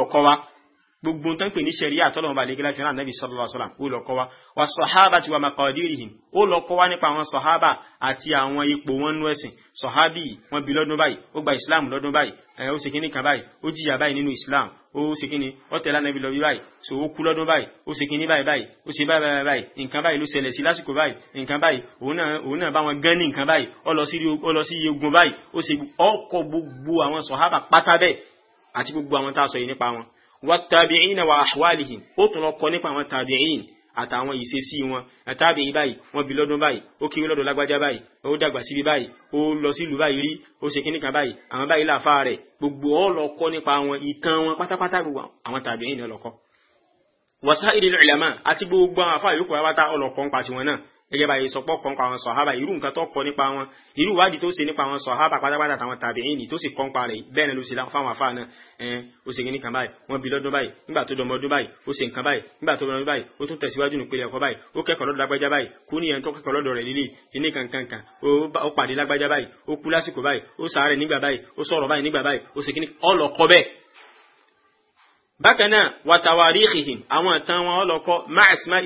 nípa gbogbo tó ń pè ní sẹ̀ríà tọ́lọ́wọ́n bá lẹ́gẹ́lá fi rán ànábì sallallahu ó wa wa sọ̀hábà ti wa maqadirihim ó lọ kọ́ wa nípa àwọn sọ̀hábà àti àwọn ipò wọn nú ẹ̀sìn sọ̀hábì wọn bí lọ́dún báyìí ó gba ìsìláàmù lọ́dún báyìí ṣe kíní kan ó jìyà báyìí lọ bí báyìí so ó kú lọ́dún báyìí ó ṣe kíní báyìí báyìí ó ṣe báyìí báyìí báyìí nǹkan báyìí ló ṣẹlẹ̀ sí lásìkò báyìí nǹkan báyìí òun náà òun náà bá wọn gán ní nǹkan báyìí ó lọ sí ó báyìí ó ṣe ọkọ̀ gbogbo àwọn sọ̀hábà wàtàbíìn wà àwàlìhìn ó tún lọ kọ nípa àwọn tàbíìn àtàwọn ìṣesí wọn àtàbíìn báyìí wọ́n bí lọ́dún báyìí ó kiri lọ́dọ̀ lágbájá báyìí ó dàgbà síbi báyìí ó lọ sílùú báyìí rí ó ṣe kíní kan báyìí àwọn báyìí làáfà rẹ̀ gbogbo ọ lọ kọ nípa àwọn ìtàn wọn pátápátá gbogbo àwọn tàbíìn lọ kọ. wàsáìrì ìlàmà àti gbogbo àwọn àfáà yòókù gẹ́gẹ́ bá yìí sọpọ kọńpa àwọn sọhábà irú nǹkan tó kọ nípa wọn irú ìwádìí tó ṣe nípa àwọn sọhábà pátápátá àtàwọn tàbíìnì tó sì kọńpa rẹ̀ bẹ́ẹ̀ ni ló ṣe fáwọn afáà náà ẹn ó ṣe nǹkan báyìí wọ́n bí lọ́dún báyìí nígbà tó dọmọ ọdún báyìí ó ṣe nǹkan báyìí nígbà tó dọmọ báyìí ó tún tẹ̀síwájú nípele ẹ̀kọ́ báyìí ó kẹ́kọ̀ọ́ lọ́dọ̀ lágbájá báyìí kú ní ẹni tó kẹ́kọ̀ọ́ lọ́dọ̀ rẹ̀ líle ilé kankankan ó pàdé lágbájá báyìí ó kú lásìkò báyìí ó sàárẹ̀ nígbà báyìí ó sọ̀rọ̀ báyìí nígbà báyìí ó ṣe kíní ọlọ́kọ bẹ́ẹ̀ bákan náà wàtàwárí ìhìn àwọn ìtàn ọlọ́kọ máa ìsìmá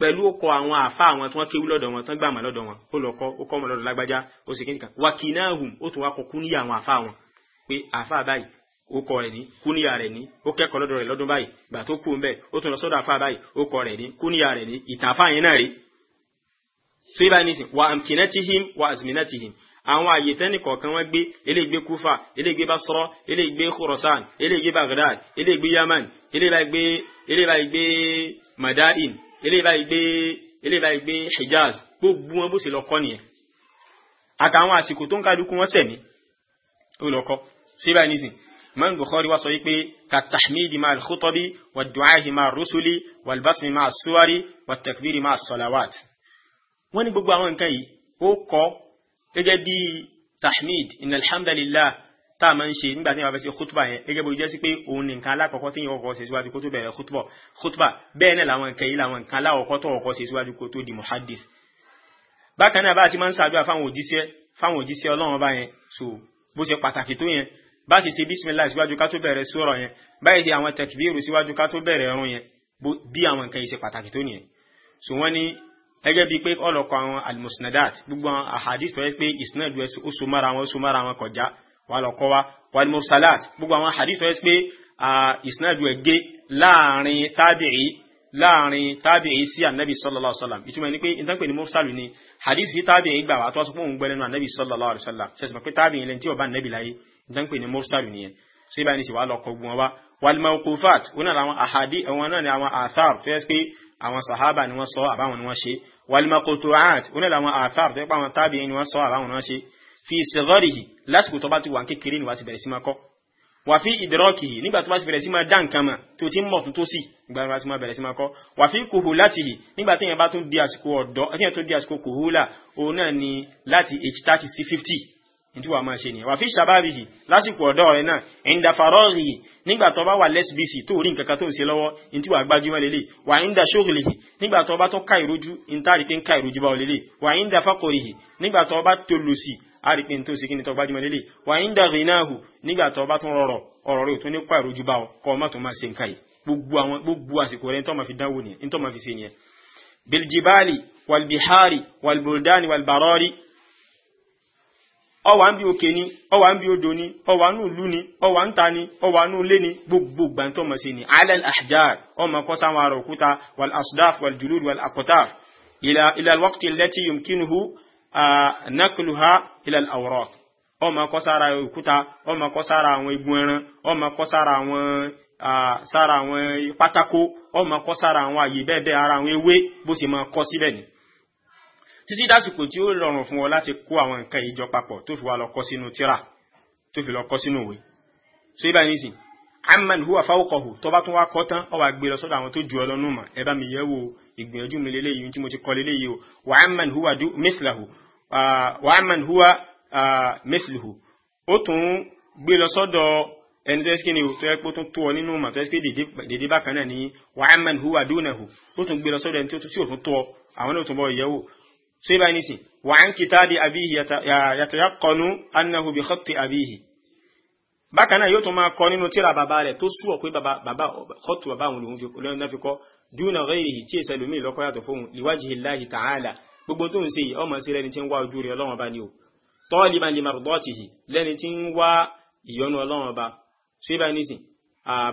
pẹ̀lú ọkọ̀ àwọn àfa àwọn tí wọ́n kéwú lọ́dọ̀ wọn tán gbàmọ̀ lọ́dọ̀ wọn ó lọ kọ́ ó kọ́ ọmọ lọ́dọ̀ lágbájá ó sì kíni kan wakinahum ó tún wá kọ kúníyà àwọn àfa wọn pé àfa báyìí ó kọ rẹ̀ ní kúníyà rẹ̀ ní ó kẹ́kọ̀ọ́ lọ́dọ̀ rẹ̀ lọ́dún báyìí gbà tó kú mbẹ́ ó tún lọ sọ́dọ̀ àfa báyìí ó kọ rẹ̀ ní kúníyà rẹ̀ ní ìtàn wa amkinatihim wa azminatihim àwọn àyè tẹ́nì kọ̀ọ̀kan wọ́n gbé eléyìí gbé Kúfà eléyìí gbé Basra eléyìí gbé Khurasan eléyìí gbé Baghdad Yaman eléyìí gbé eléyìí gbé Madain eléyìí báyìí gbé eléyìí báyìí gbé Hijaz gbogbo wọn bó ṣe lọ kọ́ nìyẹn àtàwọn àsìkò tó ń kálukú wọn sẹ̀ ní ó lọ kọ́ ṣé báyìí nísìn Imam Bukhari wá sọ yìí pé ka tahmidi ma al-khutubi wa du'ahi ma rusuli wa albasmi ma suwari wa takbiri ma salawat wọ́n ní gbogbo àwọn nǹkan yìí ó kọ́ gẹ́gẹ́ bíi tahmid inna alhamdulillah tá a máa ń ṣe nígbà tí wọ́n fẹ́ ṣe khutba yẹn gẹ́gẹ́ bó jẹ́ sí pé òun ní nǹkan alákọ̀ọ́kọ́ tí yẹn kọ́kọ́ ṣe síwájú kó tó bẹ̀rẹ̀ khutba khutba bẹ́ẹ̀ náà làwọn nǹkan yìí làwọn nǹkan alákọ̀ọ́kọ́ tó kọ́kọ́ ṣe síwájú kó tó di muhaddith bákan náà bá ti máa ń ṣàdúrà fáwọn òjíṣẹ́ fáwọn òjíṣẹ́ ọlọ́run bá yẹn so bó ṣe pàtàkì tó yẹn bá ti ṣe bisimilahi síwájú ká tó bẹ̀rẹ̀ sura yẹn báyìí ṣe àwọn tẹkibíru síwájú ká tó bẹ̀rẹ̀ ẹ̀rùn yẹn bí àwọn nǹkan yìí ṣe pàtàkì tó nìyẹn bíi pé ọlọ́kọ̀ àwọn almusnadat gbogbo àwọn ahadith tó yẹ pé ìsinadu ẹ̀ ó so mára wọn ó so kọjá wà lọ́kọ́ wa wal mursalat gbogbo àwọn hadith wọ́n yẹ pé isnadu ẹ̀ gé láàrin tábìrì láàrin tábìrì sí ànábì sallallahu alaihi wasallam ìtumọ̀ ní pé ìtànpẹ̀ ní mursalu ni hadith yìí tábìrì gbà wà tó sọ pé òun gbẹ́lẹ́nu ànábì sallallahu alaihi wasallam ṣe sọ pé tábìrì lẹ́ni tí ó bá ànábì láyé ìtànpẹ̀ ní mursalu nìyẹn ṣé báyìí ní sì wà lọ́kọ̀ gbọ́n wa wal mawqufat wọn náà lásìkò tó bá ti wà kékeré ni wà ti bẹ̀rẹ̀ sí máa kọ́ wà fi ìdírọ́kì yìí nígbà tó bá ti bẹ̀rẹ̀ sí máa dá nǹkan mà tí o ti ń mọ̀ tó tó sí ìgbà tó bá ti máa bẹ̀rẹ̀ sí máa kọ́ wà fi kòhó láti yìí nígbà tí èèyàn bá tún di àsìkò ọ̀dọ́ tí èèyàn tó di àsìkò kòhó òun náà ni láti age thirty sí fifty nítorí wàá máa ṣe nìyẹn wà fi ṣàbáàbì yìí lásìkò ọ̀dọ́ rẹ̀ náà ẹ̀ńdà yìí nígbà tó bá wà lẹ́sibíìsì tó rí nǹkan kan tó ń ṣe lọ́wọ́ ntí wàá gbájúmọ́ lélẹ̀ wà ẹ̀ńdà ṣóòrìlì yìí nígbà tó bá tó ká ìrójú ntá rí pé ń ká ìrójú bá ọ lélẹ̀ wà ẹ̀ńdà fàkọ̀rì yìí nígbà tó bá tó lòsì àrípin tó sì kí ni tó gbájúmọ̀ lélẹ̀ wà ń dàgbé náà hù nígbà tó bá tún rọrọ̀ ọ̀rọ̀ rẹ̀ tó ní pààrọ̀ ojú bá ọ kọ́ ọ má tó máa ṣe nǹkan yìí gbogbo àwọn gbogbo àsìkò rẹ̀ ń tó máa fi dánwò nìyẹn ń tó máa fi ṣe nìyẹn. biljibali walbihari walbuldani walbarori ọwà ń bí òkè ni ọwà ń bí odò ni ọwà ń ìlú ni ọwà ń ta ni ọwà ń ilé ni gbogbo gbàǹtọ́ mọ̀ sí ni alal ahjar ọmọ kọ́ sáwọn ará òkúta wal asdaf wal julud wal akotaf ila alwaqti allati yumkinuhu nakuluha ilal awraq ó máa kọ́ sára òkúta ó máa kọ́ sára àwọn igun ẹran ó máa kọ́ sára àwọn sára àwọn pátákó ó máa kọ́ sára àwọn àyè bẹ́ẹ̀ bẹ́ẹ̀ ara àwọn ewé bó ṣe máa kọ́ síbẹ̀ ni títí dásìkò tí ó rọrùn fún ọ láti kó àwọn nǹkan ìjọ papọ̀ tó fi wá lọ kọ́ sínú tírà tó fi lọ kọ́ sínú ìwé so ibà nísìn amman huwa fawqahu tó bá tún wá kọ́ tán ọ wá gbé lọ sọ́dọ̀ àwọn tó ju ọ lọ́nù mọ̀ ẹ mi yẹ̀ wò mi lélẹ́yìí tí mo ti kọ́ lélẹ́yìí o wà amman huwa du mithlahu wàhámàn húwa mẹ́sìlùhù ó tún gbé lọ sọ́dọ̀ ẹni tó ẹ́sìkí ni ò tó ẹ́ pé ó tún tó ọ nínú màtọ́ ẹ́sìkí dèdè bákan náà ní wàhámàn húwa dúnàhù ó tún gbé lọ sọ́dọ̀ ẹni tó tún sí àwọn náà tún bọ́ ìyẹ́wò ṣé báyìí nísìn wàhán kìtàbí àbíyì yàtọ̀yàkọ̀nù annahu bi khatti àbíyì bákan náà yóò tún máa kọ nínú tíra bàbá rẹ̀ tó súwọ̀ pé bàbá khọ́tù bàbá òun lòun fi kọ́ dúnà rẹ̀ èyí tí lómi lọ́kọ́ yàtọ̀ fóun liwajhi Allahi ta'ala gbogbo tó ń ṣe yìí ọmọ sí lẹ́ni tí ń wá ojú rẹ̀ ọlọ́wọ́n bá ní o taliban li mardatihi lẹ́ni tí ń wá ìyọnu ọlọ́wọ́n bá ṣé bá nísìn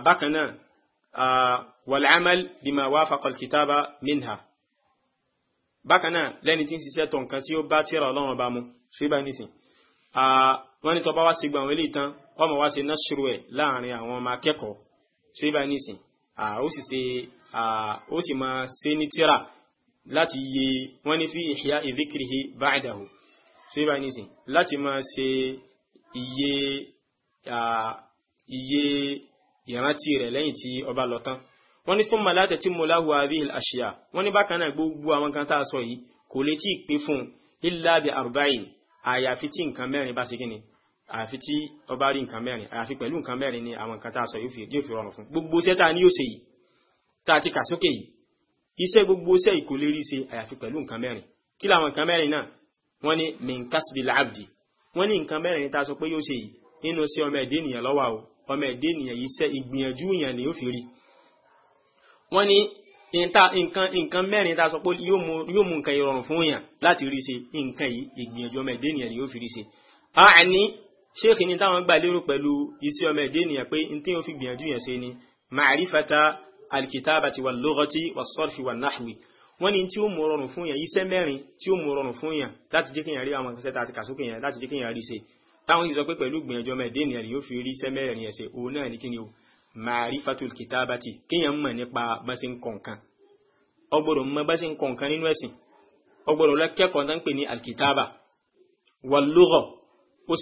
bákan náà wal amal bima wafaqa al-kitaba minha bákan náà lẹ́ni tí ń ṣiṣẹ́ tó nǹkan tí ó bá tírà ọlọ́wọ́n bá mu ṣé bá nísìn wọ́n ní tó bá wá sí gbọ̀n wẹ́lẹ̀ tán wọ́n wá sí násìrò ẹ̀ láàrin àwọn ọmọ akẹ́kọ̀ọ́ ṣé bá nísìn ó sì máa ṣe ní tírà láti yẹ wọ́n ní fi ìhìyà ìdíkìrìhì báyìdáhù so yíba ní sìn láti máa ṣe iye iye ìrántí rẹ̀ lẹ́yìn tí ọba lọ tán wọ́n ní fún malata tí mo láwọ àríhìl àṣìyà wọ́n ní bákan náà gbogbo àwọn kan tá a sọ yìí kò lè tí ì fún illa bi àyàfi tí nǹkan mẹ́rin bá ṣe kíni àyàfi tí ọba rí nǹkan mẹ́rin àyàfi pẹ̀lú nǹkan mẹ́rin ni àwọn kan tá a sọ yóò fi rọrùn fún gbogbo sẹ́ta ni yóò ṣe yìí tá ti kà sókè yìí iṣẹ́ gbogbo iṣẹ́ ìkó lérí ṣe àyàfi pẹ̀lú nǹkan mẹ́rin kí làwọn nǹkan mẹ́rin náà wọ́n ní minkasbi laabdi wọ́n ní nǹkan mẹ́rin tá a sọ pé yóò ṣe yìí nínú sí ọmọ ẹ̀dẹ́ ènìyàn lọ́wọ́ o ọmọ ẹ̀dẹ́ ènìyàn yìí ṣe ìgbìyànjú èèyàn ni ó fi rí wọ́n ní nǹkan mẹ́rin tá a sọ pé yóò mú nǹkan ìrọ̀rùn fún èèyàn láti rí ṣe nǹkan yìí ìgbìyànjú ọmọ ẹ̀dẹ́ ènìyàn ni ó fi rí ṣe àní ṣéèkì ni táwọn gbà lérò pẹ̀lú iṣẹ́ ọmọ ẹ̀dẹ́ ènìyàn pé n tí wọ́n fi gbìyànjú yẹn ṣe ni màrífàtà alkitabati wal lughati was sarfi wan nahwi wọ́n ní tí ó mú rọrùn fún yẹn iṣẹ́ mẹ́rin tí ó mú rọrùn fún yẹn láti jẹ́ kéèyàn rí àwọn ìfẹsẹ̀ tá a ti kà sókè yẹn láti jẹ́ kéèyàn rí ṣe táwọn yìí sọ pé pẹ̀lú gbìyànjú ọmọ ẹ̀dẹ́ fi rí iṣẹ́ mẹ́rin yẹn ṣe òun náà ní o ma'rifatul kitabati kéèyàn mọ̀ nípa bá ṣe ń kọ̀ǹkan ó gbọ́dọ̀ mọ̀ bá ṣe ń kọ̀ǹkan nínú ẹ̀sìn ó gbọ́dọ̀ lọ kẹ́kọ̀ọ́ tán pè ní alkitaba wal lugha ó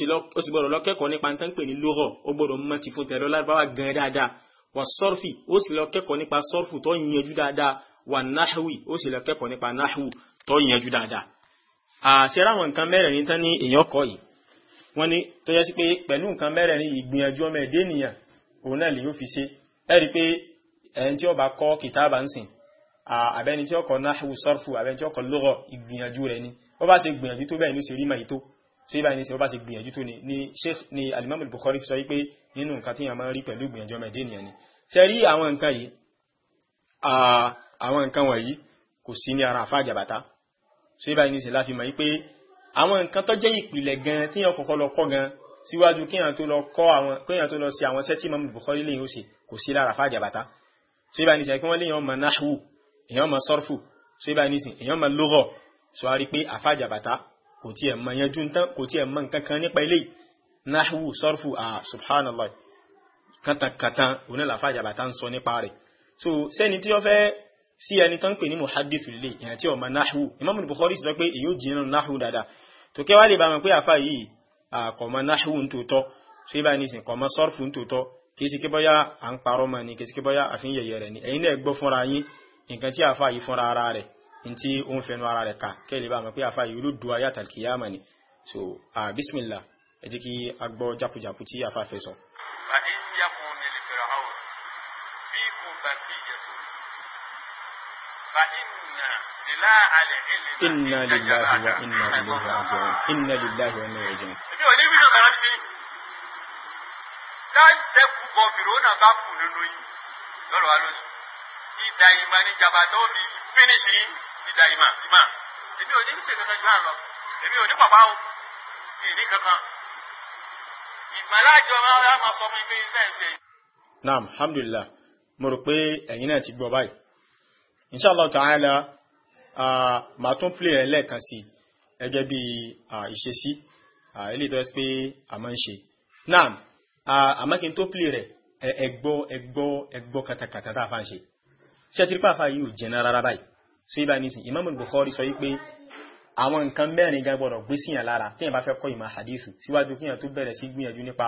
sì gbọ́dọ̀ lọ kẹ́kọ̀ọ́ nípa tán pè ní lugha ó gbọ́dọ̀ mọ̀ ti fún tẹ̀lọ́ lárúbáwá gan dáadáa wà sọ́rfì ó sì lọ kẹ́kọ̀ọ́ nípa sọ́rfù tó yanjú dáadáa wà náhùwì ó sì lọ kẹ́kọ̀ọ́ nípa náhùwù tó yanjú dáadáa. àṣẹrẹ àwọn nǹkan mẹ́rẹ̀ẹ̀rin tán ní èèyàn kọ́ yìí wọ́n ní tó yẹ sí pé pẹ̀lú nǹkan mẹ́rẹ̀ẹ̀rin ìgbìyànjú ọmọ ẹ̀dẹ́ ènìyàn òun náà lè yóò fi ṣe ẹ rí i pé ẹni tí ó bá kọ́ kìtáàbà ń sìn àbẹ́ni tí ó kọ́ náhùwù sọ́rfù àbẹ́ni tí ó kọ́ lọ́rọ̀ ìgbìyànjú ni ó bá ṣe gbìyànjú tó bẹ́ẹ̀ ni so ibà ní sọ bá ṣe gbìyànjú tó ni ni sheikh ni alimami bukhari sọ wípé nínú nǹkan tí yàn máa rí pẹ̀lú gbìyànjú ọmọ ẹ̀dẹ́ ni ṣe rí àwọn nǹkan yìí àwọn nǹkan wọ̀nyí kò sí ní ara àfa àjàbàtà so ibà ní sọ láfi mọ̀ wípé àwọn nǹkan tó jẹ́ ìpìlẹ̀ gan tí yàn kọ́kọ́ lọ kọ́ gan síwájú kéèyàn tó lọ kọ́ àwọn kéèyàn tó lọ sí àwọn iṣẹ́ tí imam bukhari lè yóò ṣe kò sí lára àfa àjàbàtà so ibà ní kò tí ẹ̀ mọ̀ yanjú tán kò tí ẹ̀ mọ̀ nǹkan kan nípa ilé nahwu sọ́rfù à subhanallah kàtàkàtà òní làfà ń sọ nípa rẹ̀ so sẹ́ni tí ó fẹ́ sí ẹni tán pè ní muhaddith lè ìyàn tí ó mọ̀ nahwu Imam Bukhari sọ pé èyí ò jìnnà nahwu dáadáa tó kẹ́wàá lè bá wọn pé àfà yìí kò mọ̀ nahwu ń tòótọ́ so ibà ní ìsìn kò mọ̀ sọ́rfù ń tòótọ́ kì sì kí à ń parọ́ ntí ó ń fẹnu ara rẹ̀ ká kẹ́lẹ̀ bá mọ̀ pé àfà yìí olódò ayé àtàkìyàmà ni so bisimilá ẹ jẹ́ kí a gbọ́ jápujápu tí àfà fẹ́ sọ. inna lillahi wa inna ilayhi raji'un inna lillahi wa inna ilayhi raji'un. ebi ò ní bí sọ̀rọ̀ sí dáńtẹ́ kú bọ̀ fìrò náà bá kù nínú yìí lọ́rọ̀ wa lónìí ìdá ìmọ̀ ní jàbá tó fi fínísì ti da ìmọ̀ sí máa èmi ò ní ṣe kankan ju àrùn lọ èmi ò ní pàpà o èmi kankan ìgbàlájọ máa máa sọ fún mi bẹ́ẹ̀ ṣe. naam alhamdulillah mo rò pé ẹ̀yin náà ti gbọ́ báyìí inshallah ta'ala màá tún play ẹ̀ lẹ́ẹ̀kan sí gẹ́gẹ́ bí ìṣesí eléyìí tó yẹ pé a máa ń ṣe naam àmọ́ kí n tó play rẹ̀ ẹ̀gbọ́ ẹ̀gbọ́ ẹ̀gbọ́ katakata tá a fa ń ṣe ṣé ti rí pàfà yìí ò jẹ́ náà rárá báyìí so ibà ní sin Imam Bukhari sọ wípé àwọn nǹkan mẹ́rin gan gbọ́dọ̀ gbé síyàn lára tí yàn bá fẹ́ kọ́ ìmọ̀ hadithu síwájú kíyàn tó bẹ̀rẹ̀ sí gbìyànjú nípa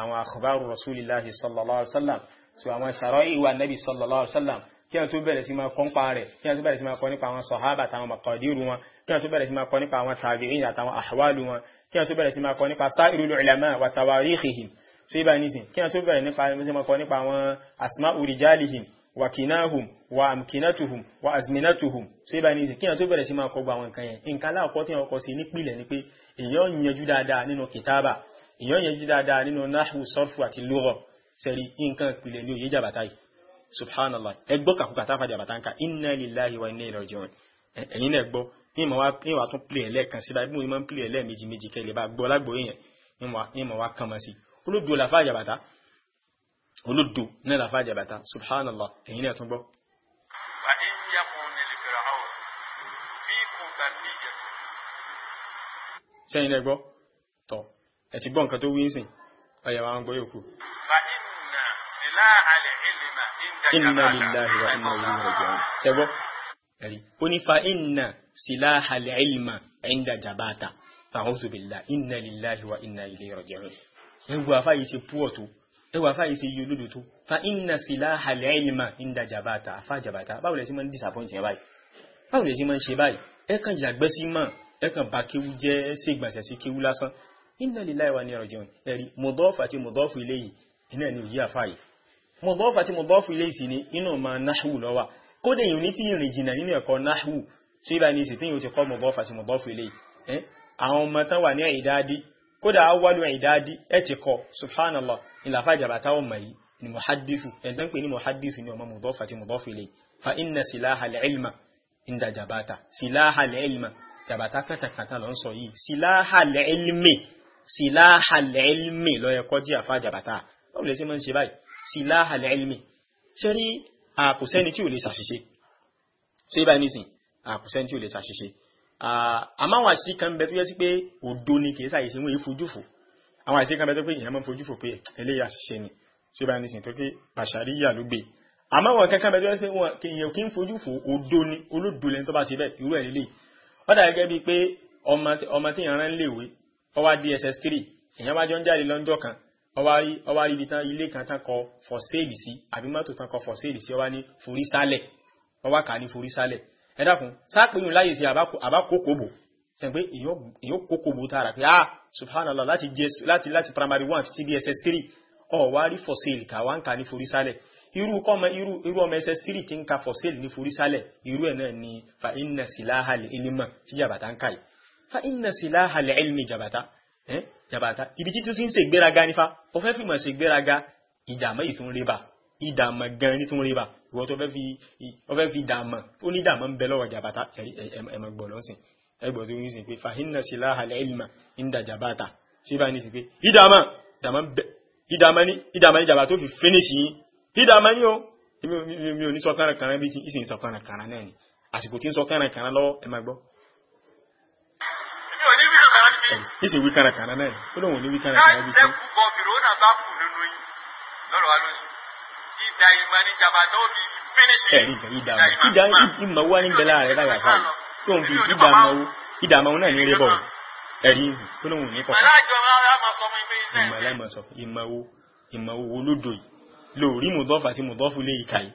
àwọn akhbaru rasulillahi sallallahu alaihi wasallam so àwọn shara'i wa nabi sallallahu alaihi wasallam kí a tó bẹ̀rẹ̀ sí máa kọ́ nípa rẹ̀ kí a tó bẹ̀rẹ̀ sí máa kọ́ nípa àwọn sọ̀hábà àtàwọn mọ̀kọ̀dírù wọn kí a tó bẹ̀rẹ̀ sí máa kọ́ nípa àwọn tàbíìn wa kinahum wa amkinatuhum wa azminatuhum so ibà ní ìsìnkí àti bẹ̀rẹ̀ sí máa kọgbà àwọn nǹkan yẹn nǹkan aláàkọ́ tí wọ́n kọ sí nípìlẹ̀ ni pé èyàn yanjú dáadáa nínú kìtàbà èyàn yanjú dáadáa nínú nahwu sarfu àti lugha sẹ́rí nǹkan pìlẹ̀ ní òye jàbátá yìí subhanallah ẹgbọ́ kàkúkà táfà jàbátá ń ka inna lillahi wa inna ilaihi raji'un ẹ̀yin náà gbọ́ ní ìwà tún pìlẹ̀ ẹlẹ́ẹ̀kan síbá bí mo máa ń pìlẹ̀ ẹlẹ́ẹ̀mejì méjì kẹ́lẹ̀ bá gbọ́ lágbóyè yẹn ní ìmọ̀ wá kàn mọ́ sí olóògbé olàfà jàbátá olódò ní àlàfà àjàbàtà subhanallah èyí ni àtúngbọ́. sẹ́yìn lẹ́gbọ́ tọ̀ ẹ̀ ti gbọ́ nǹkan tó wí ń sìn ọ̀yẹ̀ wa ń gbọ́ yòókù. inna lillahi wa inna ilayhi raji'un sẹ́gbọ́ ẹ̀rí ó ní fa inna silaha al-ilma inda jabata a'udhu billahi inna lillahi wa inna ilayhi raji'un ẹgbẹ́ afáyí ti púọ̀ tó ẹwà fáyé ṣe yí olódò tó fa inna silaha al-ilma inda jabata afá jabata báwo lẹ ṣe máa ń disappoint yẹn báyìí báwo lẹ ṣe máa ń ṣe báyìí ẹ kàn yàgbẹ́ sí mọ̀ ẹ kàn bá kéwú jẹ́ ṣe gbàṣẹ sí kéwú lásán inna lillahi wa inna ilaihi raji'un ẹ̀rí mudaf àti mudaf ilayhi iná ni òyí àfáyé mudaf àti mudaf ilayhi sì ni inú ma kódà awwalu ìdádi ẹ ti kọ subhanallah ìlàfà jàbàtà ọmọ yìí ni muhaddisu ẹ̀dán pé ní muhaddisu ni ọmọ mudọ́fà ti mudọ́fà ilé fa inna silaha al-ilma inda jàbàtà silaha al-ilma jàbàtà kàtàkàtà lọ ń sọ yìí silaha al-ilmi silaha al-ilmi lọ yẹ kọjí àfà jàbàtà báwo lè ṣe àmáwọn àṣìṣe kan bẹ tó yẹ sí pé òdo ni kì í sàyè sí wọn èé fojú àwọn àṣìṣe kan bẹ tó pé ìyẹn máa pé eléyà ṣiṣẹ ni tí ó bá ní sìn tó pé bàṣàríyà ló gbé àmáwọn kankan bẹ tó yẹ sí pé wọn èèyàn kì í fojú fò òdo ni olódo lẹni tó bá ṣe bẹ́ẹ̀ irú ẹ̀ lélẹ̀ wọ́n dà gẹ́gẹ́ bíi pé ọmọ tí ìyànrán léwe ọwá dss3 èèyàn wájọ ń jáde lọ́jọ́ kan ọwá rí ibi tán ilé kan tán kọ for sale sí àbí mọ́tò tán kọ for sale sí ọwá ní forí sálẹ̀ ọwá kà ní forí sálẹ̀ ẹ dákun sáàpéyìn láyé sí àbákòkòbò sẹ́n pé èyàn kòkòbò tààrà pé ah subhanallah láti láti primary one títí di ss3 ọ̀ wá rí for sale kà wá ń kà ní forí sálẹ̀ irú ọmọ ss3 tí ń ka for sale ní forí sálẹ̀ irú ẹ̀ náà ni fa inna silaha li ilma tí jàbàtà ń kà yìí fa inna silaha li ilmi jàbàtà jàbàtà ibi títí tí ń ṣègbéraga nífa ọ̀fẹ́ fìmọ̀ ṣègbéraga ìjàmọ́ ìtúnrẹ́bà ìdàmọ̀ gan ní tún rí bá ìwọ tó fẹ́ fi ìdàmọ̀ ó ní ìdàmọ̀ ń bẹ lọ́wọ́ jàbátà ẹ̀mọ̀ gbọ̀ lọ́sìn ẹgbọ̀ tó ń sìn pé fàhínà sí láhàlẹ̀ ìlmà ń da jàbátà tí bá ní sí pé ìdàmọ̀ ìdàmọ̀ ní jàbá tó fi finish yín ìdàmọ̀ ní o mi ò ní sọ kánra kánra bí ìsìn sọ kánra kánra náà ni àsìkò tí ń sọ kánra kánra lọ́wọ́ ẹ máa gbọ́. ìsìn wí kánra kánra náà ni ó lóun ẹ̀rí ìdààmú ìdààmú wá níbẹ̀ láàrẹ̀ láyà fáwọn tó ń fi ìdààmú ìdààmú náà ní rébọ̀ ẹ̀rí tó lóun ní kọ̀ọ̀kan ìmọ̀ láìmọ̀ sọ ìmọ̀ wo ìmọ̀ wo lódò yìí lórí mùdọ́fù àti mùdọ́fù lè ìkà yìí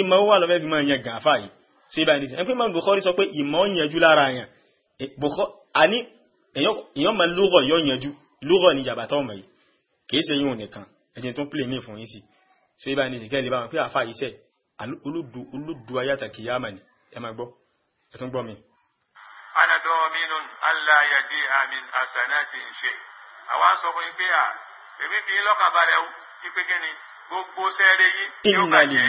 ìmọ̀ wo wà lọ́fẹ́ fi máa yan gàáfà yìí ṣé ibà nìyí ẹgbẹ́ máa Bukhari sọ pé ìmọ̀ yanjú lára yàn àní èèyàn máa lúgọ̀ yọ yanjú lúgọ̀ ní yàbàtọ̀ ọmọ yìí kì í ṣe yóò nìkan ẹ̀jẹ̀ tó pèlè mí fún yín sí i so ibà ní ìsìnkẹ́ lè bá wọn pé àfa iṣẹ́ olódù olódù ayáta kìyàmà ni ẹ máa gbọ́ ẹ tún gbọ́ mi. ana dominun allah yadi amin asanati ṣe àwa sọ fún pé à èmi fi lọ́kàn balẹ̀ wípé kí ni gbogbo sẹ́ẹ̀rẹ̀ yìí yóò bàjẹ́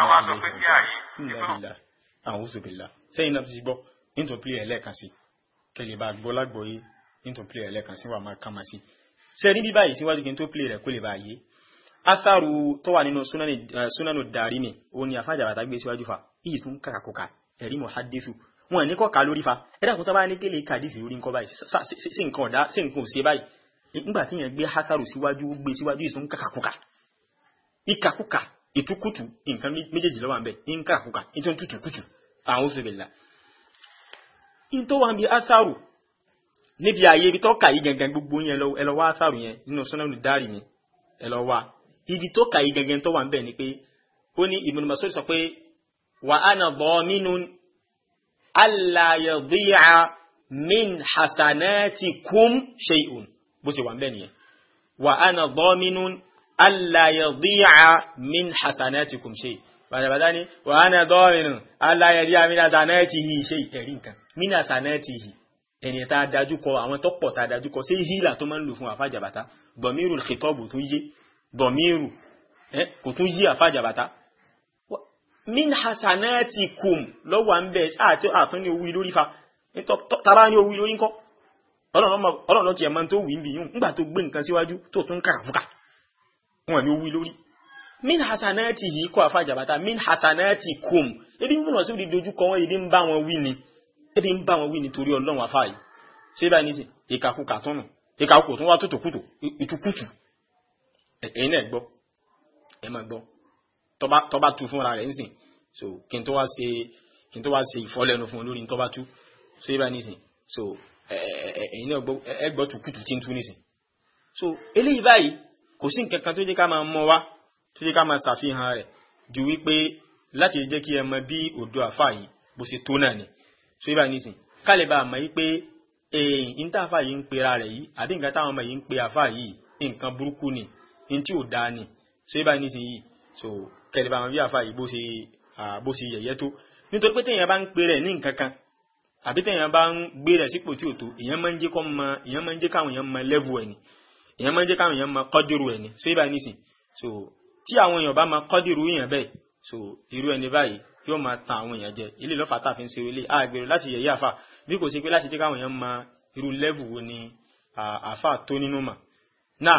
àwa sọ pé kí àyè ìfọ̀. àwọn oṣù bìlà sẹ́yìn náà ti gbọ́ nítorí pé ẹlẹ́ẹ̀kan sí kẹlẹ̀ bá gbọ́ lágbọ́ yìí nítorí pé ẹlẹ́ẹ̀kan sí wà máa kà máa sí sẹ́ẹ̀rí bí báyìí síwájú kí n tó pè rẹ̀ kó lè bá yé Asaru tó wà nínú súnánù eh, dàrí ni òun ni àfájàbàtà gbé síwájú fa iyì tún kàkàkùkà ẹ̀rí muhaddisu wọn ní kọ́ka lórí fa ẹ̀dá kún tó bá ní kéle kàdífì orí nǹkan báyìí sí nǹkan ọ̀dá sí nǹkan òsè báyìí nígbà tí yẹn gbé hatharu síwájú gbé síwájú ìsún kàkàkùkà ìkàkùkà ìtukùtù nǹkan méjèèjì lọ́wọ́ àbẹ̀ ìkàkùkà ìtún tutùkùtù àwọn oṣù bẹ̀lá. ìtọ́ wa bí atharu níbi ààyè ibi tọ́ka yìí gangan gbogbo yẹn ẹ lọ wá atharu yẹn nínú sunan dárì ni ẹ lọ wá ibi tó kà yí gẹ́gẹ́ tó wà ń bẹ̀ ni pé ó ní Ibn Mas'ud sọ pé wa ana dhaminun alla yadi'a min hasanatikum shay'un bó ṣe wà ń bẹ̀ nìyẹn wa ana dhaminun alla yadi'a min hasanatikum shay'un bàtàbàtà ni wa ana dhaminun alla yadi'a min hasanatihi shay'un ẹ̀rí nǹkan min hasanatihi ẹni tá dájú kọ àwọn tó pọ̀ dájú kọ sí hílà tó máa ń lò fún àfàjàbàtà dọ̀mírù kìtọ́bù tó yé dọ̀míìrù eh, kò tún yí àfàjàbàtà min hasanatikum lọ́wọ́ ń bẹ̀ àti àtún ní owó lórí fa tàbá ní owó lórí ńkọ́ ọlọ́run lọ́tí ẹ̀mọ́ tó wì ń bì yún nígbà tó gbé nǹkan síwájú tó tún kàkàkùkà wọn ní owó lórí min hasanati yìí kọ́ àfàjàbàtà min hasanatikum ebi múnà sí ibi dojú kọ wọn ebi ń bá wọn wí ni ebi ń bá wọn wí ni torí ọlọ́run àfáà yìí ṣé báyìí ní sè ìkàkùkà tún nù ìkàkùkù tún wá tó tòkùtò ìtukùtù ẹ̀yin náà gbọ́ ẹ máa gbọ́ tó bá fúnra rẹ̀ nísìn so kí n tó wá ṣe kí n tó wá ṣe ìfọ́lẹ́nu fún olórí tó bá so yíba nísìn so ẹ̀yin náà ẹgbọ́ tukutu tí ń tú nísìn so eléyìí báyìí kò sí nǹkan kan tó jẹ́ ká máa mọ wá tó jẹ́ ká máa ṣàfihàn rẹ̀ ju wípé láti jẹ́ kí ẹ mọ bí òdo àfà yìí bó ṣe tó náà ni so yíba nísìn kálẹ̀ bá mọ̀ wípé èyí ń tàfà yìí ń pera rẹ̀ yìí àbí nǹkan táwọn ọmọ yìí ń pe àfà yìí nǹkan burúkú ni ní tí ò dáa ni so yíba nísìnyí so kẹlẹ́bà àwọn bí àfa yìí bó ṣe bó ṣe yẹ̀yẹ́ tó nítorí pé téèyàn bá ń pe rẹ̀ ní nǹkan kan àbí téèyàn bá ń gbé rẹ̀ sípò tí ò tó èèyàn máa ń jẹ́ kọ́ mọ èèyàn máa ń jẹ́ káwọn èèyàn mọ lẹ́vù ẹ̀ ni èèyàn máa ń jẹ́ káwọn èèyàn mọ kọ́dìrú ẹ̀ ni so yíba nísìn so tí àwọn èèyàn bá mọ kọ́dìrú yẹn bẹ́ẹ̀ so irú ẹni báyìí yóò máa tan àwọn èèyàn jẹ ilé lọ́fà tá a fi ń ṣeré lé àgbèrò láti yẹ̀yẹ́ àfà bí kò ṣe pé láti jẹ́ káwọn èèyàn mọ irú lẹ́vù wo ni àfà tó nínú mọ̀ náà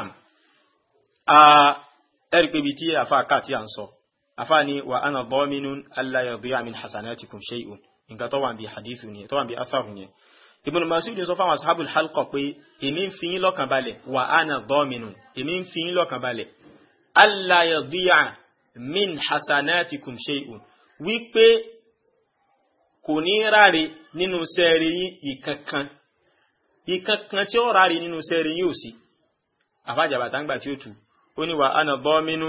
ẹ̀rí pé ibi tí àfa kà tí à ń sọ àfa ni wà ana dhaminun alla yadi'a min hasanatikum shay'un nǹkan tó wà níbi hadithu nìyẹn tó wà níbi asahu nìyẹn Ibn Mas'ud sọ fáwọn ashabul halqa pé èmi ń fi yín lọ́kàn balẹ̀ wà ana dhaminun èmi ń fi yín lọ́kàn balẹ̀ alla yadi'a min hasanatikum shay'un wípé kò ní ráre nínú sẹ́ẹ̀rẹ̀ yín ìkankan ìkankan tí ó ráre nínú sẹ́ẹ̀rẹ̀ yín ò sí àfàjàbàtà ń gbà tí ó tù ó ní wà ánà bọ́mínú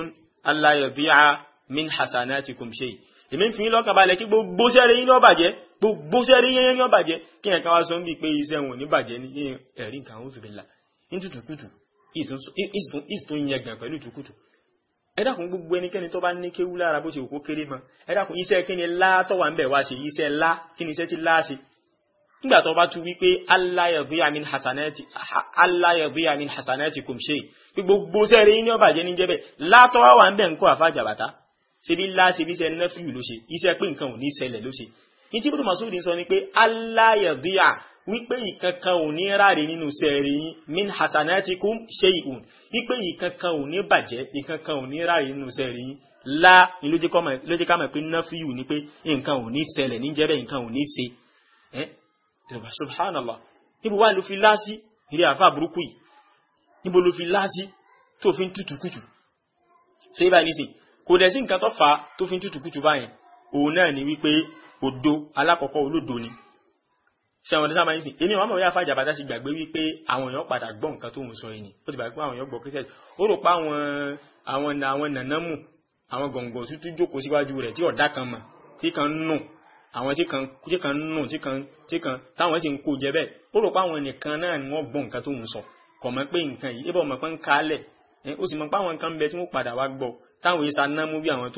aláyọ̀bíà min hasanatikum shay èmi ń fi yín balẹ̀ kí gbogbo sẹ́rẹ̀ yín ló bàjẹ́ gbogbo sẹ́rẹ̀ yín yẹn ló bàjẹ́ kí ẹ̀ka wá sọ ń bí pé iṣẹ́ wọn ní bàjẹ́ ní ẹ̀rí nǹkan ó tùbí ńlá ní tutukutu pẹ̀lú tukutu ẹ gbogbo ẹnikẹ́ni tó bá ní kéwú lára bó ṣe òkó kéré mọ́ ẹ iṣẹ́ kí ni lá tó ń bẹ̀ wá ṣe iṣẹ́ lá kí ni iṣẹ́ ti lá ṣe nígbà tó bá tún wípé Allah yadhi'a min hasanati Allah yadhi'a min hasanatikum shay gbogbo sẹ́rẹ̀ yín ní ọba jẹ́ ní jẹ́bẹ̀ látọ́wọ́ wà ń bẹ̀ ń kọ́ àfa jàbàtà ṣebí ńlá ṣebí ṣe nẹ́fìlú ló ṣe iṣẹ́ pé nǹkan ò ní ṣẹlẹ̀ ló ṣe ní tí bùdó masud sọ ni pé Allah yadhi'a wípé ìkankan ò ní ráre nínú sẹ́rẹ̀ yín min hasanatikum shay'un wípé ìkankan ò ní bàjẹ́ ìkankan ò ní ráre nínú sẹ́rẹ̀ yín la ni lójúkọ́ mọ̀ pé nẹ́fìlú ni pé nǹkan ò ní ṣẹlẹ̀ níjẹ́bẹ̀ nǹkan ò ní ṣe ẹ̀bà subhanallah níbo wá ló fi láásí eré àfà burúkú yìí níbo ló fi láásí tó fi ń tútùkùtù so ibà ní sìn kò dẹ̀ sí nǹkan tó fà tó fi ń tútùkùtù báyẹn òun náà ni wípé òdo alákọ̀ọ́kọ́ olódo ni sẹ́wọ̀n dáná máa ń sìn èmi àwọn ọmọ ìyá àfà ìjàmbá ti gbàgbé wípé àwọn èèyàn padà gbọ́ nǹkan tó ń sọ yìí ó ti gbàgbé àwọn èèyàn gbọ́ kẹsẹ̀ ó rò pa àwọn àwọn nànámù àwọn gọ̀ǹgọ̀ sí tó jókòó síwájú rẹ̀ tí ọ̀dá kan mọ̀ tí kan nù àwọn tí kan tí kan nù tí kan tí kan táwọn sì ń kó jẹ bẹ́ẹ̀ ó rò pé àwọn nìkan náà ni wọ́n gbọ́ nǹkan tó ń sọ kò mọ̀ pé nǹkan yìí ébọ̀ mọ̀ pé ń kálẹ̀ ó sì mọ̀ pé àwọn nǹkan bẹ tí wọ́n padà wá gbọ́ táwọn yìí sáná mú bí àwọn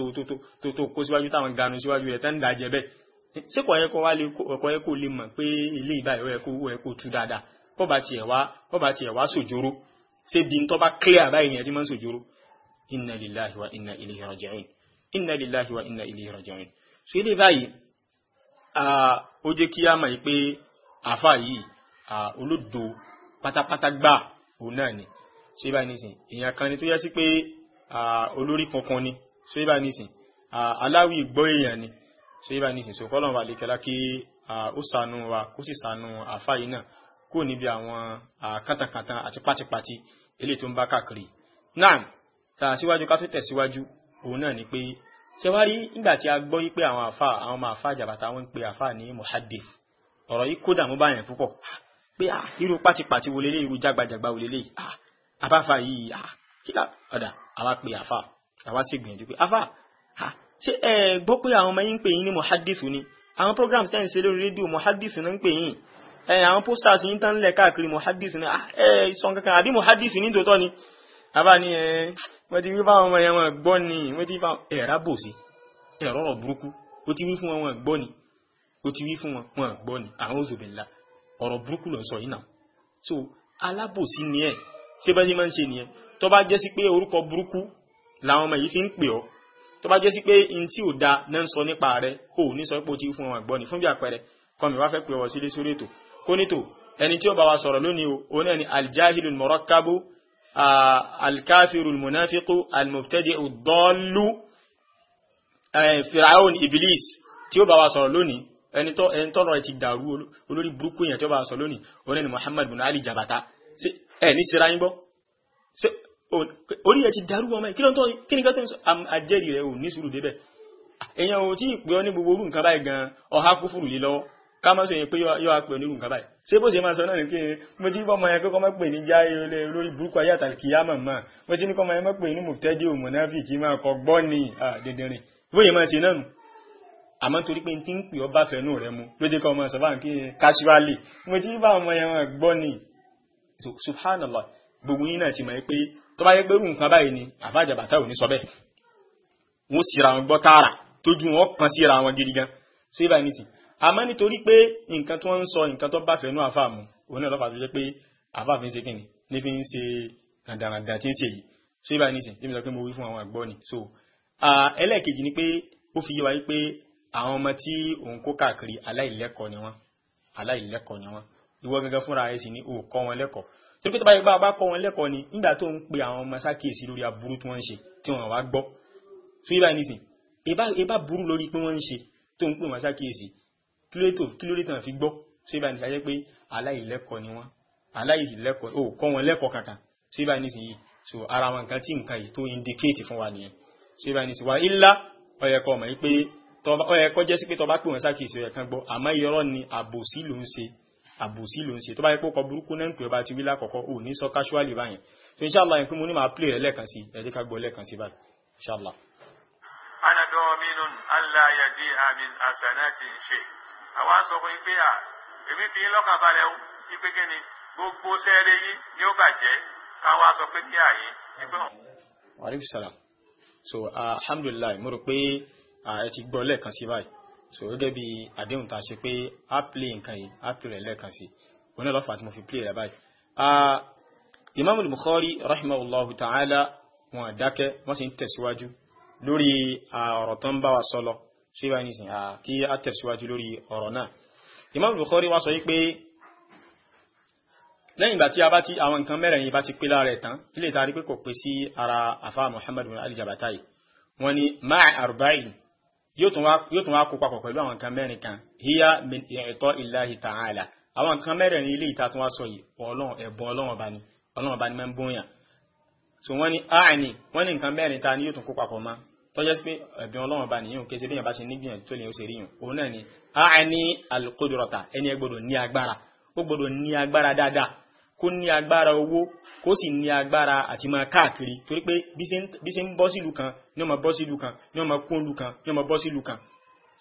tó tó kó síwájú táwọn ganu síwájú rẹ̀ tán dà jẹ bẹ́ẹ̀ ṣé kò yẹ kó wá kò yẹ kó lè mọ̀ pé ilé ìbáyọ̀ yẹ kó yẹ kó tú dáadáa bọ́ba tiẹ̀ wá bọ́ba tiẹ̀ wá sòjóró ṣé bí clear báyìí yẹn ti máa ń sòjóró inna lillahi wa inna ilayhi inna lillahi wa inna ilayhi raji'un so ó jẹ́ kí a mọ̀ pé àfà yìí olódo pátápátá gbà òun náà ni ṣé báyìí nìsín èèyàn kan ni tó yẹ sí pé olórí kankan ni ṣé báyìí nìsín aláwì gbọ́ èèyàn ni ṣé báyìí nìsín so kọ́lọ̀ wà lékẹ́lá kí ó sànú wa kó sì sànú àfà yìí náà kó níbi àwọn kátàkátà àti pátipáti eléyìí tó ń bá káàkiri náà tà síwájú ká tó tẹ̀síwájú òun náà ni pé ṣe wá rí nígbà tí a gbọ́ wípé àwọn àfa àwọn ọmọ àfa jàbàtà wọn ń pe àfa ní muhaddith ọ̀rọ̀ yìí kódà mú báyẹn púpọ̀ ah, pé ah, irú pátipàti wo lélẹ́yìí irú jágbajàgba wo lélẹ́yìí abáfa ah, yìí kílà ọ̀dà àwa pe àfa àwa sì gbìyànjú pé àfa ṣé ẹ gbọ́ pé àwọn ọmọ yín ń pè yín ní muhaddith ni àwọn programs tẹ́ ń ṣe lórí rédíò muhaddith náà ń pè yín àwọn posters yín tán lẹ̀ káàkiri muhaddith ni ẹ sọ àbá ní ẹ wọ́n ti wí fáwọn ọmọ yẹn wọ́n gbọ́ ni wọ́n ti fáwọn ẹ̀rá bò sí ẹ̀rọ ọ̀rọ̀ burúkú ó ti wí fún wọn wọ́n gbọ́ ni ó ti wí fún wọn wọ́n gbọ́ ni àwọn òṣèbìnlá ọ̀rọ̀ burúkú ló ń sọ yìí náà so alábòsí ni ẹ̀ ṣé bá ṣe máa ń ṣe nìyẹn tó bá jẹ́ sí pé orúkọ burúkú làwọn ọmọ yìí fi ń pè ọ́ tó bá jẹ́ sí pé in tí ò da náà ń sọ nípa rẹ kò ní sọ pé ó ti fún wọn gbọ́ ni fún bí àpẹẹrẹ kọ́mi wá fẹ́ pè ọ sílé sórí ètò kónítò ẹni tí ó bá wa sọ̀rọ̀ lónìí o òun náà ni aljahilul morakabu alkafiru almunafiqu almubtadi'u ad-dallu firaun iblis tí ó bá wa sọ̀rọ̀ lónìí ẹni tó ẹni tó lọ́rọ̀ ti dàrú olórí burúkú yẹn tí ó bá wa sọ̀rọ̀ lónìí òun ni muhammad bin ali jabata ẹ ní sira yín gbọ́ orí ẹ ti dàrú ọmọ kí ló ń tọ́ kí ni gọ́tẹ́ àjẹ́rì rẹ̀ ò ní sùúrù débẹ̀ èèyàn ò tí ì pé ọ ní gbogbo orú nǹkan báyìí gan ọha kúfùrù lé lọ́wọ́ ká má sọ yẹn pé yóò wá pè onírú nǹkan báyìí ṣé bó ṣe máa sọ náà ní kí mo ti bọ́mọ yẹn kọ́kọ́ má pè ní járe olórí burúkú ayé àtàlì kìyà màmá mo ti ní kọ́mọ yẹn má pè ní mùtẹ́dì òmùnáfì kì í máa kọ gbọ́ ni dẹ̀dẹ̀rìn bó yẹn máa ṣe náà nù àmọ́ torí pé tí ń pè ọ bá fẹ̀nú rẹ mu ló jẹ́ kọ́ ọmọ sọ̀bá kí káṣíwálì mo ti bá ọmọ yẹn wọn gbọ́ ni subhanallah gbogbo yín náà ti mọ̀ pé tó bá yẹ pé irú nǹkan báyìí ni àbájábàtà ò ní sọ bẹ́ẹ̀ wọ́n àmọ́ nítorí pé nǹkan tó ń sọ nǹkan tó bá fẹ̀nú àfà mu òun náà lọ́fà tó jẹ́ pé àfà ń ṣe kíni ní fi ń ṣe àdàràdà tí ń ṣe yìí so ibà nísìn tí pé mo wí fún àwọn àgbọ́ ni so ẹlẹ́ẹ̀kejì ni pé ó fi yé wa pé àwọn ọmọ tí òun kó káàkiri aláìlẹ́kọ̀ọ́ ni wọ́n aláìlẹ́kọ̀ọ́ ni wọ́n ìwọ gẹ́gẹ́ fúnra ẹ̀ sì ni ò kọ́ wọn lẹ́kọ̀ọ́ torí pé tó bá yẹ bá kọ́ wọn lẹ́kọ̀ọ́ ni nígbà tó ń pe àwọn ọmọ sákèsí lórí aburú tí wọ́n ń ṣe tí wọ́n wá gbọ́ so ibà nísìn ìbá burú lórí pé wọ́n ń ṣe tó ń pè wọn sákèsí kílódé kílódé tàn fi gbọ́ ṣé ibà nìkan jẹ́ pé aláìlẹ́kọ̀ọ́ ni wọ́n aláìlẹ́kọ̀ọ́ ò kọ́ wọn lẹ́kọ̀ọ́ kankan ṣé ibà nìkan yìí so ara wọn nǹkan tí nǹkan yìí tó indicate fún wa nìyẹn ṣé ibà nìkan wà ilá ọ̀yẹ̀kọ̀ mọ̀ pé ọ̀yẹ̀kọ̀ jẹ́ sí pé tọba pè wọ́n sákìsì ọ̀yẹ̀ kan gbọ́ àmọ́ irọ́ ni àbòsí ló ń ṣe àbòsí ló ń ṣe tó bá yẹ kó kọ burúkú náà ń pè àwa sọ fún yín pé à èmi fi yín lọ́kàn balẹ̀ o ní pé kí ni gbogbo sẹ́ẹ̀rẹ́ yín ni ó bàjẹ́ káwa sọ pé kí àyín nígbà. wàhálà sàlám so alhamdulilayi mo rò pé ẹ ti gbọ́ lẹ́ẹ̀kan sí báyìí so gẹ́gẹ́ bí àdéhùn tá a ṣe pé a play nǹkan yìí a rẹ̀ lẹ́ẹ̀kan sí òun náà lọ́fà tí mo fi play rẹ̀ báyìí. imaamu bukhari rahimahullahu ta'ala wọn dákẹ́ wọ́n sì ń tẹ̀síwájú lórí ọ̀rọ̀ tó ń bá wa sọ lọ ṣe bá ní sìn kí a tẹ̀síwájú lórí ọ̀rọ̀ náà Imam Bukhari wá sọ wípé lẹ́yìn ìgbà tí a bá ti àwọn nǹkan mẹ́rin yìí bá ti pé lára tán ilé ìtàrí pé kò pé sí ara àfá Muhammad bin Ali Jabatai wọ́n ní ma'a arba'in yóò tún wá kó papọ̀ pẹ̀lú àwọn nǹkan mẹ́rin kan hiya min i'ta illahi ta'ala àwọn nǹkan mẹ́rin ní ilé ìta tún wá sọ yìí ọlọ́run ẹ̀bùn ọlọ́run ọba ni ọlọ́run ọba ni máa so wọ́n ní àìní wọ́n ni yóò tún kó papọ̀ tọ́jẹ́ pé ẹ̀bí ọlọ́run bá nìyàn kéṣe bíyàn bá ṣe nígbìyàn tó lè ó ṣe ríyàn òun náà ni a ní alùkódùrọ̀ta ẹni ẹgbọ́dọ̀ ní agbára ó gbọ́dọ̀ ní agbára dáadáa kó ní agbára owó kó sì ní agbára àti máa káàkiri torí pé bí ṣe ń bọ́ sílùú kan ní ọmọ bọ́ sílùú kan ní ọmọ kó lù kan ní ọmọ bọ́ sílùú kan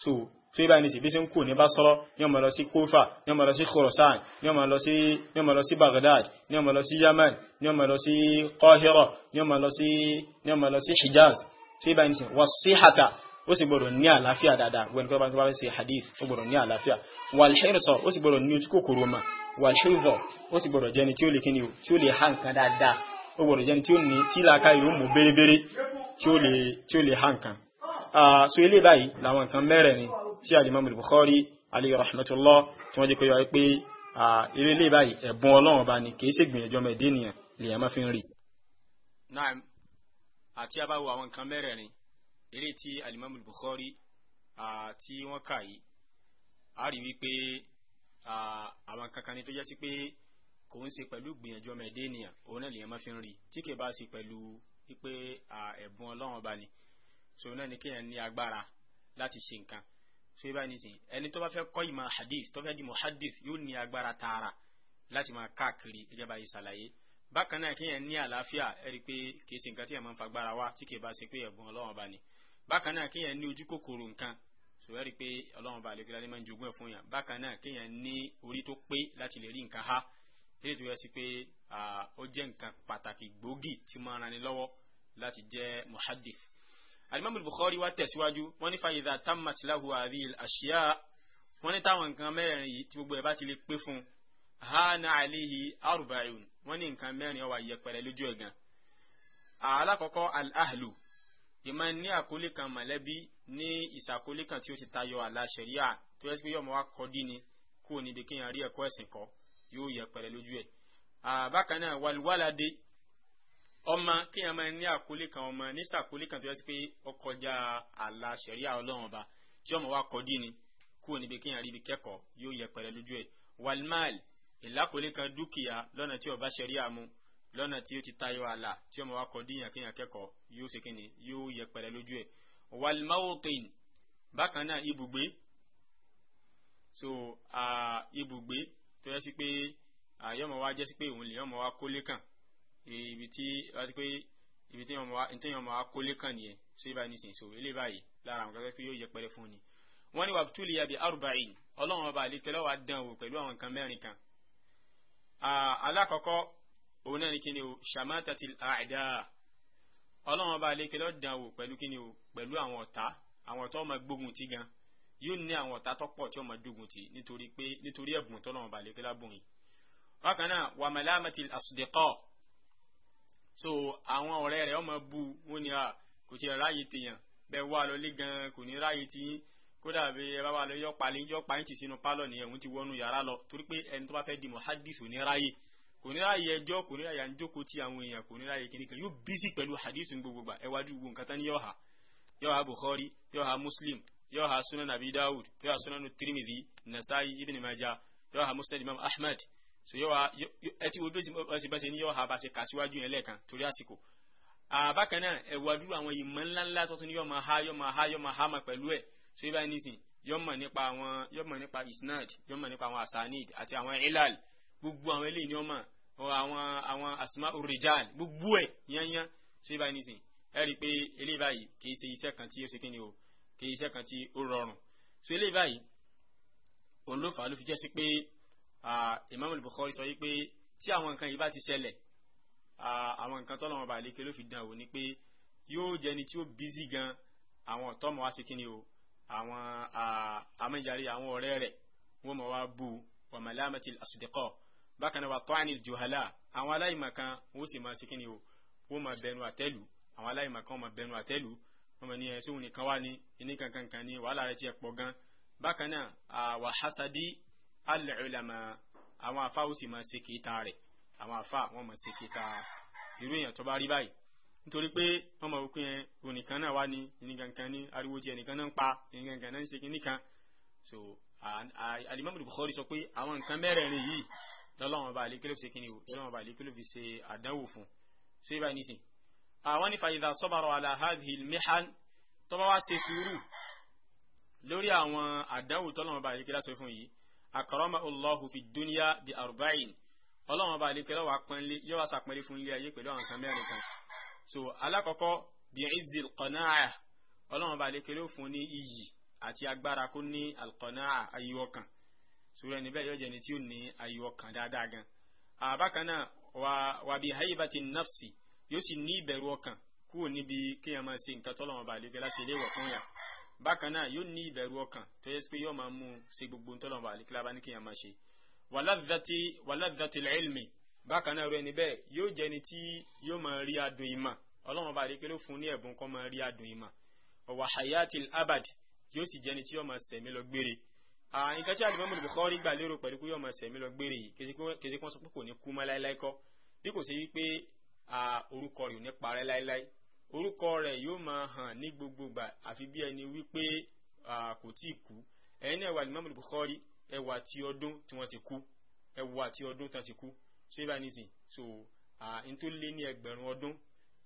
so tó yẹ báyìí nìsí bí ṣe ń kó ní Basra ní ọmọ lọ sí Kófà ní ọmọ lọ sí Khorasan ní ọmọ lọ lọ sí Baghdad ní ọmọ lọ sí Yaman ní ọmọ lọ sí Qahira ní ọmọ lọ lọ sí Hijaz tí bá ń sìn wọ́n sí hàtà ó sì gbọ́dọ̀ ní àlàáfíà dáadáa wẹ́n kọ́ bá tó bá fẹ́ ṣe hadith ó gbọ́dọ̀ ní àlàáfíà wàlhírsọ ó sì gbọ́dọ̀ ní ojú kòkòrò mà wàlhírsọ ó sì gbọ́dọ̀ jẹni tí ó lè kíni tí ó lè ha nǹkan dáadáa ó gbọ́dọ̀ jẹni tí ó ní tí làákà yóò mú bérebére tí ó lè ha nǹkan. so ilé báyìí làwọn nǹkan mẹ́rẹ̀ ni tí alimami Bukhari alayhi rahmatullah tí wọ́n jẹ́ kóyọ pé àti abáwo àwọn nǹkan mẹ́rẹ̀ẹ̀rin eré tí alimami Bukhari tí wọ́n kà yìí a rí wípé àwọn kankan ni tó jẹ́ sí pé kò ń ṣe pẹ̀lú gbìyànjú ọmọ ẹ̀dẹ́ ènìyàn òun náà lèèyàn máa fi ń rí tí kì í bá ṣe pẹ̀lú wípé ẹ̀bùn Ọlọ́run ọba ni so náà ni kéèyàn ní agbára láti ṣe nǹkan so ibà nìsín ẹni tó bá fẹ́ kọ́ ìmọ̀ hadith tó fẹ́ di muhaddith yóò ní agbára tààrà láti máa káàkiri gẹ́gẹ́ yìí ṣàlàyé bákan náà kéèyàn ní àlàáfíà ẹ̀rí pé kìí ṣe nǹkan tí ẹ̀ máa ń fagbára wá tí kìí bá ṣe pé ẹ̀bùn ọlọ́run ọba ni bákan náà kéèyàn ní ojú kòkòrò nǹkan sọ ẹ̀rí pé ọlọ́run ọba àlekèrè alẹ́ máa ń jogún ẹ̀ fún yàn bákan náà kéèyàn ní orí tó pé láti lè rí nǹkan há èyí tó yẹ sí pé ó jẹ́ nǹkan pàtàkì gbòógì tí máa ran ni lọ́wọ́ láti jẹ́ muhaddith alimami bukhari wa tẹ̀síwájú wọ́n ní fàyè tàmàtìláhu àríl àṣìyá wọ́n ní táwọn nǹkan mẹ́rin yìí tí gbogbo ẹ̀ bá ti lè pé fún hánà àléhi arba'un wọ́n ní nǹkan mẹ́rin ó wà yẹpẹrẹ lójú ẹ̀ gan alákọ̀ọ́kọ́ al-ahlu ìmọ̀ ní àkólé kan mọ̀lẹ́bí ní ìsàkólé kan tí ó ti tayọ àlà tó yẹ pé yọmọ wa kọ́ dí ni kúrò níbi kéèyàn rí ẹ̀kọ́ ẹ̀sìn kọ́ yóò yẹpẹrẹ lójú ẹ̀ bákan náà wàlúwàládé ọmọ kéèyàn máa ní àkólé kan ọmọ ní ìsàkólé kan tó yẹ pé ó kọjá àlà ṣẹ̀ríà ọba tí yọmọ wa kọ́ dí ni kúrò níbi kéèyàn rí ibi kẹ́kọ̀ọ́ yóò yẹpẹrẹ lójú ẹ̀ wàlúmáàlì ìlákòólé kan dúkìá lọ́nà tí ó bá ṣẹ̀ríà mu lọ́nà tí ó ti tayọ àlà tí ó máa wá kọ díyàn kéèyàn kẹ́kọ̀ọ́ yóò ṣe kíni yóò yẹpẹrẹ lójú ẹ̀ walmawtin bákan náà ibùgbé so ibùgbé tó yẹ sí pé yọmọ wa jẹ́ sí pé òun lè yọmọ wa kólé kàn ibi tí wá sí pé ibi tí yọmọ wa kólé kàn nìyẹn so ibà nísìnyí so eléyìí báyìí lára àwọn kẹkẹ pé yóò yẹpẹrẹ fún ni wọ́n ní wàbtúlì yàbí arúbáyìn ọlọ́run ọba àlekẹ́lẹ́ dán wò pẹ̀lú àwọn nǹkan mẹ́rin kan alákọ̀ọ́kọ́ òun náà ni kí o shamatatil aida ọlọ́run ọba àlékelé ọ̀dàn wò pẹ̀lú kí ni o pẹ̀lú àwọn ọ̀tá àwọn ọ̀tá ọmọ gbógun ti gan yóò ní àwọn ọ̀tá tó pọ̀ tí ọmọ dógun ti nítorí pé nítorí ẹ̀bùn tọ́lọ́run ọba àlékelé bùn yìí bákan náà wà malamatil asdiqa so àwọn ọ̀rẹ́ rẹ̀ ọmọ bu wọn ni a kò tiẹ̀ ráàyè tèèyàn bẹ́ẹ̀ wà lọlé gan kò ní ráàyè tiyín kódà bí ẹ bá wà lọ yọ palẹ yọ palẹ ti sínú pálọ nìyẹn òun ti wọnú yàrá lọ torí pé ẹni tó bá fẹ́ di muhadis òní ráyè kò ní ráyè ẹjọ́ kò ní ráyè àńjókòó ti àwọn èèyàn kò ní ráyè kìnnìkan yóò bísí pẹ̀lú hadith gbogbogbà ẹ wájú gbogbo nǹkan tán ní yọ̀ha yọ̀ha Bukhari yọ̀ha Muslim yọ̀ha sunan Abi Dawud yọ̀ha sunan Tirmidhi Nasa'i Ibn Majah yọ̀ha Musnad Imam Ahmad so yọ̀ha ẹtí wo bẹ́sẹ̀ bẹ́sẹ̀ ní yọ̀ha bá ṣe kà síwájú yẹn lẹ́ẹ̀kan torí àsìkò àbákan náà ẹ wá dúró àwọn ìmọ̀ ńláńlá tó tún ní yọ̀ma ha yọ̀ma ha yọ̀ma ha ma pẹ̀lú ẹ̀ so yíba ní sìn yọmọ nípa àwọn yọmọ nípa isnad yọmọ nípa àwọn asanid àti àwọn ilal gbogbo àwọn eléyìí ni ọmọ àwọn àwọn asma urijal gbogbo ẹ yányá so yíba ní sìn ẹ rí i pé eléyìí báyìí kì í ṣe iṣẹ́ kan tí ó ṣe kíni o kì í ṣe iṣẹ́ kan tí ó rọrùn so eléyìí báyìí òun ló fà á ló fi jẹ́ sí pé Imam al-Bukhari sọ yìí tí àwọn nǹkan yìí bá ti ṣẹlẹ̀ àwọn nǹkan tọ́lọ́ wọn bá lékè ló fi dán wò ni pé yóò jẹni tí ó bízí gan àwọn ọ̀tọ́ mọ̀ wá sí kíni o àwọn amẹ́jàre àwọn ọ̀rẹ́ rẹ̀ wọ́n mọ̀ wá bú wa malamati al-asdiqa bákan náà wà tọ́ni al-juhala àwọn aláìmọ̀kan wọ́n sì máa ṣe kíni o wọ́n máa bẹnu àtẹ́lù àwọn aláìmọ̀kan wọ́n máa bẹnu àtẹ́lù wọ́n máa ní ẹ̀sùn nìkan wá ní ní kankankan ní wàhálà rẹ̀ ti ẹ̀ pọ̀ gan bákan náà wà hasadi al àwọn afa wọ́n sì máa ṣe ta rẹ̀ àwọn afa wọ́n máa ṣe ta irú èèyàn tó bá rí báyìí nítorí pé wọ́n mọ̀ wípé onìkan náà wá ní ìnìkankan ní ariwo jẹ ẹnìkan náà ń pa ìnìkankan náà ń ṣe kìnnìkan so alimami Bukhari sọ pé àwọn nǹkan mẹ́rẹ̀ẹ̀rin yìí lọ́lọ́wọ́n bá àlékélé fi ṣe kí ni o lọ́wọ́n bá àlékélé fi ṣe àdánwò fún so ibà ní sìn àwọn ní fàyídà sọ́bàrọ̀ ala hadhihi al-mihal tó bá wá ṣe sùúrù lórí àwọn àdánwò tọ́lọ́wọ́n bá àlékélé sọ fún yìí àkàrọ́mà Allahu fi dúníyà bi arba'in ọlọ́wọ́n bá àlékélé wà pọ́nlé yóò wá sàpọ́nlé fún ilé ayé pẹ̀lú àwọn nǹkan mẹ́rin kan so alákọ̀ọ́kọ́ bi'izzi al-qana'a ọlọ́run bá lè kéré fún ní iyì àti agbára kó ní al-qana'a ayọ̀ kan sùrẹ́ níbẹ̀ yóò jẹ́ ni tí ó ní ayọ̀ kan dáadáa gan àbákan náà wà wà bí haibati nafsi yóò sì ní ìbẹ̀rù ọkàn kúrò níbi kéèyàn máa ṣe nǹkan tọ́lọ́run bá lè kéré láti ilé ìwọ̀ fún yà bákan náà yóò ní ìbẹ̀rù ọkàn tó yẹ pé yóò máa mú ṣe gbogbo tọ́lọ́run bá lè kéré lábá ní kéèyàn máa ṣe wàlá dhati wàlá dhati al bákan náà rẹ níbẹ̀ yóò jẹni tí yóò máa rí adùn ìmọ̀ ọlọ́run bá rí pé ló fún ní ẹ̀bùn kó máa rí adùn ìmọ̀ ọ̀wà hayatil abad yóò sì jẹni tí yóò máa sẹ̀mí lọ gbére nǹkan tí alimami Bukhari gbà lérò pẹ̀lú pé yóò máa sẹ̀mí lọ gbére yìí kèsì kan sọ pé kò ní kú mọ́ láéláé kọ́ bí kò sí wípé orúkọ rẹ̀ ò ní parẹ́ láéláé orúkọ rẹ̀ yóò máa hàn ní gbogbo gbà àfi bí ẹni wípé kò tí ì kú ẹ̀yin náà wà alimami Bukhari ẹwà ti ọdún tí wọ́n ti kú ẹwà ti ọdún tí wọ́n ti kú so ibà nísìn so n tó lé ní ẹgbẹ̀rún ọdún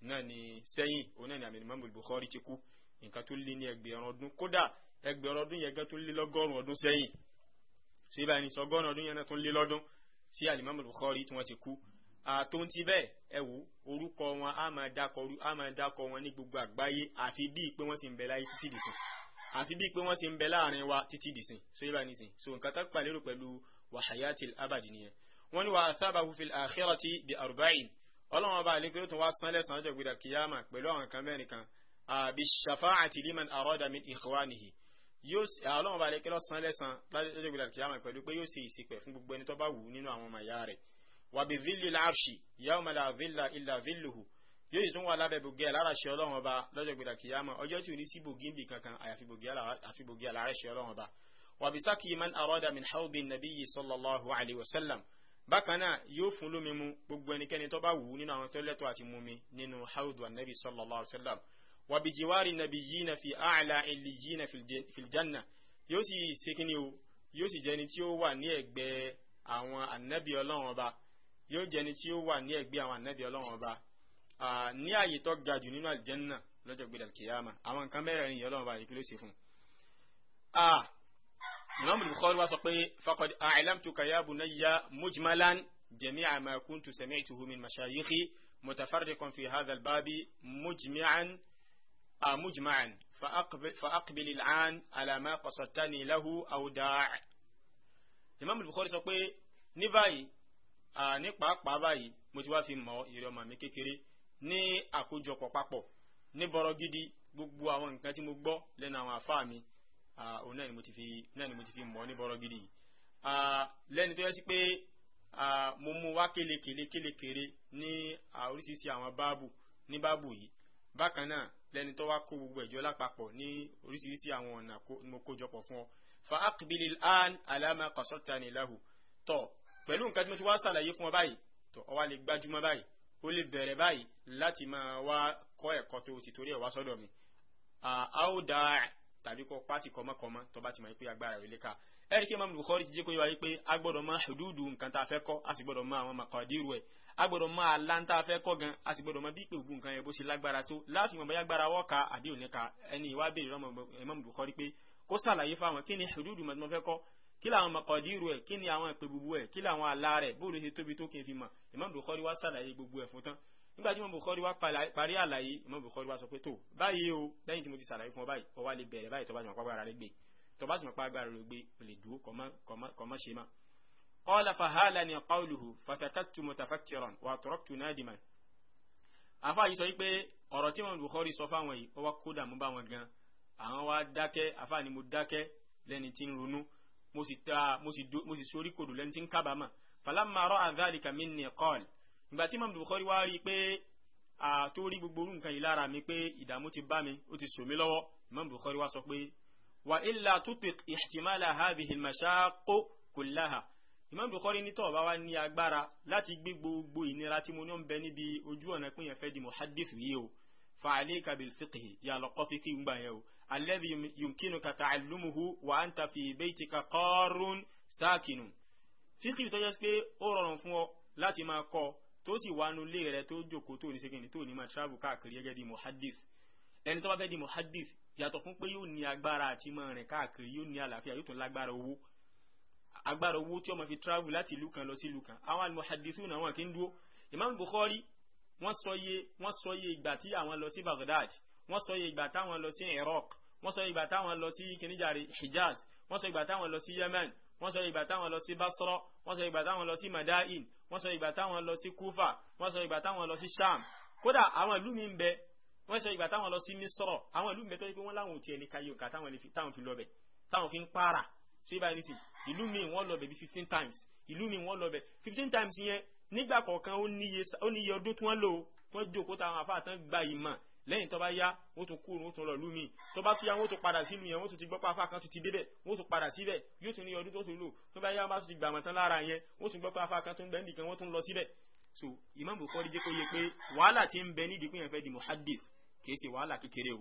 náà ni sẹ́yìn òun náà ni àmì Imam Bukhari ti kú nǹkan tó lé ní ẹgbẹ̀rún ọdún kódà ẹgbẹ̀rún ọdún yẹn gan tó lé lọ́gọ́rùn ọdún sẹ́yìn so ibà nísìn ọgọ́rùn ọdún yẹn náà tó lé lọ́dún sí Imam Bukhari tí wọ́n ti kú àtòun ti bẹ́ẹ̀ ẹ wò orúkọ wọn á máa dákọ wọn ní gbogbo àgbáyé àfi bíi pé wọ́n sì ń bẹ láyé títí dìsìn àfi bíi pé wọ́n sì ń bẹ láàrin wa títí dìsìn so yíba nìsìn so nǹkan tá pàlérò pẹ̀lú wàhálàtì abàdì nìyẹn wọ́n ní wà á sábà hufi àkhírọ̀tì bí arba'in ọlọ́run ọba àlékúrò tó wá san lẹ́sàn án jọ̀gbìdà kìyàmà pẹ̀lú àwọn kan mẹ́rin kan àbí shafa'ati liman arada min ikhwanihi yóò sì ọlọ́run ọba san lẹ́sàn jọ̀gbìdà kìyàmà pẹ̀lú pé yóò sì ìsìpẹ̀ fún gbogbo ẹni tó bá wù nínú àwọn ọmọ ìyá wà bí villi l'arshi yawma la villa illa villuhu yóò tún wà lábẹ́ bògì aláraṣẹ ọlọ́run ọba lọ́jọ́ gbèdà kìyàmà ọjọ́ tí ò ní sí bògì ń bì kankan àyàfi bògì aláraṣẹ ọlọ́run ọba wà bí sákì man arada min hawdi nabiyyi sallallahu alayhi wa sallam bákan náà yóò fún lómi mu gbogbo ẹnikẹ́ni tó bá wù ú nínú àwọn tó lẹ́tọ̀ọ́ àti mu mi nínú haudu anabi sallallahu alayhi wa sallam wa bi jiwari nabi yina fi a'la illiyina fil janna yóò sì sekini o yóò sì jẹni tí ó wà ní ẹ̀gbẹ́ àwọn anabi Ọlọ́run ọba yóò jẹni tí ó wà ní ẹ̀gbẹ́ àwọn anabi Ọlọ́run ọba ní ààyè tó ga jù nínú aljanna lọ́jọ́ gbẹdàkìyàmà àwọn nǹkan mẹ́rẹ̀ẹ̀rin yìí Ọlọ́run ọba yìí kí ló ṣe fún un imaamu bukhari wa sọ pé faqad a'lamtuka ya bunayya mujmalan jami'a ma kuntu sami'tuhu min mashayikhi mutafarriqan fi hadha al-bab mujmi'an مجمعا فأقبل, فأقبل الآن على ما قصدتني له أو داع Imam al-Bukhari sọ pé ní báyìí ní pàápàá mo ti wá fi mọ ìrẹ ọmọ mi kékeré ní àkójọpọ̀ papọ̀ ní bọ̀rọ̀ gidi gbogbo àwọn nǹkan tí mo gbọ́ lẹ́nu àwọn àfáà Ah, òun náà ni mo ti fi náà ni mo ti fi mọ̀ ní bọ́rọ̀ gidi yìí ah, lẹ́ni tó yẹ sí pé ah, mo mú wá kélekèle kélekèrè ní oríṣiríṣi àwọn báàbù ní báàbù yìí bákan náà lẹ́ni tó wá kó gbogbo ẹ̀jọ́ lápapọ̀ ní oríṣiríṣi àwọn ọ̀nà mo kó jọpọ̀ fún ọ fa aqbil al-an ala ma qasatani lahu tó pẹ̀lú nǹkan tí mo ti wá ṣàlàyé fún ọ báyìí tó o wá lè gbájúmọ́ báyìí ó lè bẹ̀rẹ̀ báyìí láti máa wá kọ́ ẹ̀kọ́ tó ti torí ẹ̀ wá sọ́dọ̀ mi tàbí kọ pátì kọmọkọmọ tó bá ti mọ̀ pé agbára rẹ̀ léka ẹ̀rí kí imam bukhari ti jẹ́ kó yẹ wáyé pé a gbọ́dọ̀ mọ̀ hududu nǹkan tá a fẹ́ kọ́ a sì gbọ́dọ̀ mọ̀ àwọn makadiru ẹ̀ a gbọ́dọ̀ mọ̀ àlá tá a fẹ́ kọ́ gan a sì gbọ́dọ̀ mọ̀ bí gbogbo nǹkan yẹn bó ṣe lágbára tó láti mọ̀ bóyá agbára wọ́ọ̀ka àbí òní ka ẹni ìwá béèrè lọ́mọ imam bukhari pé kó sàlàyé fáwọn kí ni hududu mọ̀ tí mo fẹ́ kọ́ kí làwọn makadiru ẹ̀ kí ni àwọn ìpè gbogbo ẹ̀ kí làwọn àlá rẹ̀ bóòlù nígbà tí Imam Bukhari wá parí àlàyé Imam Bukhari wá sọ pé tó báyìí o lẹ́yìn tí mo ti ṣàlàyé fún ọ báyìí ọ wá lè bẹ̀rẹ̀ báyìí tó bá ti mọ̀ pa agbára rẹ gbé tó bá ti mọ̀ pa agbára rẹ gbé o lè dúró kọ́ mọ́ ṣe má. qala fahalani qawluhu fasakattu mutafakkiran wa taraktu nadiman. afa yìí sọ wípé ọ̀rọ̀ tí Imam Bukhari sọ fáwọn yìí ó wá kódà mú bá wọn gan àwọn wá dákẹ́ afa ni mo dákẹ́ lẹ́ni tí ń ìgbà tí Imam Bukhari wá rí i pé àtórí gbogbo orú nǹkan yìí lára mi pé ìdààmú ti bá mi ó ti sò mí lọ́wọ́ Imam Bukhari wá sọ pé wa illa tutbiq ihtimala hadhihi al-mashaqqu kullaha Imam Bukhari ní tó bá wá ní agbára láti gbé gbogbo ìnira tí mo ní ń níbi ojú ọ̀nà pé yẹn fẹ́ di muhaddith yìí o fa'alayka bil fiqhi yà lọ́kọ́ fi kí n gbà yẹn o alladhi yumkinuka ta'allumuhu wa anta fi baytika qarun sakinun fíkì tó yẹ pé ó rọrùn fún ọ láti máa kọ́ tó sì wà nù lé rẹ tó jókòó tó ní sẹ́kìnì tó ní máa travel káàkiri gẹ́gẹ́ bí muhadif ẹni tó bá fẹ́ di muhadif yàtọ̀ fún pé yóò ní agbára àti máa rìn káàkiri yóò ní àlàáfíà yóò tún lágbára owó agbára owó tí ó máa fi travel láti ìlú kan lọ sí ìlú kan àwọn almuhadifu náà wọn kì í dúró Imam Bukhari wọ́n sọ iye wọ́n sọ iye ìgbà tí àwọn lọ sí Baghdad wọ́n sọ iye ìgbà táwọn lọ sí Iraq wọ́n sọ ìgbà táwọn lọ sí kìnìjàre Hijaz wọ́n sọ ìgbà táwọn lọ sí Yemen wọ́n sọ ìgbà táwọn lọ sí Basra wọ́n sọ ìgbà táwọn lọ sí Madain wọ́n sọ ìgbà táwọn lọ sí kúfà wọ́n sọ ìgbà táwọn lọ sí sham kódà àwọn ìlú mi ń bẹ wọ́n sọ ìgbà táwọn lọ sí misrọ̀ àwọn ìlú mi bẹ tó yẹ pé wọ́n láwọn ò tiẹ̀ lè ka yìí òkà táwọn fi lọ bẹ̀ táwọn fi ń para ṣé ibà ní sìn ìlú mi wọ́n lọ bẹ̀ bí fifteen times ìlú mi wọ́n lọ bẹ̀ fifteen times yẹn nígbà kọ̀ọ̀kan ó níye ọdún tí wọ́n lò ó tí wọ́n jókòó táwọn afáàtàn gba ìmọ̀ lẹ́yìn tó bá yá wọ́n tún kúrò wọ́n tún lọ lú mi tó bá tún yá wọ́n tún padà sílùú yẹn wọ́n tún ti gbọ́ pàfà kan tún ti débẹ̀ wọ́n tún padà síbẹ̀ yóò tún ní ọdún tó tún lò tó bá yá wọ́n bá tún ti gbàmọ̀ tán lára yẹn wọ́n tún gbọ́ pàfà kan tún bẹ́ẹ̀ nìkan wọ́n tún lọ síbẹ̀. so Imam Bukhari jẹ́ kó yẹ pé wàhálà ti ń bẹ nídìí pé yẹn fẹ́ di muhaddith kì í ṣe wàhálà kékeré o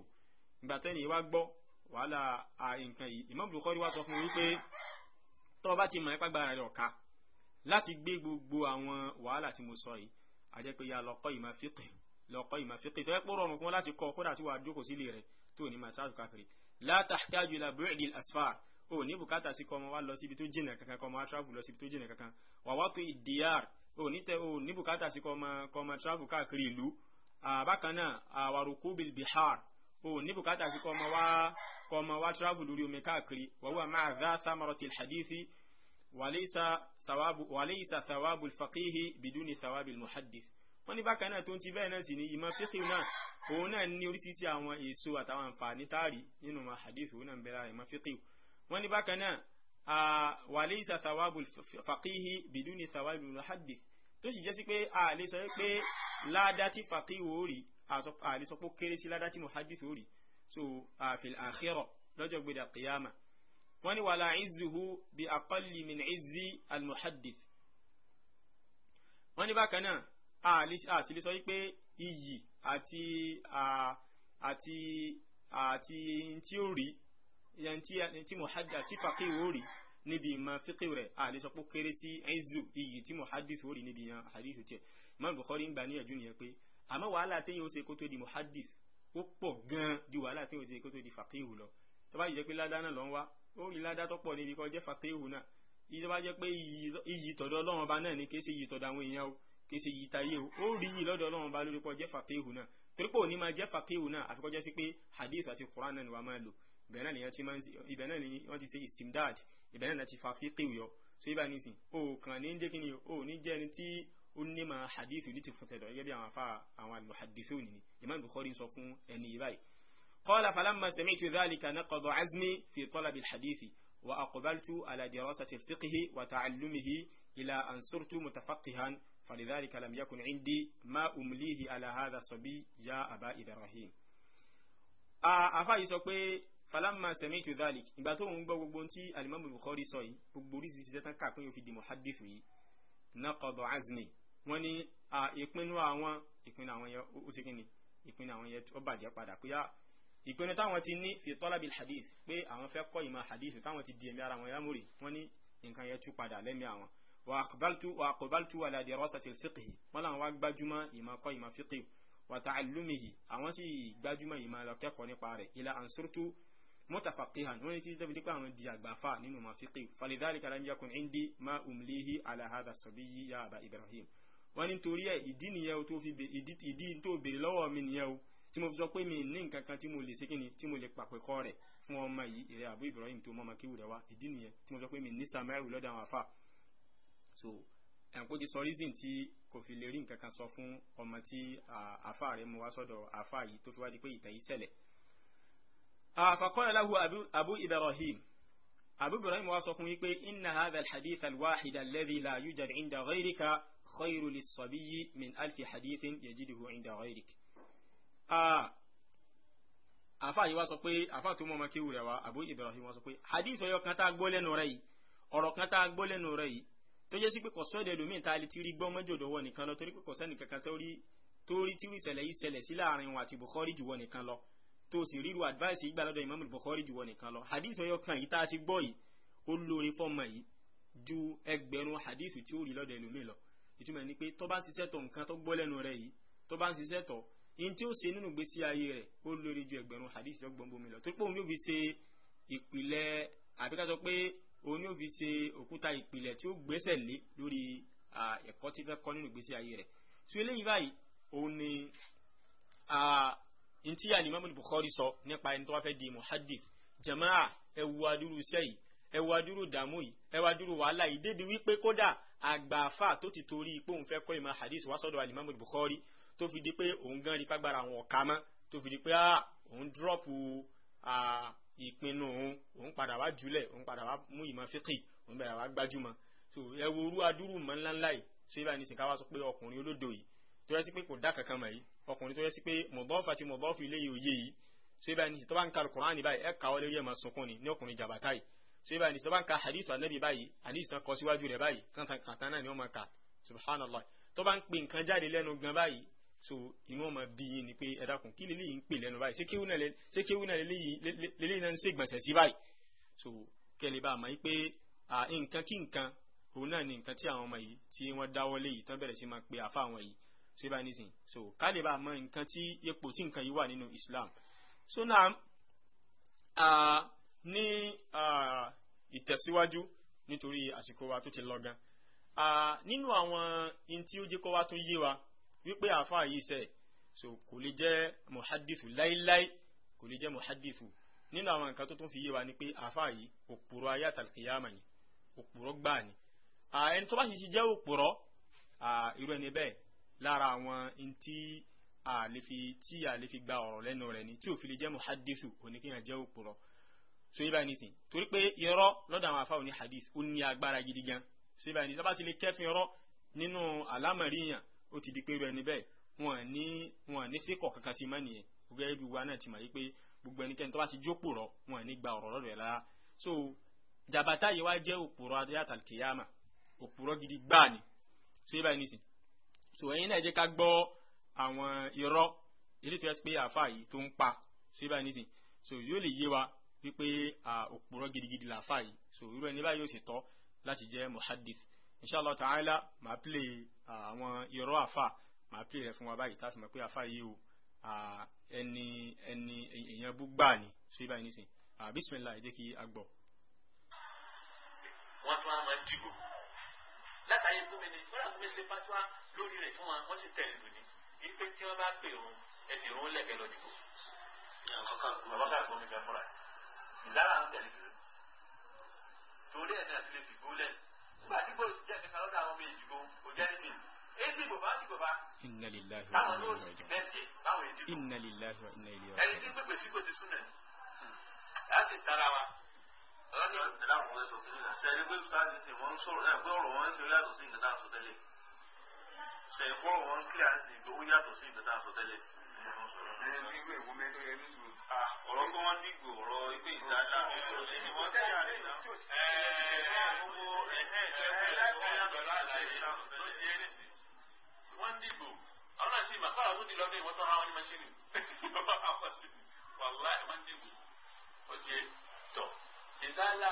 ìgbà tẹ́ni yìí Imam Bukhari wá sọ fún mi wípé tó bá ti mọ̀ ẹ́pá gbára rẹ̀ ọ̀ka láti gbé wàhálà lọ́kọ́ ìmọ̀ fíkì tó yẹ kó rọrùn fún láti kọ́ kódà tí wàá jókòó sílé rẹ̀ tó ní máa ṣáàtù káfíìrì látàkàjù la bíríìdì asfar ó ní bùkátà sí kọ́mọ wá lọ síbi tó jìnà kankan kọ́mọ wá travel lọ síbi tó jìnà kankan wà wá pé dr ó ní tẹ ó ní bùkátà sí kọ́mọ kọ́mọ travel káàkiri ìlú bákan náà àwàrúkú bil bihar ó ní bùkátà sí kọ́mọ wá kọ́mọ wá travel lórí omi káàkiri wàhùwà máa dá samaratil hadithi wàlẹ́yìísà thawabu al faqihi bidúni thawabil muhaddith wọ́n ní bákan náà tó ń ti bẹ́ẹ̀ náà sì ni ìmọ̀ fíkìú náà òun náà ní oríṣiríṣi àwọn èso àtàwọn àǹfààní táàrí nínú ma hadith òun náà ń bẹ ìmọ̀ fíkìú wọ́n ní bákan náà walaysa thawabul faqihi biduni thawabul muhaddith tó sì jẹ́ sí pé a sọ pé ládá tí faqihu ó rí a sọ pé kéré sí ládá tí muhaddith ó rí so fil akhirah lọ́jọ́ gbéra qiyama wọ́n ní wàlá izzuhu bi aqalli min izzi al muhaddith wọ́n ní bákan náà àṣìlè sọ wípé iyì àti àti àti tí ó rí tí muhadda tí faqih ó rí níbi ìmọ̀ fíkì rẹ̀ àlè sọ pé kéré sí ẹ̀zù iyì tí muhaddith ó rí níbi ìyàn àdìsù tiẹ̀ Imam Bukhari ń gbà níyànjú nìyẹn pé àmọ́ wàhálà téèyàn ó ṣe kó tó di muhaddith ó pọ̀ gan-an ju wàhálà téèyàn ó ṣe kó tó di faqih lọ tó bá jẹ́ pé ládá náà lọ ń wá ó rí ládá tó pọ̀ níbi kan jẹ́ náà ìjọba jẹ́ pé iyì tọ̀dọ̀ Ọlọ́run ọba náà ni kì í ṣe iyì tọ̀dọ̀ àwọn èèyàn o kìí ṣe yìí tayé o ó rí yìí lọ́dọ̀ ọlọ́run bá lórí pọ̀ jẹ́ fàkéhù náà torí pé òní máa jẹ́ fàkéhù náà àfikọ́ jẹ́ sí pé hadith àti quran náà ni wàá máa lò ibẹ̀ náà ni wọ́n ti ṣe istimdad ibẹ̀ náà ti fa fíkìw yọ so ibà nísìn o kàn ní jẹ́ kíni o ní jẹ́ ẹni tí ó ní máa hadith ní ti fún tẹ̀dọ̀ gẹ́gẹ́ bí àwọn afa àwọn alùhàdìsí òní ni imam bukhari sọ fún ẹni yìí báyìí qala falamma sami'tu dhalika naqada azmi fi talab alhadithi wa aqbaltu ala dirasati fiqhi wa ta'allumihi ila an surtu فلذلك لم يكن عندي ما أمليه على هذا الصبي يا أبا إبراهيم àfáà sọ pé falamma sami'tu dhalik ìgbà tó ń gbọ́ gbogbo tí alimami bukhari sọ yìí gbogbo oríṣi ṣiṣẹ́ tán káàpín yóò fi di muhaddith yìí naqadu azmi wọ́n ní ìpinnu àwọn ìpinnu àwọn yẹn ó ṣe kíni ìpinnu àwọn yẹn ó bàjẹ́ padà pé ìpinnu táwọn ti ní fi talabil hadith pé àwọn fẹ́ kọ́ ìmọ̀ hadith táwọn ti di ẹ̀mí ara wọn yá múrì wọ́n ní nǹkan yẹn tú padà lẹ́mí àwọn وأقبلت وأقبلت على دراسة الفقه ولا وأقبجما إما قيم فقه وتعلمه أوانسي قبجما إما لكيك ونقاري إلى أن صرت متفقها ونتي دبدك أن دي أقبافا ما فقه فلذلك لم يكن عندي ما أمليه على هذا الصبي يا أبا إبراهيم وننتوري إدي نيو توفي إدي تو بلو من يو tí mo fi sọ pé mi ní nǹkan kan tí mo lè ṣe kí ni tí mo lè pàpẹ́kọ́ rẹ̀ fún ọmọ yìí ìrẹ́ àbú Ibrahim tó mọ́ ọmọ kíwù rẹ̀ wá ìdí nìyẹn tí mo sọ pé mi ní Samaru lọ́dọ̀ àwọn àfà so ẹ̀kú ti sọ reason tí kò fi lè rí nǹkan kan sọ fún ọmọ tí àfa rẹ̀ mu wá sọ́dọ̀ àfa yìí tó fi wá di pé ìtàn yìí ṣẹlẹ̀. àfàkọ́nà lahu abu ibrahim abu ibrahim wá sọ fún yí pé inna hadha alhadith alwahid alladhi la yujad inda ghayrika khayru lis-sabiyyi min alfi hadithin yajiduhu inda ghayrik. àfa yìí wá sọ pé àfa tó mọ ọmọ kéwù rẹ̀ wá abu ibrahim wá sọ pé hadith ọyọ kan tá a gbọ́ lẹ́nu rẹ̀ yìí ọ̀rọ̀ kan tá a gbọ́ lẹ́nu rẹ̀ yìí tó jẹ́ sí pé kò sọ́dọ̀ ẹlòmíì tá a lè ti rí gbọ́n mọ́jọ́ dọ̀wọ́ nìkan lọ torí pé kò sẹ́ni kankan tó rí tó rí tí ìṣẹ̀lẹ̀ yìí ṣẹlẹ̀ sí láàrin wọn àti Bukhari jùwọ́ nìkan lọ tó sì ríru advice yìí gbà lọ́dọ̀ Imam Bukhari jùwọ́ nìkan lọ hadith ọyọ kan yìí tá a ti gbọ́ yìí ó lórí fọ́ọ̀mù yìí ju ẹgbẹ̀rún hadith tí ó rí lọ́dọ̀ ẹlòmíì lọ ìtumọ̀ ni pé tó bá ń ṣiṣẹ́ tọ̀ nǹkan tó gbọ́ lẹ́nu rẹ̀ yìí tó bá ń ṣiṣẹ́ tọ̀ in tí ó ṣe nínú gbèsè ayé rẹ̀ ó lórí ju ẹgbẹ̀rún hadith lọ́gbọ̀n bomi lọ tó pé òun yóò fi ṣe ìpìlẹ̀ àbíkájọ pé òun ni ó fi ṣe òkúta ìpìlẹ̀ tí ó gbésẹ̀ lé lórí ẹ̀kọ́ tí fẹ́ kọ́ nínú ìgbésí ayé rẹ̀ tí eléyìí báyìí òun ni ntí alimami Bukhari sọ nípa ẹni tó wá fẹ́ di muhaddith jamaa ẹ wo adúrú iṣẹ́ yìí ẹ wo adúrú dààmú yìí ẹ wo adúrú wàhálà yìí débi wípé kódà àgbààfà tó ti torí pé òun fẹ́ kọ́ ìmọ̀ hadith wá sọ́dọ̀ alimami Bukhari tó fi di pé òun gan rí pàgbára àwọn ọ̀ka mọ́ tó fi di pé òun dúrọ́pù ìpinnu òun òun padà wá jùlẹ̀ òun padà wá mú ìmọ̀ fíkì òun padà wá gbájúmọ̀ so ẹ wo orú adúrú mọ́ ńláńlá yìí so ibà ní sìnká wá sọ pé ọkùnrin olódo yìí tó yẹ sí pé kò dá kankan mọ̀ yìí ọkùnrin tó yẹ sí pé mọ̀dọ́fà ti mọ̀dọ́fù ilé yìí òye yìí so ibà ní tó bá ń ka alukur'an báyìí ẹ kàwọ́ lórí ẹ̀ máa sunkún ni ní ọkùnrin jàbátá yìí so ibà ní tó bá ń ka hadith anabi báyìí hadith náà kọ síwájú rẹ̀ báyìí kàtà náà ni wọ́n máa kà subhanallah tó bá ń pè nǹkan jáde lẹ́nu gan báyìí so ìwọ́n máa bí yín ni pé ẹ dákun kí lélẹ́yìn ń pè lẹ́nu báyìí ṣé kéwù náà lélẹ́yìn náà ń ṣègbọ̀nsẹ̀ sí báyìí so kẹ́lẹ́ bá a máa yí pé nǹkan kí nǹkan òun náà ni nǹkan tí àwọn ọmọ yìí tí wọ́n dáwọ́lé yìí tán bẹ̀rẹ̀ sí máa pe àfa àwọn yìí so ibà nísìn so ká lè bá a mọ nǹkan tí ipò tí nǹkan yìí wà nínú Islam so náà a ní uh, ìtẹ̀síwájú nítorí àsìkò wa tó ti lọ gan uh, nínú àwọn in tí ó jẹ́ kó wá tó yé wa wípé àáfàá yìí sẹ so kò lè jẹ́ muhadithu láíláí kò lè jẹ́ muhadithu nínú àwọn nǹkan tó tún fi yé wa ni pé àáfàá yìí òpùrọ̀ ayé àtàlùkìyàmà ni òpùrọ̀ gbáà ni ẹni tó bá sì ti jẹ́ òpùrọ̀ irú ẹni bẹ́ẹ̀ lára àwọn ntí àlefi tí àlefi gba ọ̀rọ̀ lẹ́nu rẹ̀ ni tí ò fi lè jẹ́ muhadithu oníkéèyàn jẹ́ òpùrọ̀ so yìí báyìí nísìn torí pé irọ́ lọ́dọ̀ àwọn afáwọn ní hadith ó ní agbára gidi gan so yìí báyìí nísìn tó bá ti lè kẹ́fìn irọ́ nínú àlámọ̀ríyàn ó ti di pé irú ẹni bẹ́ẹ̀ wọn ní wọn ní fíkọ̀ kankan sí mọ́ nìyẹn gẹ́gẹ́ bí wa náà ti mọ̀ yí pé gbogbo ẹnikẹ́ni tó bá ti jókòó rọ wọn ní gba ọ̀rọ̀ rẹ̀ lára so jabata yìí wá jẹ́ òpùrọ̀ adéyàtà kìyàmà òpùrọ̀ gidi gbáà ni so yíba ní sìn so ẹ̀yin náà jẹ́ ká gbọ́ àwọn irọ́ ilé tó yẹ pé àáfà yìí tó ń pa so yíba ní sìn so yóò lè yé wa wípé òpùrọ̀ gidigidi làáfà yìí so irú ẹni báyìí yóò sì tọ́ láti jẹ́ muhaddith inshallah ta'ala màá play àwọn irọ́ àfà màá play rẹ̀ fún wa báyìí táà sì mọ̀ pé àfà yìí o ẹni ẹni èèyàn bú gbà ní ṣé báyìí nísìn bismillah ẹ jẹ́ kí a gbọ́. wọ́n tún á máa dìgbò látàyè gómi ni wọ́n rà gómi ṣe pátúwá lórí rẹ̀ fún wa wọ́n sì tẹ̀lé lónìí ipe tí wọ́n bá pè òun ẹ̀dì òun lẹ́kẹ̀ẹ́ lọ dìbò. ọlọ́kà gómi fẹ́ fúnra ìzára ń tẹ̀lé kiri torí ẹ̀ náà fi lè fi gúlẹ̀ nígbà tí kò jẹ́ kankan lọ́dọ̀ àwọn ọmọ ìdìbò kò jẹ́ nìkan èyí ìbò bá dìbò bá. inna lillahi wa inna ilayhi raji'un inna lillahi wa inna ilayhi raji'un. ẹni tí pèpè sí kò sí súnmẹ̀ láti tara wa ọlọ́dún ìpínlẹ̀ àwọn ọ̀rẹ́ sọ̀tún nígbà ṣe ẹni pé sáàdì sí ń sọ̀rọ̀ náà pé ọ̀rọ̀ wọn ń ṣe yàtọ̀ sí nǹkan tá à ń wọn ń kílẹ̀ àti ìgbé ó yàtọ̀ sí nǹkan tá à ń sọ tẹ́lẹ̀. ọ̀rọ̀ tó wọ́n dìgbò ọ̀rọ̀ ìgbé ìtajà ọ̀rọ̀ ìgbé bàbá àwùjọ lọ́dún ìwọ́n tó ra wọn ní mọ́ṣínì lọ́wọ́ àwọn mọ́ṣínì wàlá ẹ̀ máa ń dìbò ó jẹ tọ̀ ìzálà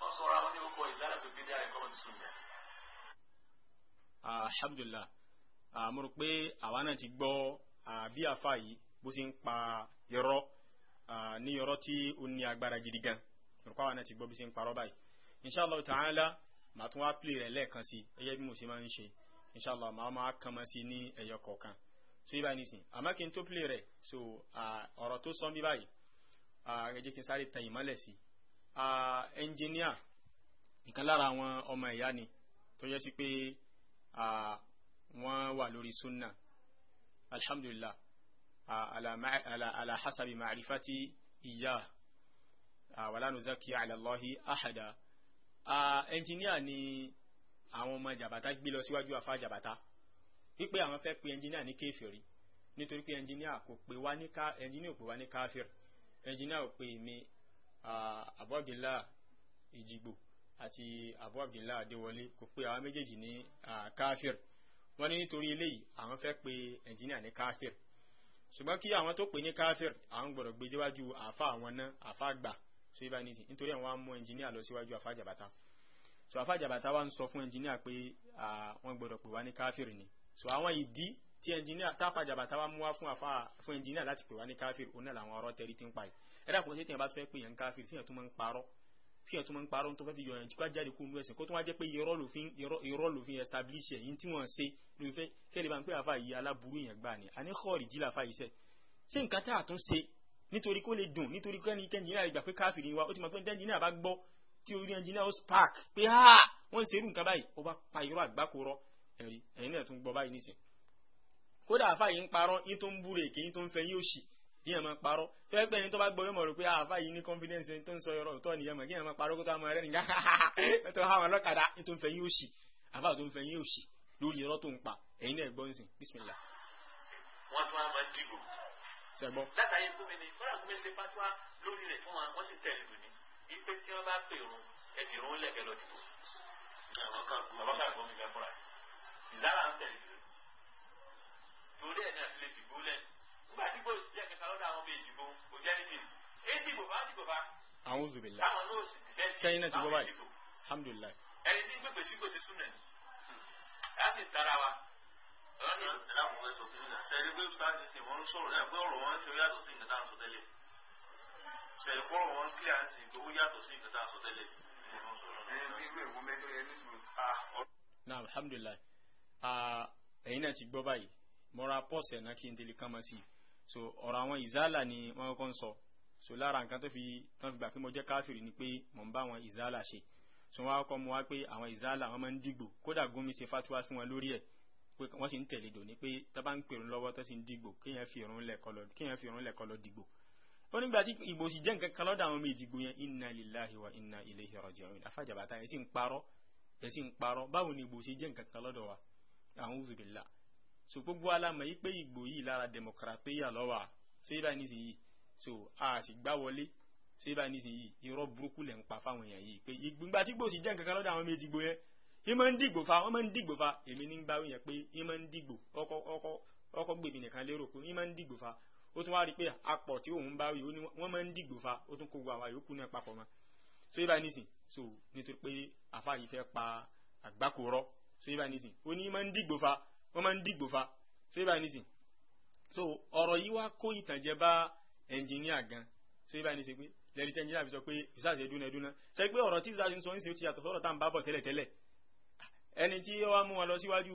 wọ́n sọ̀rọ̀ àwọn oníwókọ ìzálà tó gbé dára ẹ̀kọ́ ti sùn mẹ́. Ah, alhamdulillah ah, mo rò pé àwa náà ti gbọ́ ah, bí àfa yìí bó ṣe ń pa irọ́ ní irọ́ tí ó ní agbára gidi gan mo pé àwa náà ti gbọ́ bí ṣe ń parọ́ báyìí inshallah ta'ala màá tún wá pìlì rẹ̀ lẹ́ẹ̀kan sí gẹ́gẹ́ bí mo ṣe máa ń ṣe inshallah màá máa kàn mọ́ sí ní ẹ̀yọ kọ̀ọ̀kan so yíba ní sìn àmọ́ kí n tó play rẹ̀ so ọ̀rọ̀ tó sọ bí báyìí ẹ jẹ́ kí n sáré tan ìmọ́lẹ̀ sí ẹnjìníà ìkan lára àwọn ọmọ ìyá ni tó yẹ sí pé wọ́n wà lórí sunna alhamdulillah ala hasabi ma'rifati iya wala nuzaki ala Allahi ahada ẹnjìníà ni àwọn ọmọ jàbàtà gbé lọ síwájú afá jàbàtà wípé àwọn fẹ́ pe ẹnjìníà ní kéfìrí nítorí pé ẹnjìníà kò pè wá ní ká ẹnjìníà ò pè wá ní káfíìr ẹnjìníà ò pè mí Abu Abdillah Ìjìgbò àti Abu Abdillah Adéwọlé kò pè àwọn méjèèjì ní káfíìr wọ́n ní nítorí eléyìí àwọn fẹ́ pe ẹnjìníà ní káfíìr ṣùgbọ́n kí àwọn tó pè ní káfíìr àwọn gbọ́dọ̀ gbé déwájú àfa àwọn náà àfa gbà so ibà nísìn nítorí àwọn amú ẹnjìníà lọ síwájú àfa jàbàtà so afájàbàtà wa ń sọ fún ẹnjìníà pé wọ́n gbọ́dọ̀ pè wá ní káfíìrì ni so àwọn ìdí tí ẹnjìníà táfàjàbàtà wa mú wá fún àfa fún ẹnjìníà láti pè wá ní káfíìrì òun náà làwọn ọ̀rọ̀ tẹrí ti ń pa yìí ẹ dàpọ̀ ṣé tí yẹn bá fẹ́ pè yẹn káfíìrì tí yẹn tún máa ń parọ́ tí yẹn tún máa ń parọ́ tó fẹ́ fi yọ̀yàn jíkọ́ jáde kó nú ẹ̀sìn kó tún wá jẹ́ pé irọ́ lòfin establish ẹ̀ yín tí wọ́n ń kí orí ẹnjìnìá ó spark pé ha ah, wọ́n ń ṣerú nǹkan báyìí ó bá pa irọ́ àgbákò rọ ẹ̀rí ẹ̀yin náà tún gbọ́ báyìí nísìn kódà àfa yìí ń parọ́ yín tó ń búre èké yín tó ń fẹ́ yín òṣì yín máa parọ́ tó ẹgbẹ́ yín tó bá gbọ́ yín mọ̀ rò pé ah, àfa yìí ní confidence yín tó ń sọ ọ̀rọ̀ òótọ́ nìyẹn mọ̀ kí yín máa parọ́ kó tó máa rẹ́ nìyá *laughs* tó hàn lọ́kadà pa ẹ̀yin náà gbọ́ nísìn bismillah. wọ́n tún á máa dìbò. sẹ́gbọ́n. látàrí gómìnà ìfọ́nrán gómìnà ṣe pátá lórí rẹ̀ fún wa wọ́n sì tẹ̀lé lónìí ipe tí wọ́n bá pè òun ẹ̀fì òun lẹ̀kẹ́ lọ dìbò. àbákà gbọ́ mi fẹ́ fúnra ẹ̀. ìzára ń tẹ̀lé ìlú. torí ẹ̀ náà lè dìbò lẹ̀. nígbà tí gbòòsì jẹ́ kẹta lọ́dọ̀ àwọn ọmọ ìdìbò kò jẹ́ ní tìǹbù. èyí dìbò bá dìbò bá. àwọn òzùbìlà. àwọn olóòsì dìbẹ́ ẹni tí gbègbè sí kò sí súnmẹ̀ ni a sì tara wa. ẹ̀rọ ni ẹ̀dá kò fẹ́ sọ fún mi náà sẹ́yìn pé ṣáà ti sìn wọ́n ń sọ̀rọ̀ náà pé ọ̀rọ̀ wọn ń ṣe yàtọ̀ sí nǹkan tá sẹ̀rí fọ́rọ̀ wọn kílẹ̀ à ń sìn owó yàtọ̀ sí nǹkan tá a sọ tẹ́lẹ̀. na alhamdulilayi ah, ẹ̀yin náà ti gbọ́ báyìí mọ́ra pọ́ọ̀sì ẹ̀ná kí n délé kán mọ́ sí i so ọ̀rọ̀ àwọn ìzálà ni wọ́n kọ́kọ́ ń sọ so lára nǹkan tó fi tán fi gbà pé mo jẹ́ káfíìrì ni pé mò ń bá àwọn ìzálà ṣe so wọ́n á kọ́ mu wá pé àwọn ìzálà wọ́n máa ń dìgbò kódà gómi ṣe fatuwa fún wọn lórí ẹ̀ pé wọ́n sì ń tẹ̀lé dò ní pé tá ń pèrún lọ́wọ́ tó sì ń dìgbò kéèyàn fi ìrún lẹ̀ lọ dìgbò ó nígbà tí ìbò sì jẹ́ nǹkan kan lọ́dọ̀ àwọn méjì gbó yẹn inna lillahi wa inna ilayhi raji'un afájàbàtà ẹ̀ sì ń parọ́ ẹ̀ sì ń parọ́ báwo ni ìbò sì jẹ́ nǹkan kan lọ́dọ̀ wa a'udhu billah so gbogbo alamọ̀ yìí pé ìgbò yìí lára democratia lọ́wà so ibà nísìnyí so a sì gbá wọlé so ibà nísìnyí irọ́ burúkú lẹ̀ ń pa fáwọn èèyàn yìí pé ìgbà tí gbòsì jẹ́ nǹkan kan lọ́dọ̀ àwọn méjì gbó yín máa ń dìgbò fa wọ́n máa ń dìgbò fa èmi ní báwí yẹn pé yín máa ń dìgbò ọkọ ọkọ ọkọ gbèmí nìkan lérò pé yín máa ń dìgbò fa ó tún wá rí pé apọ̀ tí òun bá rí wọ́n máa ń dìgbò fa ó tún kó gbogbo àwa yòókù náà papọ̀ mọ́ so yíba nísìn so nítorí pé àfa yìí fẹ́ pa àgbákò rọ́ so yíba nísìn ó ní máa ń dìgbò fa wọ́n máa ń dìgbò fa so yíba nísìn so ọ̀rọ̀ yìí wá kó ìtànjẹ bá ẹnjìníà gan so yíba nísìn pé lẹ́ni tẹ́ni láti sọ pé ìsáàsì ẹdúnà ẹdúnà sọ pé ọ̀rọ̀ tí ìsáàsì ń sọ ń ṣe ó ti yàtọ̀ sọ́rọ̀ tá à ń bá bọ̀ tẹ́lẹ̀tẹ́lẹ̀ ẹni tí ó wá mú wọn lọ síwájú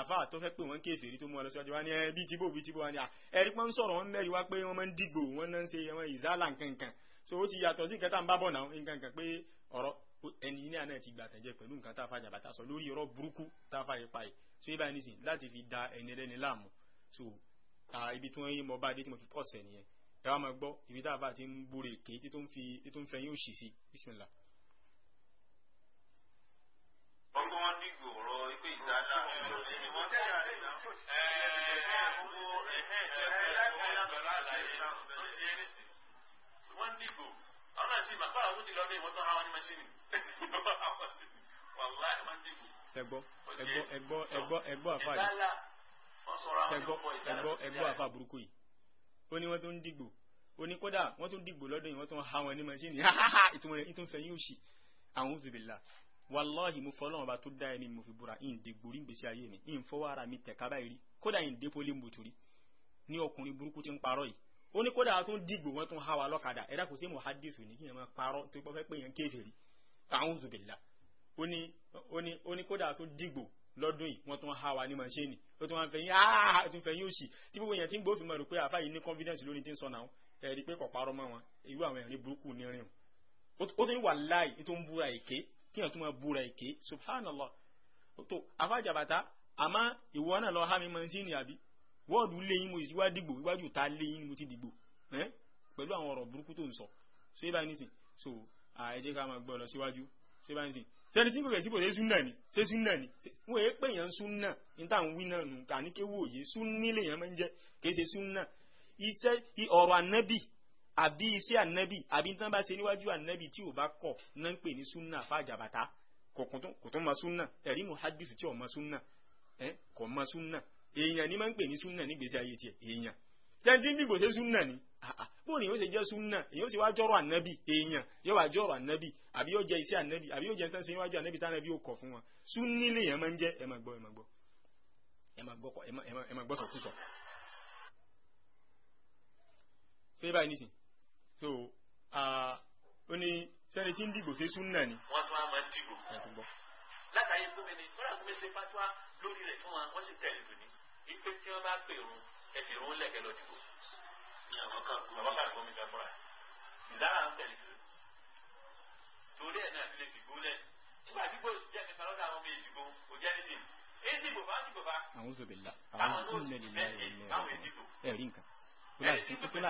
àfáà tó fẹ́ pè wọ́n kéfèrí tó mú ọlọ́sọ́jọ́ wá ní ẹ eh, bí jíbò bí jíbò wá ní ah, ẹ̀rí pọ́n sọ̀rọ̀ wọn mẹ́rin wá pé wọ́n máa ń dìgbò wọ́n náà ń ṣe ẹ̀wọ̀n ìzálà nkankan so ó ti yàtọ̀ sí nǹkan tá à ń bá bọ̀ náà nkankan pé ọ̀rọ̀ ẹni ní ti gbàtàn jẹ pẹ̀lú nǹkan tá a fa jàbàtà sọ lórí ọ̀rọ̀ burúkú tá a fa ipa yìí so ibà ní sìn láti fi da ẹni ẹlẹ́ni láàmú so ibi tí wọ́n yé mọ bá dé tí mo fi pọ̀ sẹ̀ nìyẹn ẹ wá máa gbọ́ ibi tá a bá ti ń búre kéé tó ń fẹyín òṣì sí bísímìlà gbogbo wọn dìgbò ọ̀rọ̀ ipe ìtajà ẹni wọn tẹ àrẹ náà gbogbo ẹhẹ ẹhẹ wọn dìgbò àwọn náà sì máa bá àwọn òjìlọ bí wọn tó àwọn ní machine wàláì wọn dìgbò. ẹgbọ́ ẹgbọ́ ẹgbọ́ ẹgbọ́ àfa yìí ẹgbọ́ ẹgbọ́ ẹgbọ́ àfa burúkú yìí ó ní wọ́n tó ń dìgbò ó ní kódà wọ́n tó ń dìgbò lọ́dún yìí wọ́n tó ń ha wọn ní machine ìtumọ̀ ìtúnfẹ́ yóò ṣì àwọn òfin bìlà wàláhì mo fọlọ́ ọba tó dá ẹni mo fi búra ìǹde gborí gbèsè ayé mi ìǹfọwọ́ ara mi tẹ̀ka báyìí rí kódà ìǹde pólí mo tù rí ní ọkùnrin burúkú tí ń parọ́ yìí ó ní kódà tó ń dìgbò wọn tó ń há wa lọ́kadà ẹ̀dá kò sí muhadis ní kí ẹ̀ máa parọ́ tó pẹ́ pé yẹn kéferì a'udhu billah ó ní ó ní ó ní kódà tó ń dìgbò lọ́dún yìí wọ́n tún há wa ní mọ̀ṣẹ́ni ó tún wọ́n fẹ̀yìn áá tún fẹ̀yìn òsì confidence lórí tí ń sọ náà ẹ̀rí pé kò parọ́ mọ́ wọn irú àwọn ẹ̀rín burúkú ní ó tún kíyàn tún máa búra èké subhanallah tó afájàbàtà àmọ́ ìwọ náà lọ hámi mọ sí ni àbí wọ́ọ̀dù léyìn mo sì wá dìgbò iwájú ta léyìn mo ti dìgbò pẹ̀lú àwọn ọ̀rọ̀ burúkú tó ń sọ so ibà nísìn so ẹ jẹ́ ká máa gbọ́ lọ síwájú so ibà nísìn sẹ́ni tí kò kẹ̀ sí ṣe súnà ni ṣe sunna ni wọ́n èé pè sunna. súnà ní táwọn wí náà nù kà ní kéwòye súnnílé yàn máa ń jẹ́ kì í ṣe súnà iṣẹ́ àbí iṣẹ́ ànábì àbí tán bá ṣe níwájú ànábì tí ò bá kọ̀ náà ń pè ní súnà fàjàbàtà kò tó ma súnà ẹ̀rí muhadith tí ò ma súnà ẹ kò ma súnà èèyàn ni máa ń pè ní súnà nígbèsè ayé tiẹ̀ èèyàn sẹ́ńtì ń dìgbò ṣe súnà ni bóun ni yóò ṣe jẹ́ súnà èèyàn sì wá jọ́rọ̀ ànábì èèyàn yóò wá jọ́rọ̀ ànábì àbí yóò jẹ iṣẹ́ ànábì àbí yóò jẹ fẹ́ báyìí nísìn so ó ní sẹ́ni tí ń dìgbò ṣe súnà ni. wọ́n tún á máa dìgbò. látàrí gómìnà ni kọ́lá gómìnà ṣe fatuwa lórí rẹ̀ fún wa wọ́n sì tẹ̀lé lónìí ipe tí wọ́n bá pè ẹ̀fì òun lẹ̀kẹ́ lọ dìgbò. bàbá kan kọ́ mi fẹ́ ìdára ń tẹ̀lé kiri torí ẹ̀ náà lè dìgbò lẹ̀ nígbà dìgbò jẹ́ mi kan lọ́dọ̀ àwọn ọmọ ìdìgbò kò jẹ́ nísìnyí. èyí dìgbò bá dìgbò bá. àwọn pílà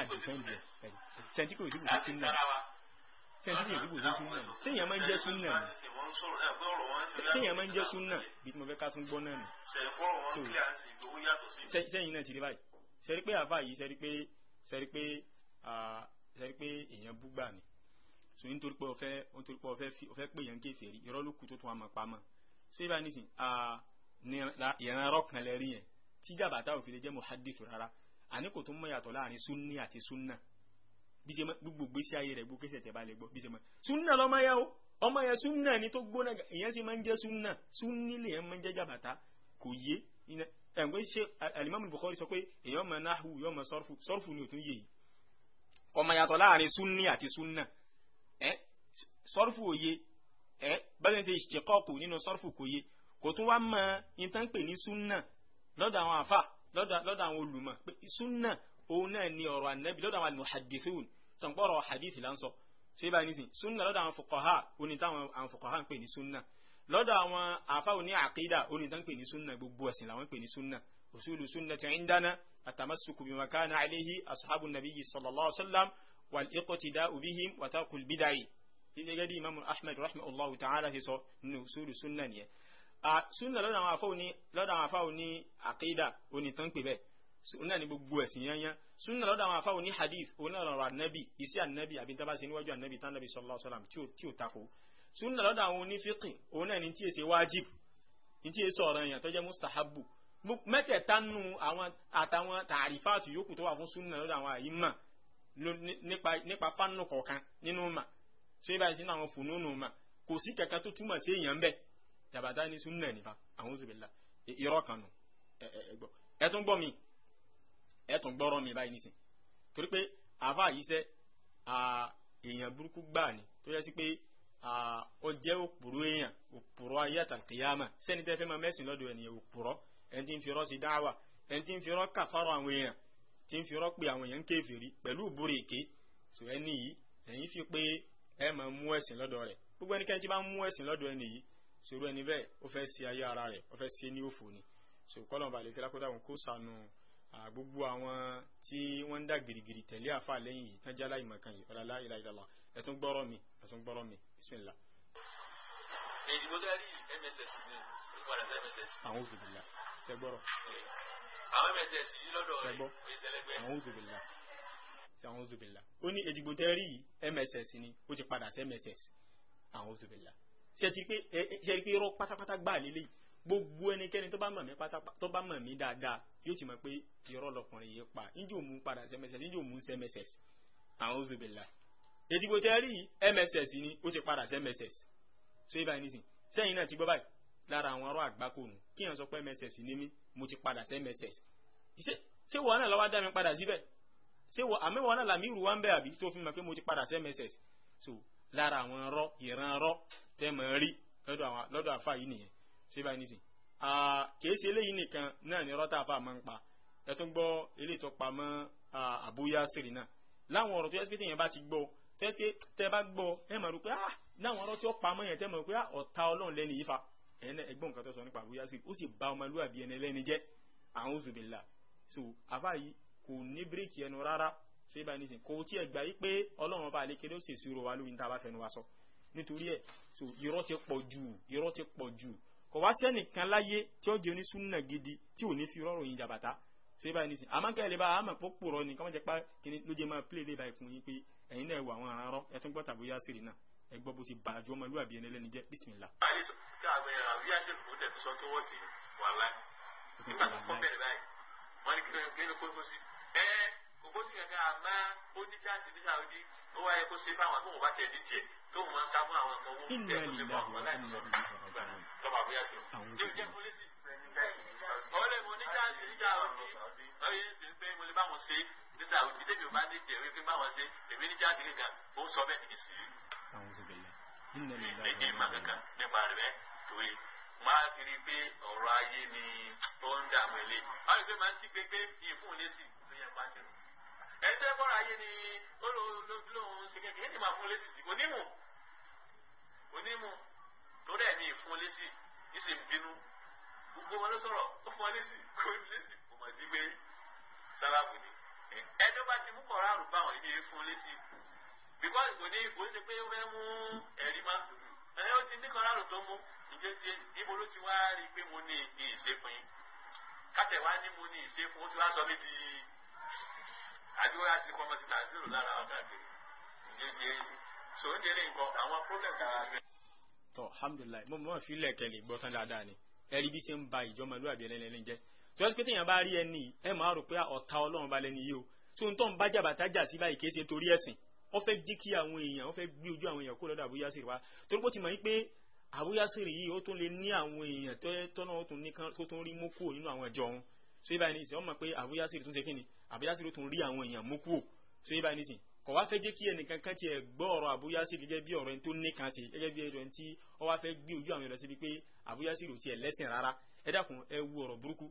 dìfẹ́ǹdì ẹ̀ sẹ́ńtì kò sí kò sí súnà sẹ́ńtì kò sí kò sí súnà sẹ́yìn máa ń jẹ́ súnà sẹ́yìn máa ń jẹ́ súnà bí mo fẹ́ ká tún gbọ́ náà nù sẹ́yìn náà ti rí báyìí sẹ́rí pé àfà yìí sẹ́rí pé sẹ́rí pé sẹ́rí pé èèyàn búgbà ni so nítorí pé ọ̀fẹ́ nítorí pé ọ̀fẹ́ ọ̀fẹ́ pé èèyàn kéfèé rí irọ́ ló kù tó tún àmọ́ pamọ́ so ibà nísìn ìran arọ́ kan lẹ́rí yẹn tíjà bàtà òfin lè jẹ́ muhadith rárá àní kò tún mọ̀ yàtọ̀ láàrin sunni àti sunna bí ṣe mọ gbogbo gbèsè ayé rẹ̀ gbogbo kẹsẹ̀ tẹ́ bá lè gbọ́ bí ṣe mọ sunna lọ́mọ yẹ o ọmọ yẹ sunna ni tó gbóná ìyẹn sì máa ń jẹ́ sunna sunni lè yẹn máa ń jẹ́ jàbàtà kò yé ẹ̀ǹgbẹ́ ṣe alimami Bukhari sọ pé èèyàn mọ nahu yọ mọ sọrfu sọrfu ni ò tún yé yìí ọmọ yàtọ̀ láàrin sunni àti sunna ẹ sọrfu òye ẹ bẹ́ẹ̀ ṣe ìṣèkọ́kù nínú sọrfu kò yé kò tún wá mọ ìtàn pè ní sunna lọ́dọ̀ àwọn àfáà lọ́dọ̀ àwọn olùmọ̀ pé sunna òun náà ni ọ̀rọ̀ ànábì lọ́dọ̀ àwọn almuhaddithun sọ̀npọ̀rọ̀ hadith là ń sọ ṣé báyìí nísìn sunna lọ́dọ̀ àwọn fuqaha oní táwọn àwọn fuqaha ń pè ní sunna lọ́dọ̀ àwọn àfa oní àkídà oní tán pè ní sunna gbogbo ẹ̀sìn làwọn pè ní sunna usulu sunnati indana atamassuku bima kana alayhi ashabu nabiyyi sallallahu alayhi wa sallam wal iqtida'u wa tarkul bid'ah sunna lọ́dọ̀ àwọn afáwọn ní lọ́dọ̀ àwọn afáwọn ní àkéédà onítàn pè bẹ́ẹ̀ sunna ní gbogbo ẹ̀sìn yányán sunna lọ́dọ̀ àwọn afáwọn ní hadith onírànlọ́rọ̀ ànábì iṣẹ́ ànábì àbí tábà sí níwájú ànábì tán nàbì sallallahu alaihi wasallam tí ò tako sunna lọ́dọ̀ àwọn onífíkì òun náà ní tí èsè wájib ní tí èsè ọ̀ràn èèyàn tó jẹ́ mustahabu mẹ́tẹ̀ẹ̀ta nù àwọn àtàwọn tàrífàtù yòókù tó wà fún sunna lọ́dọ̀ àwọn àyímà nípa nípa fánù kọ̀ọ̀kan nínú mà ṣé báyìí sínú àwọn fònónù mà kò sí kankan tó túmọ̀ jàbàtà ní súnà nípa àwọn zùbẹ̀là irọ́ kan nù ẹ mi ẹ tún mi báyìí nísìn torí pé àfa àyíṣẹ́ èèyàn burúkú gbáà ni tó yẹ sí pé ó jẹ́ òpùrọ̀ èèyàn òpùrọ̀ ayé àtàkìyàmà sẹ́ni tẹ́ fẹ́ máa mẹ́sìn lọ́dọ̀ ènìyàn òpùrọ̀ ẹni tí ń fi irọ́ sí dáwà ẹni tí ń fi irọ́ kàfárọ̀ àwọn èèyàn tí ń fi irọ́ pé àwọn èèyàn ń kéferì pẹ̀lú ìbúrò èké sọ ẹni yìí ẹ̀yin fi pé ẹ máa mú ẹ̀sìn lọ́dọ̀ rẹ̀ gbogbo ẹnikẹ́ni tí bá mú ẹ̀sìn lọ́dọ̀ ẹni yìí ṣòro ẹni bẹ́ẹ̀ ó fẹ́ ṣe ayé ara rẹ̀ ó fẹ́ ṣe ní òfò ni so kọ́lọ̀ balẹ̀ kí lákòdà wọn kó sànù gbogbo àwọn tí wọ́n ń dá girigiri tẹ̀lé àfa lẹ́yìn yìí tán jálá ìmọ̀kan yìí ọ̀làlá ìlà ìlàlá ẹ̀tún gbọ́rọ̀ mi ẹ̀tún gbọ́rọ̀ mi bisimilá. ìdìbò tó mss ní ìpadà sí mss. àwọn òbíbìlà ṣe gbọ́rọ̀. àwọn mss yìí lọ́dọ̀ rẹ̀ ìṣẹ̀lẹ̀gbẹ́. àwọn òbíbìlà ó ní ìdìbò tẹ́ mss ni ó ti padà sí mss àwọn òbíbìlà ṣe ti pé ṣe pé irọ́ pátápátá gbà lélẹ̀ gbogbo ẹnikẹ́ni tó bá mọ̀ mí pátápátá tó bá mọ̀ mí dáadáa yóò ti mọ̀ pé irọ́ lọkùnrin yìí pa njẹ́ òun padà sẹ́mẹsẹ̀ njẹ́ òun sẹ́mẹsẹ̀ àwọn òzòbẹ̀là ètìgbò tẹ́ rí mss ni ó ti padà sẹ́mẹsẹ̀ so ibà nísìn sẹ́yìn náà ti gbọ́ báyìí lára àwọn ọ̀rọ̀ àgbákòrò kí èèyàn sọ pé mss ni mí mo ti padà sẹ́mẹsẹ̀ ṣé wọn náà lọ́wọ́ dá mi padà síbẹ̀ ṣé wọ àmì wọn náà làmì ìrù wa ń bẹ̀ àbí tó fi mọ̀ pé mo ti padà sẹ́mẹsẹ̀ so lára àwọn ọ̀rọ̀ ìran ọ̀rọ̀ tẹ́ mọ̀ rí lọ́dọ̀ àfa yìí nìyẹn ṣé báyìí nìsín. kìí ṣe eléyìí nìkan náà ni rọ́tà àfa máa ń pa ẹ tún gbọ́ eléyìí tó pa mọ́ Abu Yasir náà láwọn ọ̀rọ̀ tó yẹ pé téèyàn bá ti gbọ́ tó yẹ pé tẹ́ bá gbọ́ ẹ mọ̀ rú pé ah láwọn ọ̀rọ̀ tí ó pa mọ́ yẹn tẹ́ mọ̀ pé ah ọ̀tá Ọlọ́run lẹ́ni yìí fa ẹgbọ́n nǹkan tó sọ nípa Abu Yasir ó sì ba ọmọlúwàbí ẹni ẹlẹ́ni jẹ́ a'udhu billah so àfa yìí kò ní bíríkì ẹnu rárá ṣé báyìí nìsín kò tiẹ̀ gbà yí pé Ọlọ́run ọba àlékèrè ó sì ṣòro wa lóyún tá a bá fẹnu wa sọ nítorí ẹ̀ so irọ́ ti pọ̀ jù irọ́ ti pọ̀ jù kò wá sẹ́nìkan láyé tí ó jẹ́ onísúnà gidi tí ò ní fi rọrùn yín jàbàtà so ibà nísìn àmọ́ kẹ́ lè bá àmọ́ pòpò rọ ni kí wọ́n jẹ́ pa kíni ló jẹ́ máa pílè lè báyìí fún yín pé ẹ̀yin náà wà àwọn arọ́ ẹ tún gbọ́ tàbí yá sírì náà ẹ gbọ́ bó ti bà ju ọmọlúwàbí ẹni lẹ́ni jẹ́ bísímìlà. báyìí kò bó ti àmọ́ ó ní káàsì ní sàwọ́dí ó wáyé kó ṣe fáwọn tó wọn bá tẹ̀lé tiẹ̀ tó wọn sá fún àwọn ọmọ owó tẹ̀ kó ṣe fún àwọn láì sọ̀rọ̀ nígbà tọ́ba àbúyá sí i. jẹ́ jẹ́ polisi ọ̀rẹ́ mo ní káàsì ní sàwọ́dí ọ̀rẹ́ yẹn sì ń pẹ́ mo lè bá wọn ṣe ní sàwọ́dí tẹ́mi ò bá ní tiẹ̀ wípé bá wọn ṣe èmi ní káàsì kankan ó ń sọ máa ti rí pé ọ̀rọ̀ ayé ni ó ń dààmú ilé. báyìí pé máa ń ti gbégbé ìfún lé sí i tó yẹ pàṣẹ ẹ̀ńtẹ́ bọ́ra yé ni olóhùn ṣe kékeré ní màá fún lẹ́sì sí onímù onímù torí ẹ̀ ní ìfún lẹ́sì ní sì ń bínú gbogbo wọn ló sọ̀rọ̀ ó fún ọ lẹ́sì kó lẹ́sì kò mà sí gbé sálábù ni ẹni bá ti mú kọ̀ọ̀rọ̀ àrùn báwọn ìdí fún lẹ́sì because kò ní kò ní pé ó fẹ́ mú ẹ̀rí má ẹ̀ ó ti ní kọ̀ọ̀rọ̀ àrùn tó mú ìjẹ́ ti ibo ló ti wá rí i pé mo ní ìṣe fún yín kátẹ̀ wá ní mo ní ìṣe fún ó ti wá sọ mí di àbí wọ́n á ti kọ́mọ sí tàǹsírò lára àwọn káàkiri ǹjẹ́ ti èyí so oúnjẹ lè gbọ́ àwọn problem kan wà bẹ́ẹ̀. tọ alhamdulilayi mo mọ fi lẹkẹ lè gbọ́ tán dáadáa ni ẹrí bí ṣe ń ba ìjọmọlúwàbí ẹlẹ́lẹ́lẹ́ jẹ́ tí wọ́n ti pé téèyàn bá rí ẹni ẹ máa rò pé ọ̀tá ọlọ́run balẹ̀ ni yìí o tí ohun tó ń bá jàbàtà jà sí báyìí kì í ṣe torí ẹ̀sìn wọ́n fẹ́ jí kí àwọn èèyàn wọ́n fẹ́ gbé ojú àwọn èèyàn kó lọ́dọ̀ àbúyá sí wa torí pé ó ti mọ̀ wípé àbúyá sí yìí ó tún lè ní àwọn èèyàn tọ́nà ó tún ní kó tún rí mú kúrò nínú àwọn ẹ̀jọ̀ so yíba ẹni sìn ọmọ pé àbúyásírì tún ṣe kí ni àbúyásírì tún rí àwọn èèyàn mú kúò so yíba ẹni sìn kò wá fẹ́ jẹ́ kí ẹnìkan kan tiẹ̀ gbọ́ ọ̀rọ̀ àbúyásírì gẹ́gẹ́ bí ọ̀rọ̀ ẹni tó nìkan ṣe gẹ́gẹ́ bí ẹni tí ó wá fẹ́ gbé ojú àwọn èèyàn síbi pé àbúyásírì ò tiẹ̀ lẹ́sìn rárá ẹ dákun ẹ wu ọ̀rọ̀ burúkú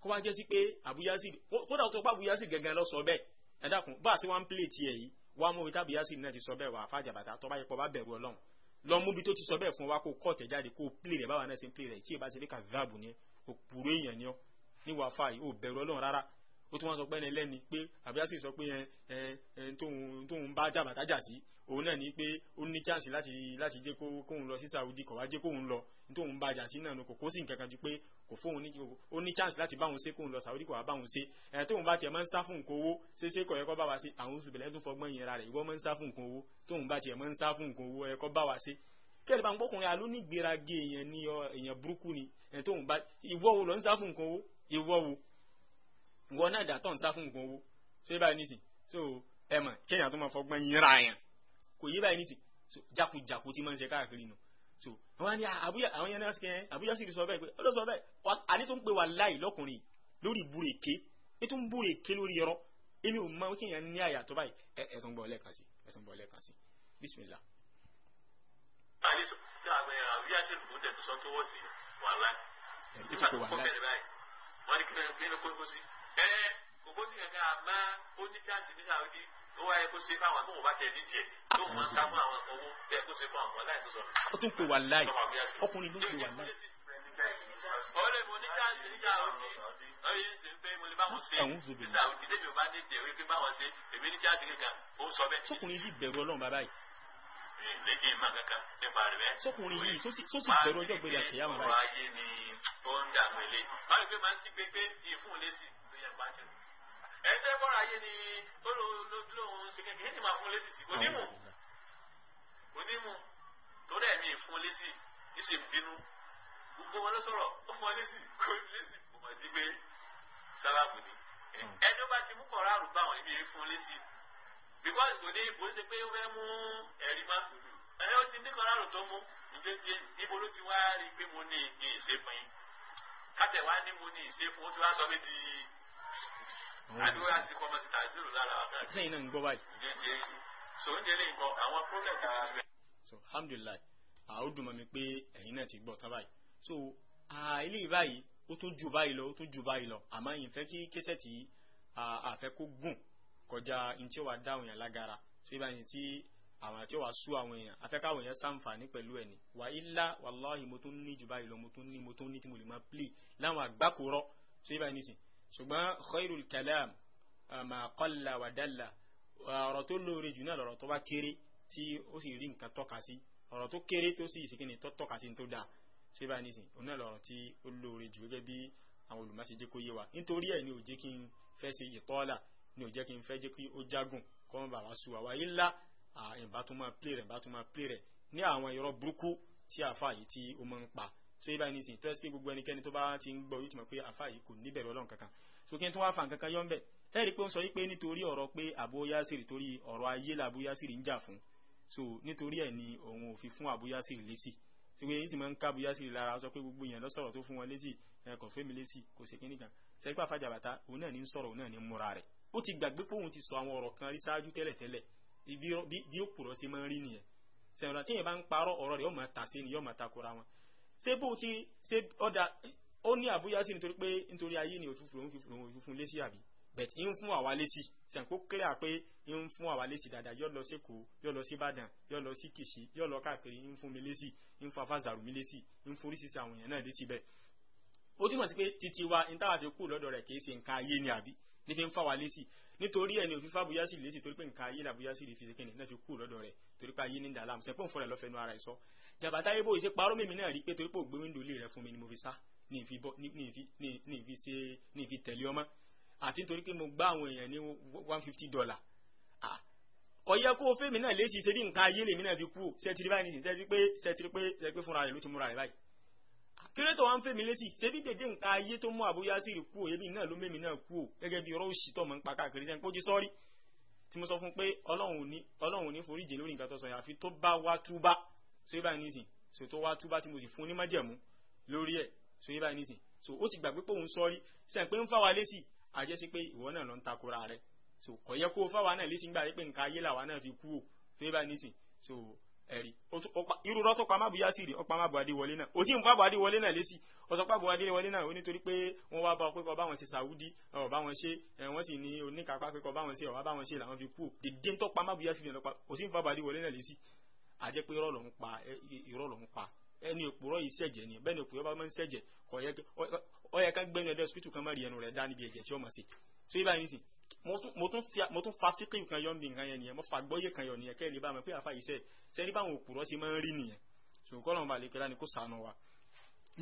kó wá jẹ́ sí pé àbúyásírì kódà tó pa àbúyásírì gangan lọ sọ bẹ́ẹ̀ ẹ dákun bá a ṣe wá ń pílè tiẹ̀ yìí wá mú ibi tí àbúyásírì náà ti sọ bẹ́ẹ̀ wà á fàjà bàtà tó kó lọ mú ibi tó ti sọ bẹ́ẹ̀ fún wa kó kọ́ tẹ̀ jáde kó pílè rẹ̀ báwa náà ṣe ń pílè rẹ̀ tí ì bá ṣe lè kà záàbù ni òpùrọ̀ èèyàn ni ọ́ ní wàfà yìí ò bẹ̀rù ọlọ́run rárá ó tún wá sọ pé ẹni lẹ́ni pé àbíyásí sọ pé ẹ ẹ tóun bá jà bàtà jà sí òun náà ni pé ó ní chance láti láti jẹ́ kó kóun lọ sí Saudi kọ̀ wá jẹ́ kóun lọ tóun bá jà sí náà kò kó sì nǹkan kan ju pé kò fóun ní ó ní chance láti báwọn ṣe kóun lọ Saudi kọ̀ wá báwọn ṣe ẹ tóun bá tiẹ̀ máa ń sá fún nǹkan owó ṣé ṣé kọ̀ ẹ kọ́ bá wa ṣe àwọn oṣù bẹ̀rẹ̀ tún fọgbọ́n ìyẹn ra rẹ̀ ìwọ máa ń sá fún nǹkan kẹ́lẹ́ bá ń gbọ́kùnrin alónígbèrage èèyàn ní èèyàn burúkú ni ẹ̀ tóun bá ìwọ wo lọ ń sá fún nǹkan owó ìwọ wo ìwọ náà dàtọ̀ ń sá fún nǹkan owó so yé báyìí nísìn so ẹ mọ̀ kéèyàn tó máa fọgbọ́n yínra yẹn kò yé báyìí nísìn so jákujàku tí máa ń ṣe káàkiri nù so wọn ní àbúyá ah, àwọn yẹn náà sì kẹ́ àbúyá sì sọ bẹ́ẹ̀ pé ó lọ sọ bẹ́ẹ̀ àní tó ń pè wá láì lọ́kùnrin lórí ìbúrèké ètò ń búrèké lórí ẹ̀rọ èmi ò mọ kéèyàn ní àyà tó báyìí ẹ ẹ tó ń bọ̀ lẹ́ẹ̀kan wọ́n ní kí wọ́n ní kó kó sí ẹ kò kó sí kankan àmọ́ ó ní chance ní sàwọ́dí ó wá yẹ kó ṣe fáwọn tó wọ́n bá tẹ̀ nídìí ẹ̀ tó wọ́n sá fún àwọn owó ẹ̀ kó ṣe fún àwọn láì tó sọ. ó tún pè wà láì ọkùnrin ló ń pè wà láì. ọ̀rẹ́ mo ní chance ní sàwọ́dí ọ̀yẹ́ ń sè ń fẹ́ mo lè bá wọn ṣe ní sàwọ́dí tẹ̀mí ò bá ní ìdẹ̀wé pé báwọn ṣe èmi ní chance kankan ó sọ bẹ́ẹ̀. sọkùnrin yìí bẹ̀rù ọlọ́run bàbá yìí sọkùnrin yìí tó sì bẹ̀rù ọjọ́ ìgbéga kìí àmọ́ báyìí. ọrọ̀ ajé ni ó ń dààmú ilé báwo pé máa ń ti pépé ìfún un lésì tó yẹ pàṣẹ. ẹgbẹ́ bọ́ra ayé ni ó lóun ṣe kékeré ní máa fún un lésì sí onímù onímù tó dẹ̀ mí fún un lésì ní ṣe bínú gbogbo wọn ló sọ̀rọ̀ ó fún un lésì kó lésì kò mọ̀ sí pé sálábù ni ẹni ó bá ti mú kọ̀ọ̀rọ̀ àrùbá àwọn ibi fún un lésì because kò ní ìbò ṣe pé lóhùn tó mú ìdé tí níbo ló ti wá rí i pé mo ní ní ìsepin yín wá ní mo ní ìsepin ó ti wá sọ mí di àdúrà sí kọ́mọ sí tàzírù lára àgbà tí ìdí tí so oúnjẹ lè kọ àwọn problem kan rẹ. so alhamdulilayi àwọn dùn mọ́ mi pé ẹ̀yin náà ti gbọ́ tán báyìí so eléyìí báyìí ó tún jù báyìí lọ ó tún jù báyìí lọ àmọ́ yìí fẹ́ kí kẹsẹ̀ tí àfẹ́ kó gùn kọjá ní tí dáhùn yẹn lágara so ibà yìí tí àwọn àti wàá sú àwọn èèyàn afẹ́káwọn èèyàn sàǹfààní pẹ̀lú ẹ̀ ni wà ilá mo tún ní jù báyìí lọ mo tún ní mo tún ní tí mo lè máa play láwọn àgbákòrọ́ tó yẹ báyìí nísìn ṣùgbọ́n khairul kalam eh, ma qalla wa dalla ọ̀rọ̀ tó lóore jù náà lọ̀rọ̀ tó bá kéré tí ó sì rí nǹkan tọ́ka sí ọ̀rọ̀ tó kéré tó sì ìsìnkí ni tó tọ́ka sí tó dáa tó yẹ báyìí nísìn òun náà lọ̀rọ̀ tí ó lóore jù gẹ́gẹ́ bí àwọn olùmọ̀ṣẹ́jẹ́ kó yé wa nítorí ẹ̀ ni ò jẹ́ kí n fẹ́ ṣe ìtọ́lá ni ò jẹ́ kí n fẹ́ jẹ́ kí ó jágùn kọ́ mọ́ bàbá sú wa wáyé ńlá ìbátúmọ̀ plé rẹ̀ ìbátúmọ̀ plé rẹ̀ ní àwọn irọ́ burúkú tí àfa yìí tí ó máa ń pa so ibà ní ìsìn tẹ́sí pé gbogbo ẹnikẹ́ni tó bá ti ń gbọ́ yóò ti mọ̀ pé àfa yìí kò níbẹ̀rẹ̀ ọlọ́run kankan so kí n tó wá fa nǹkan kan yọ ń bẹ̀ ẹ rí i pé ó sọ yí pé nítorí ọ̀rọ̀ pé Abu Yasir torí ọ̀rọ̀ ayé la Abu Yasir ń jà fún so nítorí ẹ̀ ni òun ò fi fún Abu Yasir lésì tí wọ́n yìí sì máa ń ká Abu Yasir lára sọ pé gbogbo èèyàn lọ́sọ̀rọ̀ tó fún wọn lésì ẹ̀kọ́ fẹ́mi lésì kò ṣe kí nìkan sẹ́gbà fàjàbàtà òun náà ní ń sọ̀rọ̀ òun náà ní ń múra rẹ̀ ó ti gbàgbé pé òun ti sọ àwọn ọ̀rọ̀ kan rí ṣáájú tẹ́lẹ̀tẹ́lẹ̀ bí ó kùrọ̀ sí máa ń rí nìyẹn sẹ̀rọ̀ tí yẹn bá ń parọ́ ọ̀rọ̀ rẹ̀ yóò máa tà sí ni yóò máa takora wọn ṣé bó ti ṣe ọ̀dà ó ní àbúyá sí nítorí pé nítorí ayé ni òfúfú òun fífún òun fífún lésì àbí bẹ̀t ń fún àwa lésì sẹ̀ǹkó clear pé ń fún àwa lésì dáadáa yóò lọ sí Èkó yóò lọ sí Ìbàdàn yóò lọ sí Kìṣí yóò lọ káàkiri ń fún mi lésì ń fún afázàrù mi lésì ń fún oríṣiríṣi àwọn èèyàn náà lésì bẹ́ẹ̀ ó túmọ̀ sí pé títí wa ń táwa fi kú lọ́dọ̀ rẹ̀ kì í ṣe nǹkan ayé ni àbí ní fi ń fà wá lésì nítorí ẹni òfin fàbúyá sì lésì torí pé nǹkan ayé làbúyá sì lè fi ṣèkìnnì náà fi kú lọ́dọ̀ rẹ̀ torí pé ayé ní ìdàlá àmì sẹ́pọ̀ fúnra lọ́fẹ̀ẹ́ nu ara ẹ̀ sọ jàbátá yébò ìṣe parọ́ mímí náà rí pé torí pé ògbé wíńdò lè rẹ fún mi ni mo fi sá ní ìfi tẹ̀lé ọmọ àti nítorí pé mo gbá àwọn èèyàn ní one fifty dollar kọ̀yẹ́ kó fèmí náà lésì ṣe bí nǹkan ayé lèmi náà fi kú ṣẹ́tìrí báyìí ṣẹ́tìrí pé ṣẹ́tìrí pé báyìí kílé tó wá ń fẹ́ mi lésì ṣé bí dèdè nǹkan ayé tó mú àbúyá sí rí kú òye bí náà ló mẹ́mi náà kú ò gẹ́gẹ́ bí ọ̀rọ̀ òṣì tó mọ̀ ń pa káàkiri sẹ́ni kó jí sọ́rí tí mo sọ fún pé ọlọ́run ò ní foríjì lórí nǹkan tó sọ yẹn tó bá wá túbá so yí báyìí nísìn so tó wá túbá tí mo sì fún ní májẹ̀mú lórí ẹ̀ so yí báyìí nísìn so ó ti gbàgbé pé òun sọ́rí sẹ́ni pé ń fáwa lésì àjẹsí ẹ̀rí irúrọ́ tó pa mábùú yásìrì ọ̀pá mábùú adéwọlé náà òsì ń fábùú adéwọlé náà lésì ọ̀sọ̀ pábùú adéwọlé náà onítorí pé wọ́n wá bá ọ pé kọ́ báwọn ṣe sàwúdí ọ̀ báwọn ṣe wọ́n sì ní oníkápá pé kọ́ báwọn ṣe ọ̀wá báwọn ṣe làwọn fi kú dèdè tó pa mábùú yásìrì náà òsì ń fábùú adéwọlé náà lésì àjẹ́ pé irọ́ lòún pa irọ́ lòún pa ẹni òpùrọ́ yìí ṣẹ̀jẹ̀ ni bẹ́ẹ̀ ni òpùrọ́ bá máa ń ṣẹ̀jẹ̀ kọ̀ ọ yẹ ká gbẹ́nu ẹ̀dọ́ hospital kan má rí ẹnu rẹ̀ dá níbi ẹ̀jẹ̀ tí ó mọ̀ sí so ibà yín sìn mo tún fa fíkì nǹkan yọ ní nǹkan yẹn nìyẹn mo fa gbọ́yé kan yọ nìyẹn kẹ́ ẹ̀ lè bá mi pé àfa yìí sẹ́ sẹ́ni báwọn òpùrọ́ ṣe máa ń rí nìyẹn ṣùgbọ́n kọ́lọ́mù balẹ̀ pẹ́lá ni kò sànù wa.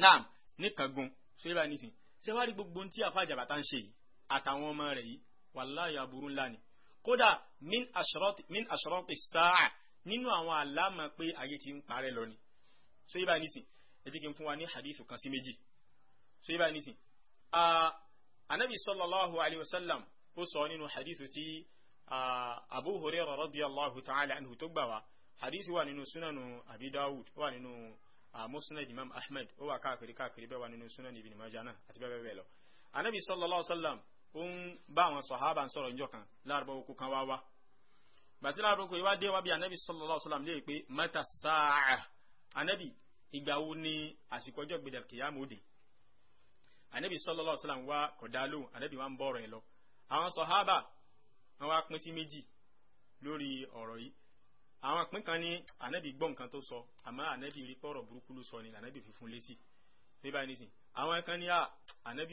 naam níkàngun ṣé bá nísìn ṣé wàá rí gbogbo ohun tí àfa àjàbàtà ń ṣe yìí àtàwọn ọmọ rẹ̀ yìí wàláyà burú ńlá ni kódà min ashrati min ashrati sáà nínú àwọn àlámà pé ayé ti ń parẹ́ lọ ni so yíba nísìn ẹ jẹ́ hadithu kan sí so yíba nísìn anabi sallallahu alayhi wa sallam ó sọ nínú hadithu tí abu hurairah radiyallahu ta'ala anhu tó gbà wá hadithu wà nínú sunanu abi dawud wà nínú musnad imam ahmed ó wà káàkiri káàkiri bẹ́ẹ̀ wà nínú sunan ibn majah náà àti bẹ́ẹ̀ bẹ́ẹ̀ lọ anabi sallallahu alaihi wasallam ó ń bá àwọn sahaba ń sọ̀rọ̀ njọ́ kan láàrúbọ̀ okú kan wá wá gbàtí láàrúbọ̀ okú ìwádìí wá bí anabi sallallahu alaihi wasallam léè pé mata sáà anabi ìgbà wo ni àsìkò ọjọ́ gbẹdẹ̀ kìyàmù òde anabi sallallahu alaihi wasallam wá kọ̀dá lóhùn anabi wá ń bọ̀ ọ̀rọ̀ yẹn lọ àwọn sọ̀hábà wọ́n wá pín sí méjì lórí ọ̀rọ̀ yìí àwọn pín kan ní ànábì gbọ́ nǹkan tó sọ àmọ́ ànábì rí pọ̀rọ̀ burúkú ló sọ ni ànábì fi fún lésì níbà nísìn àwọn kan ní ànábì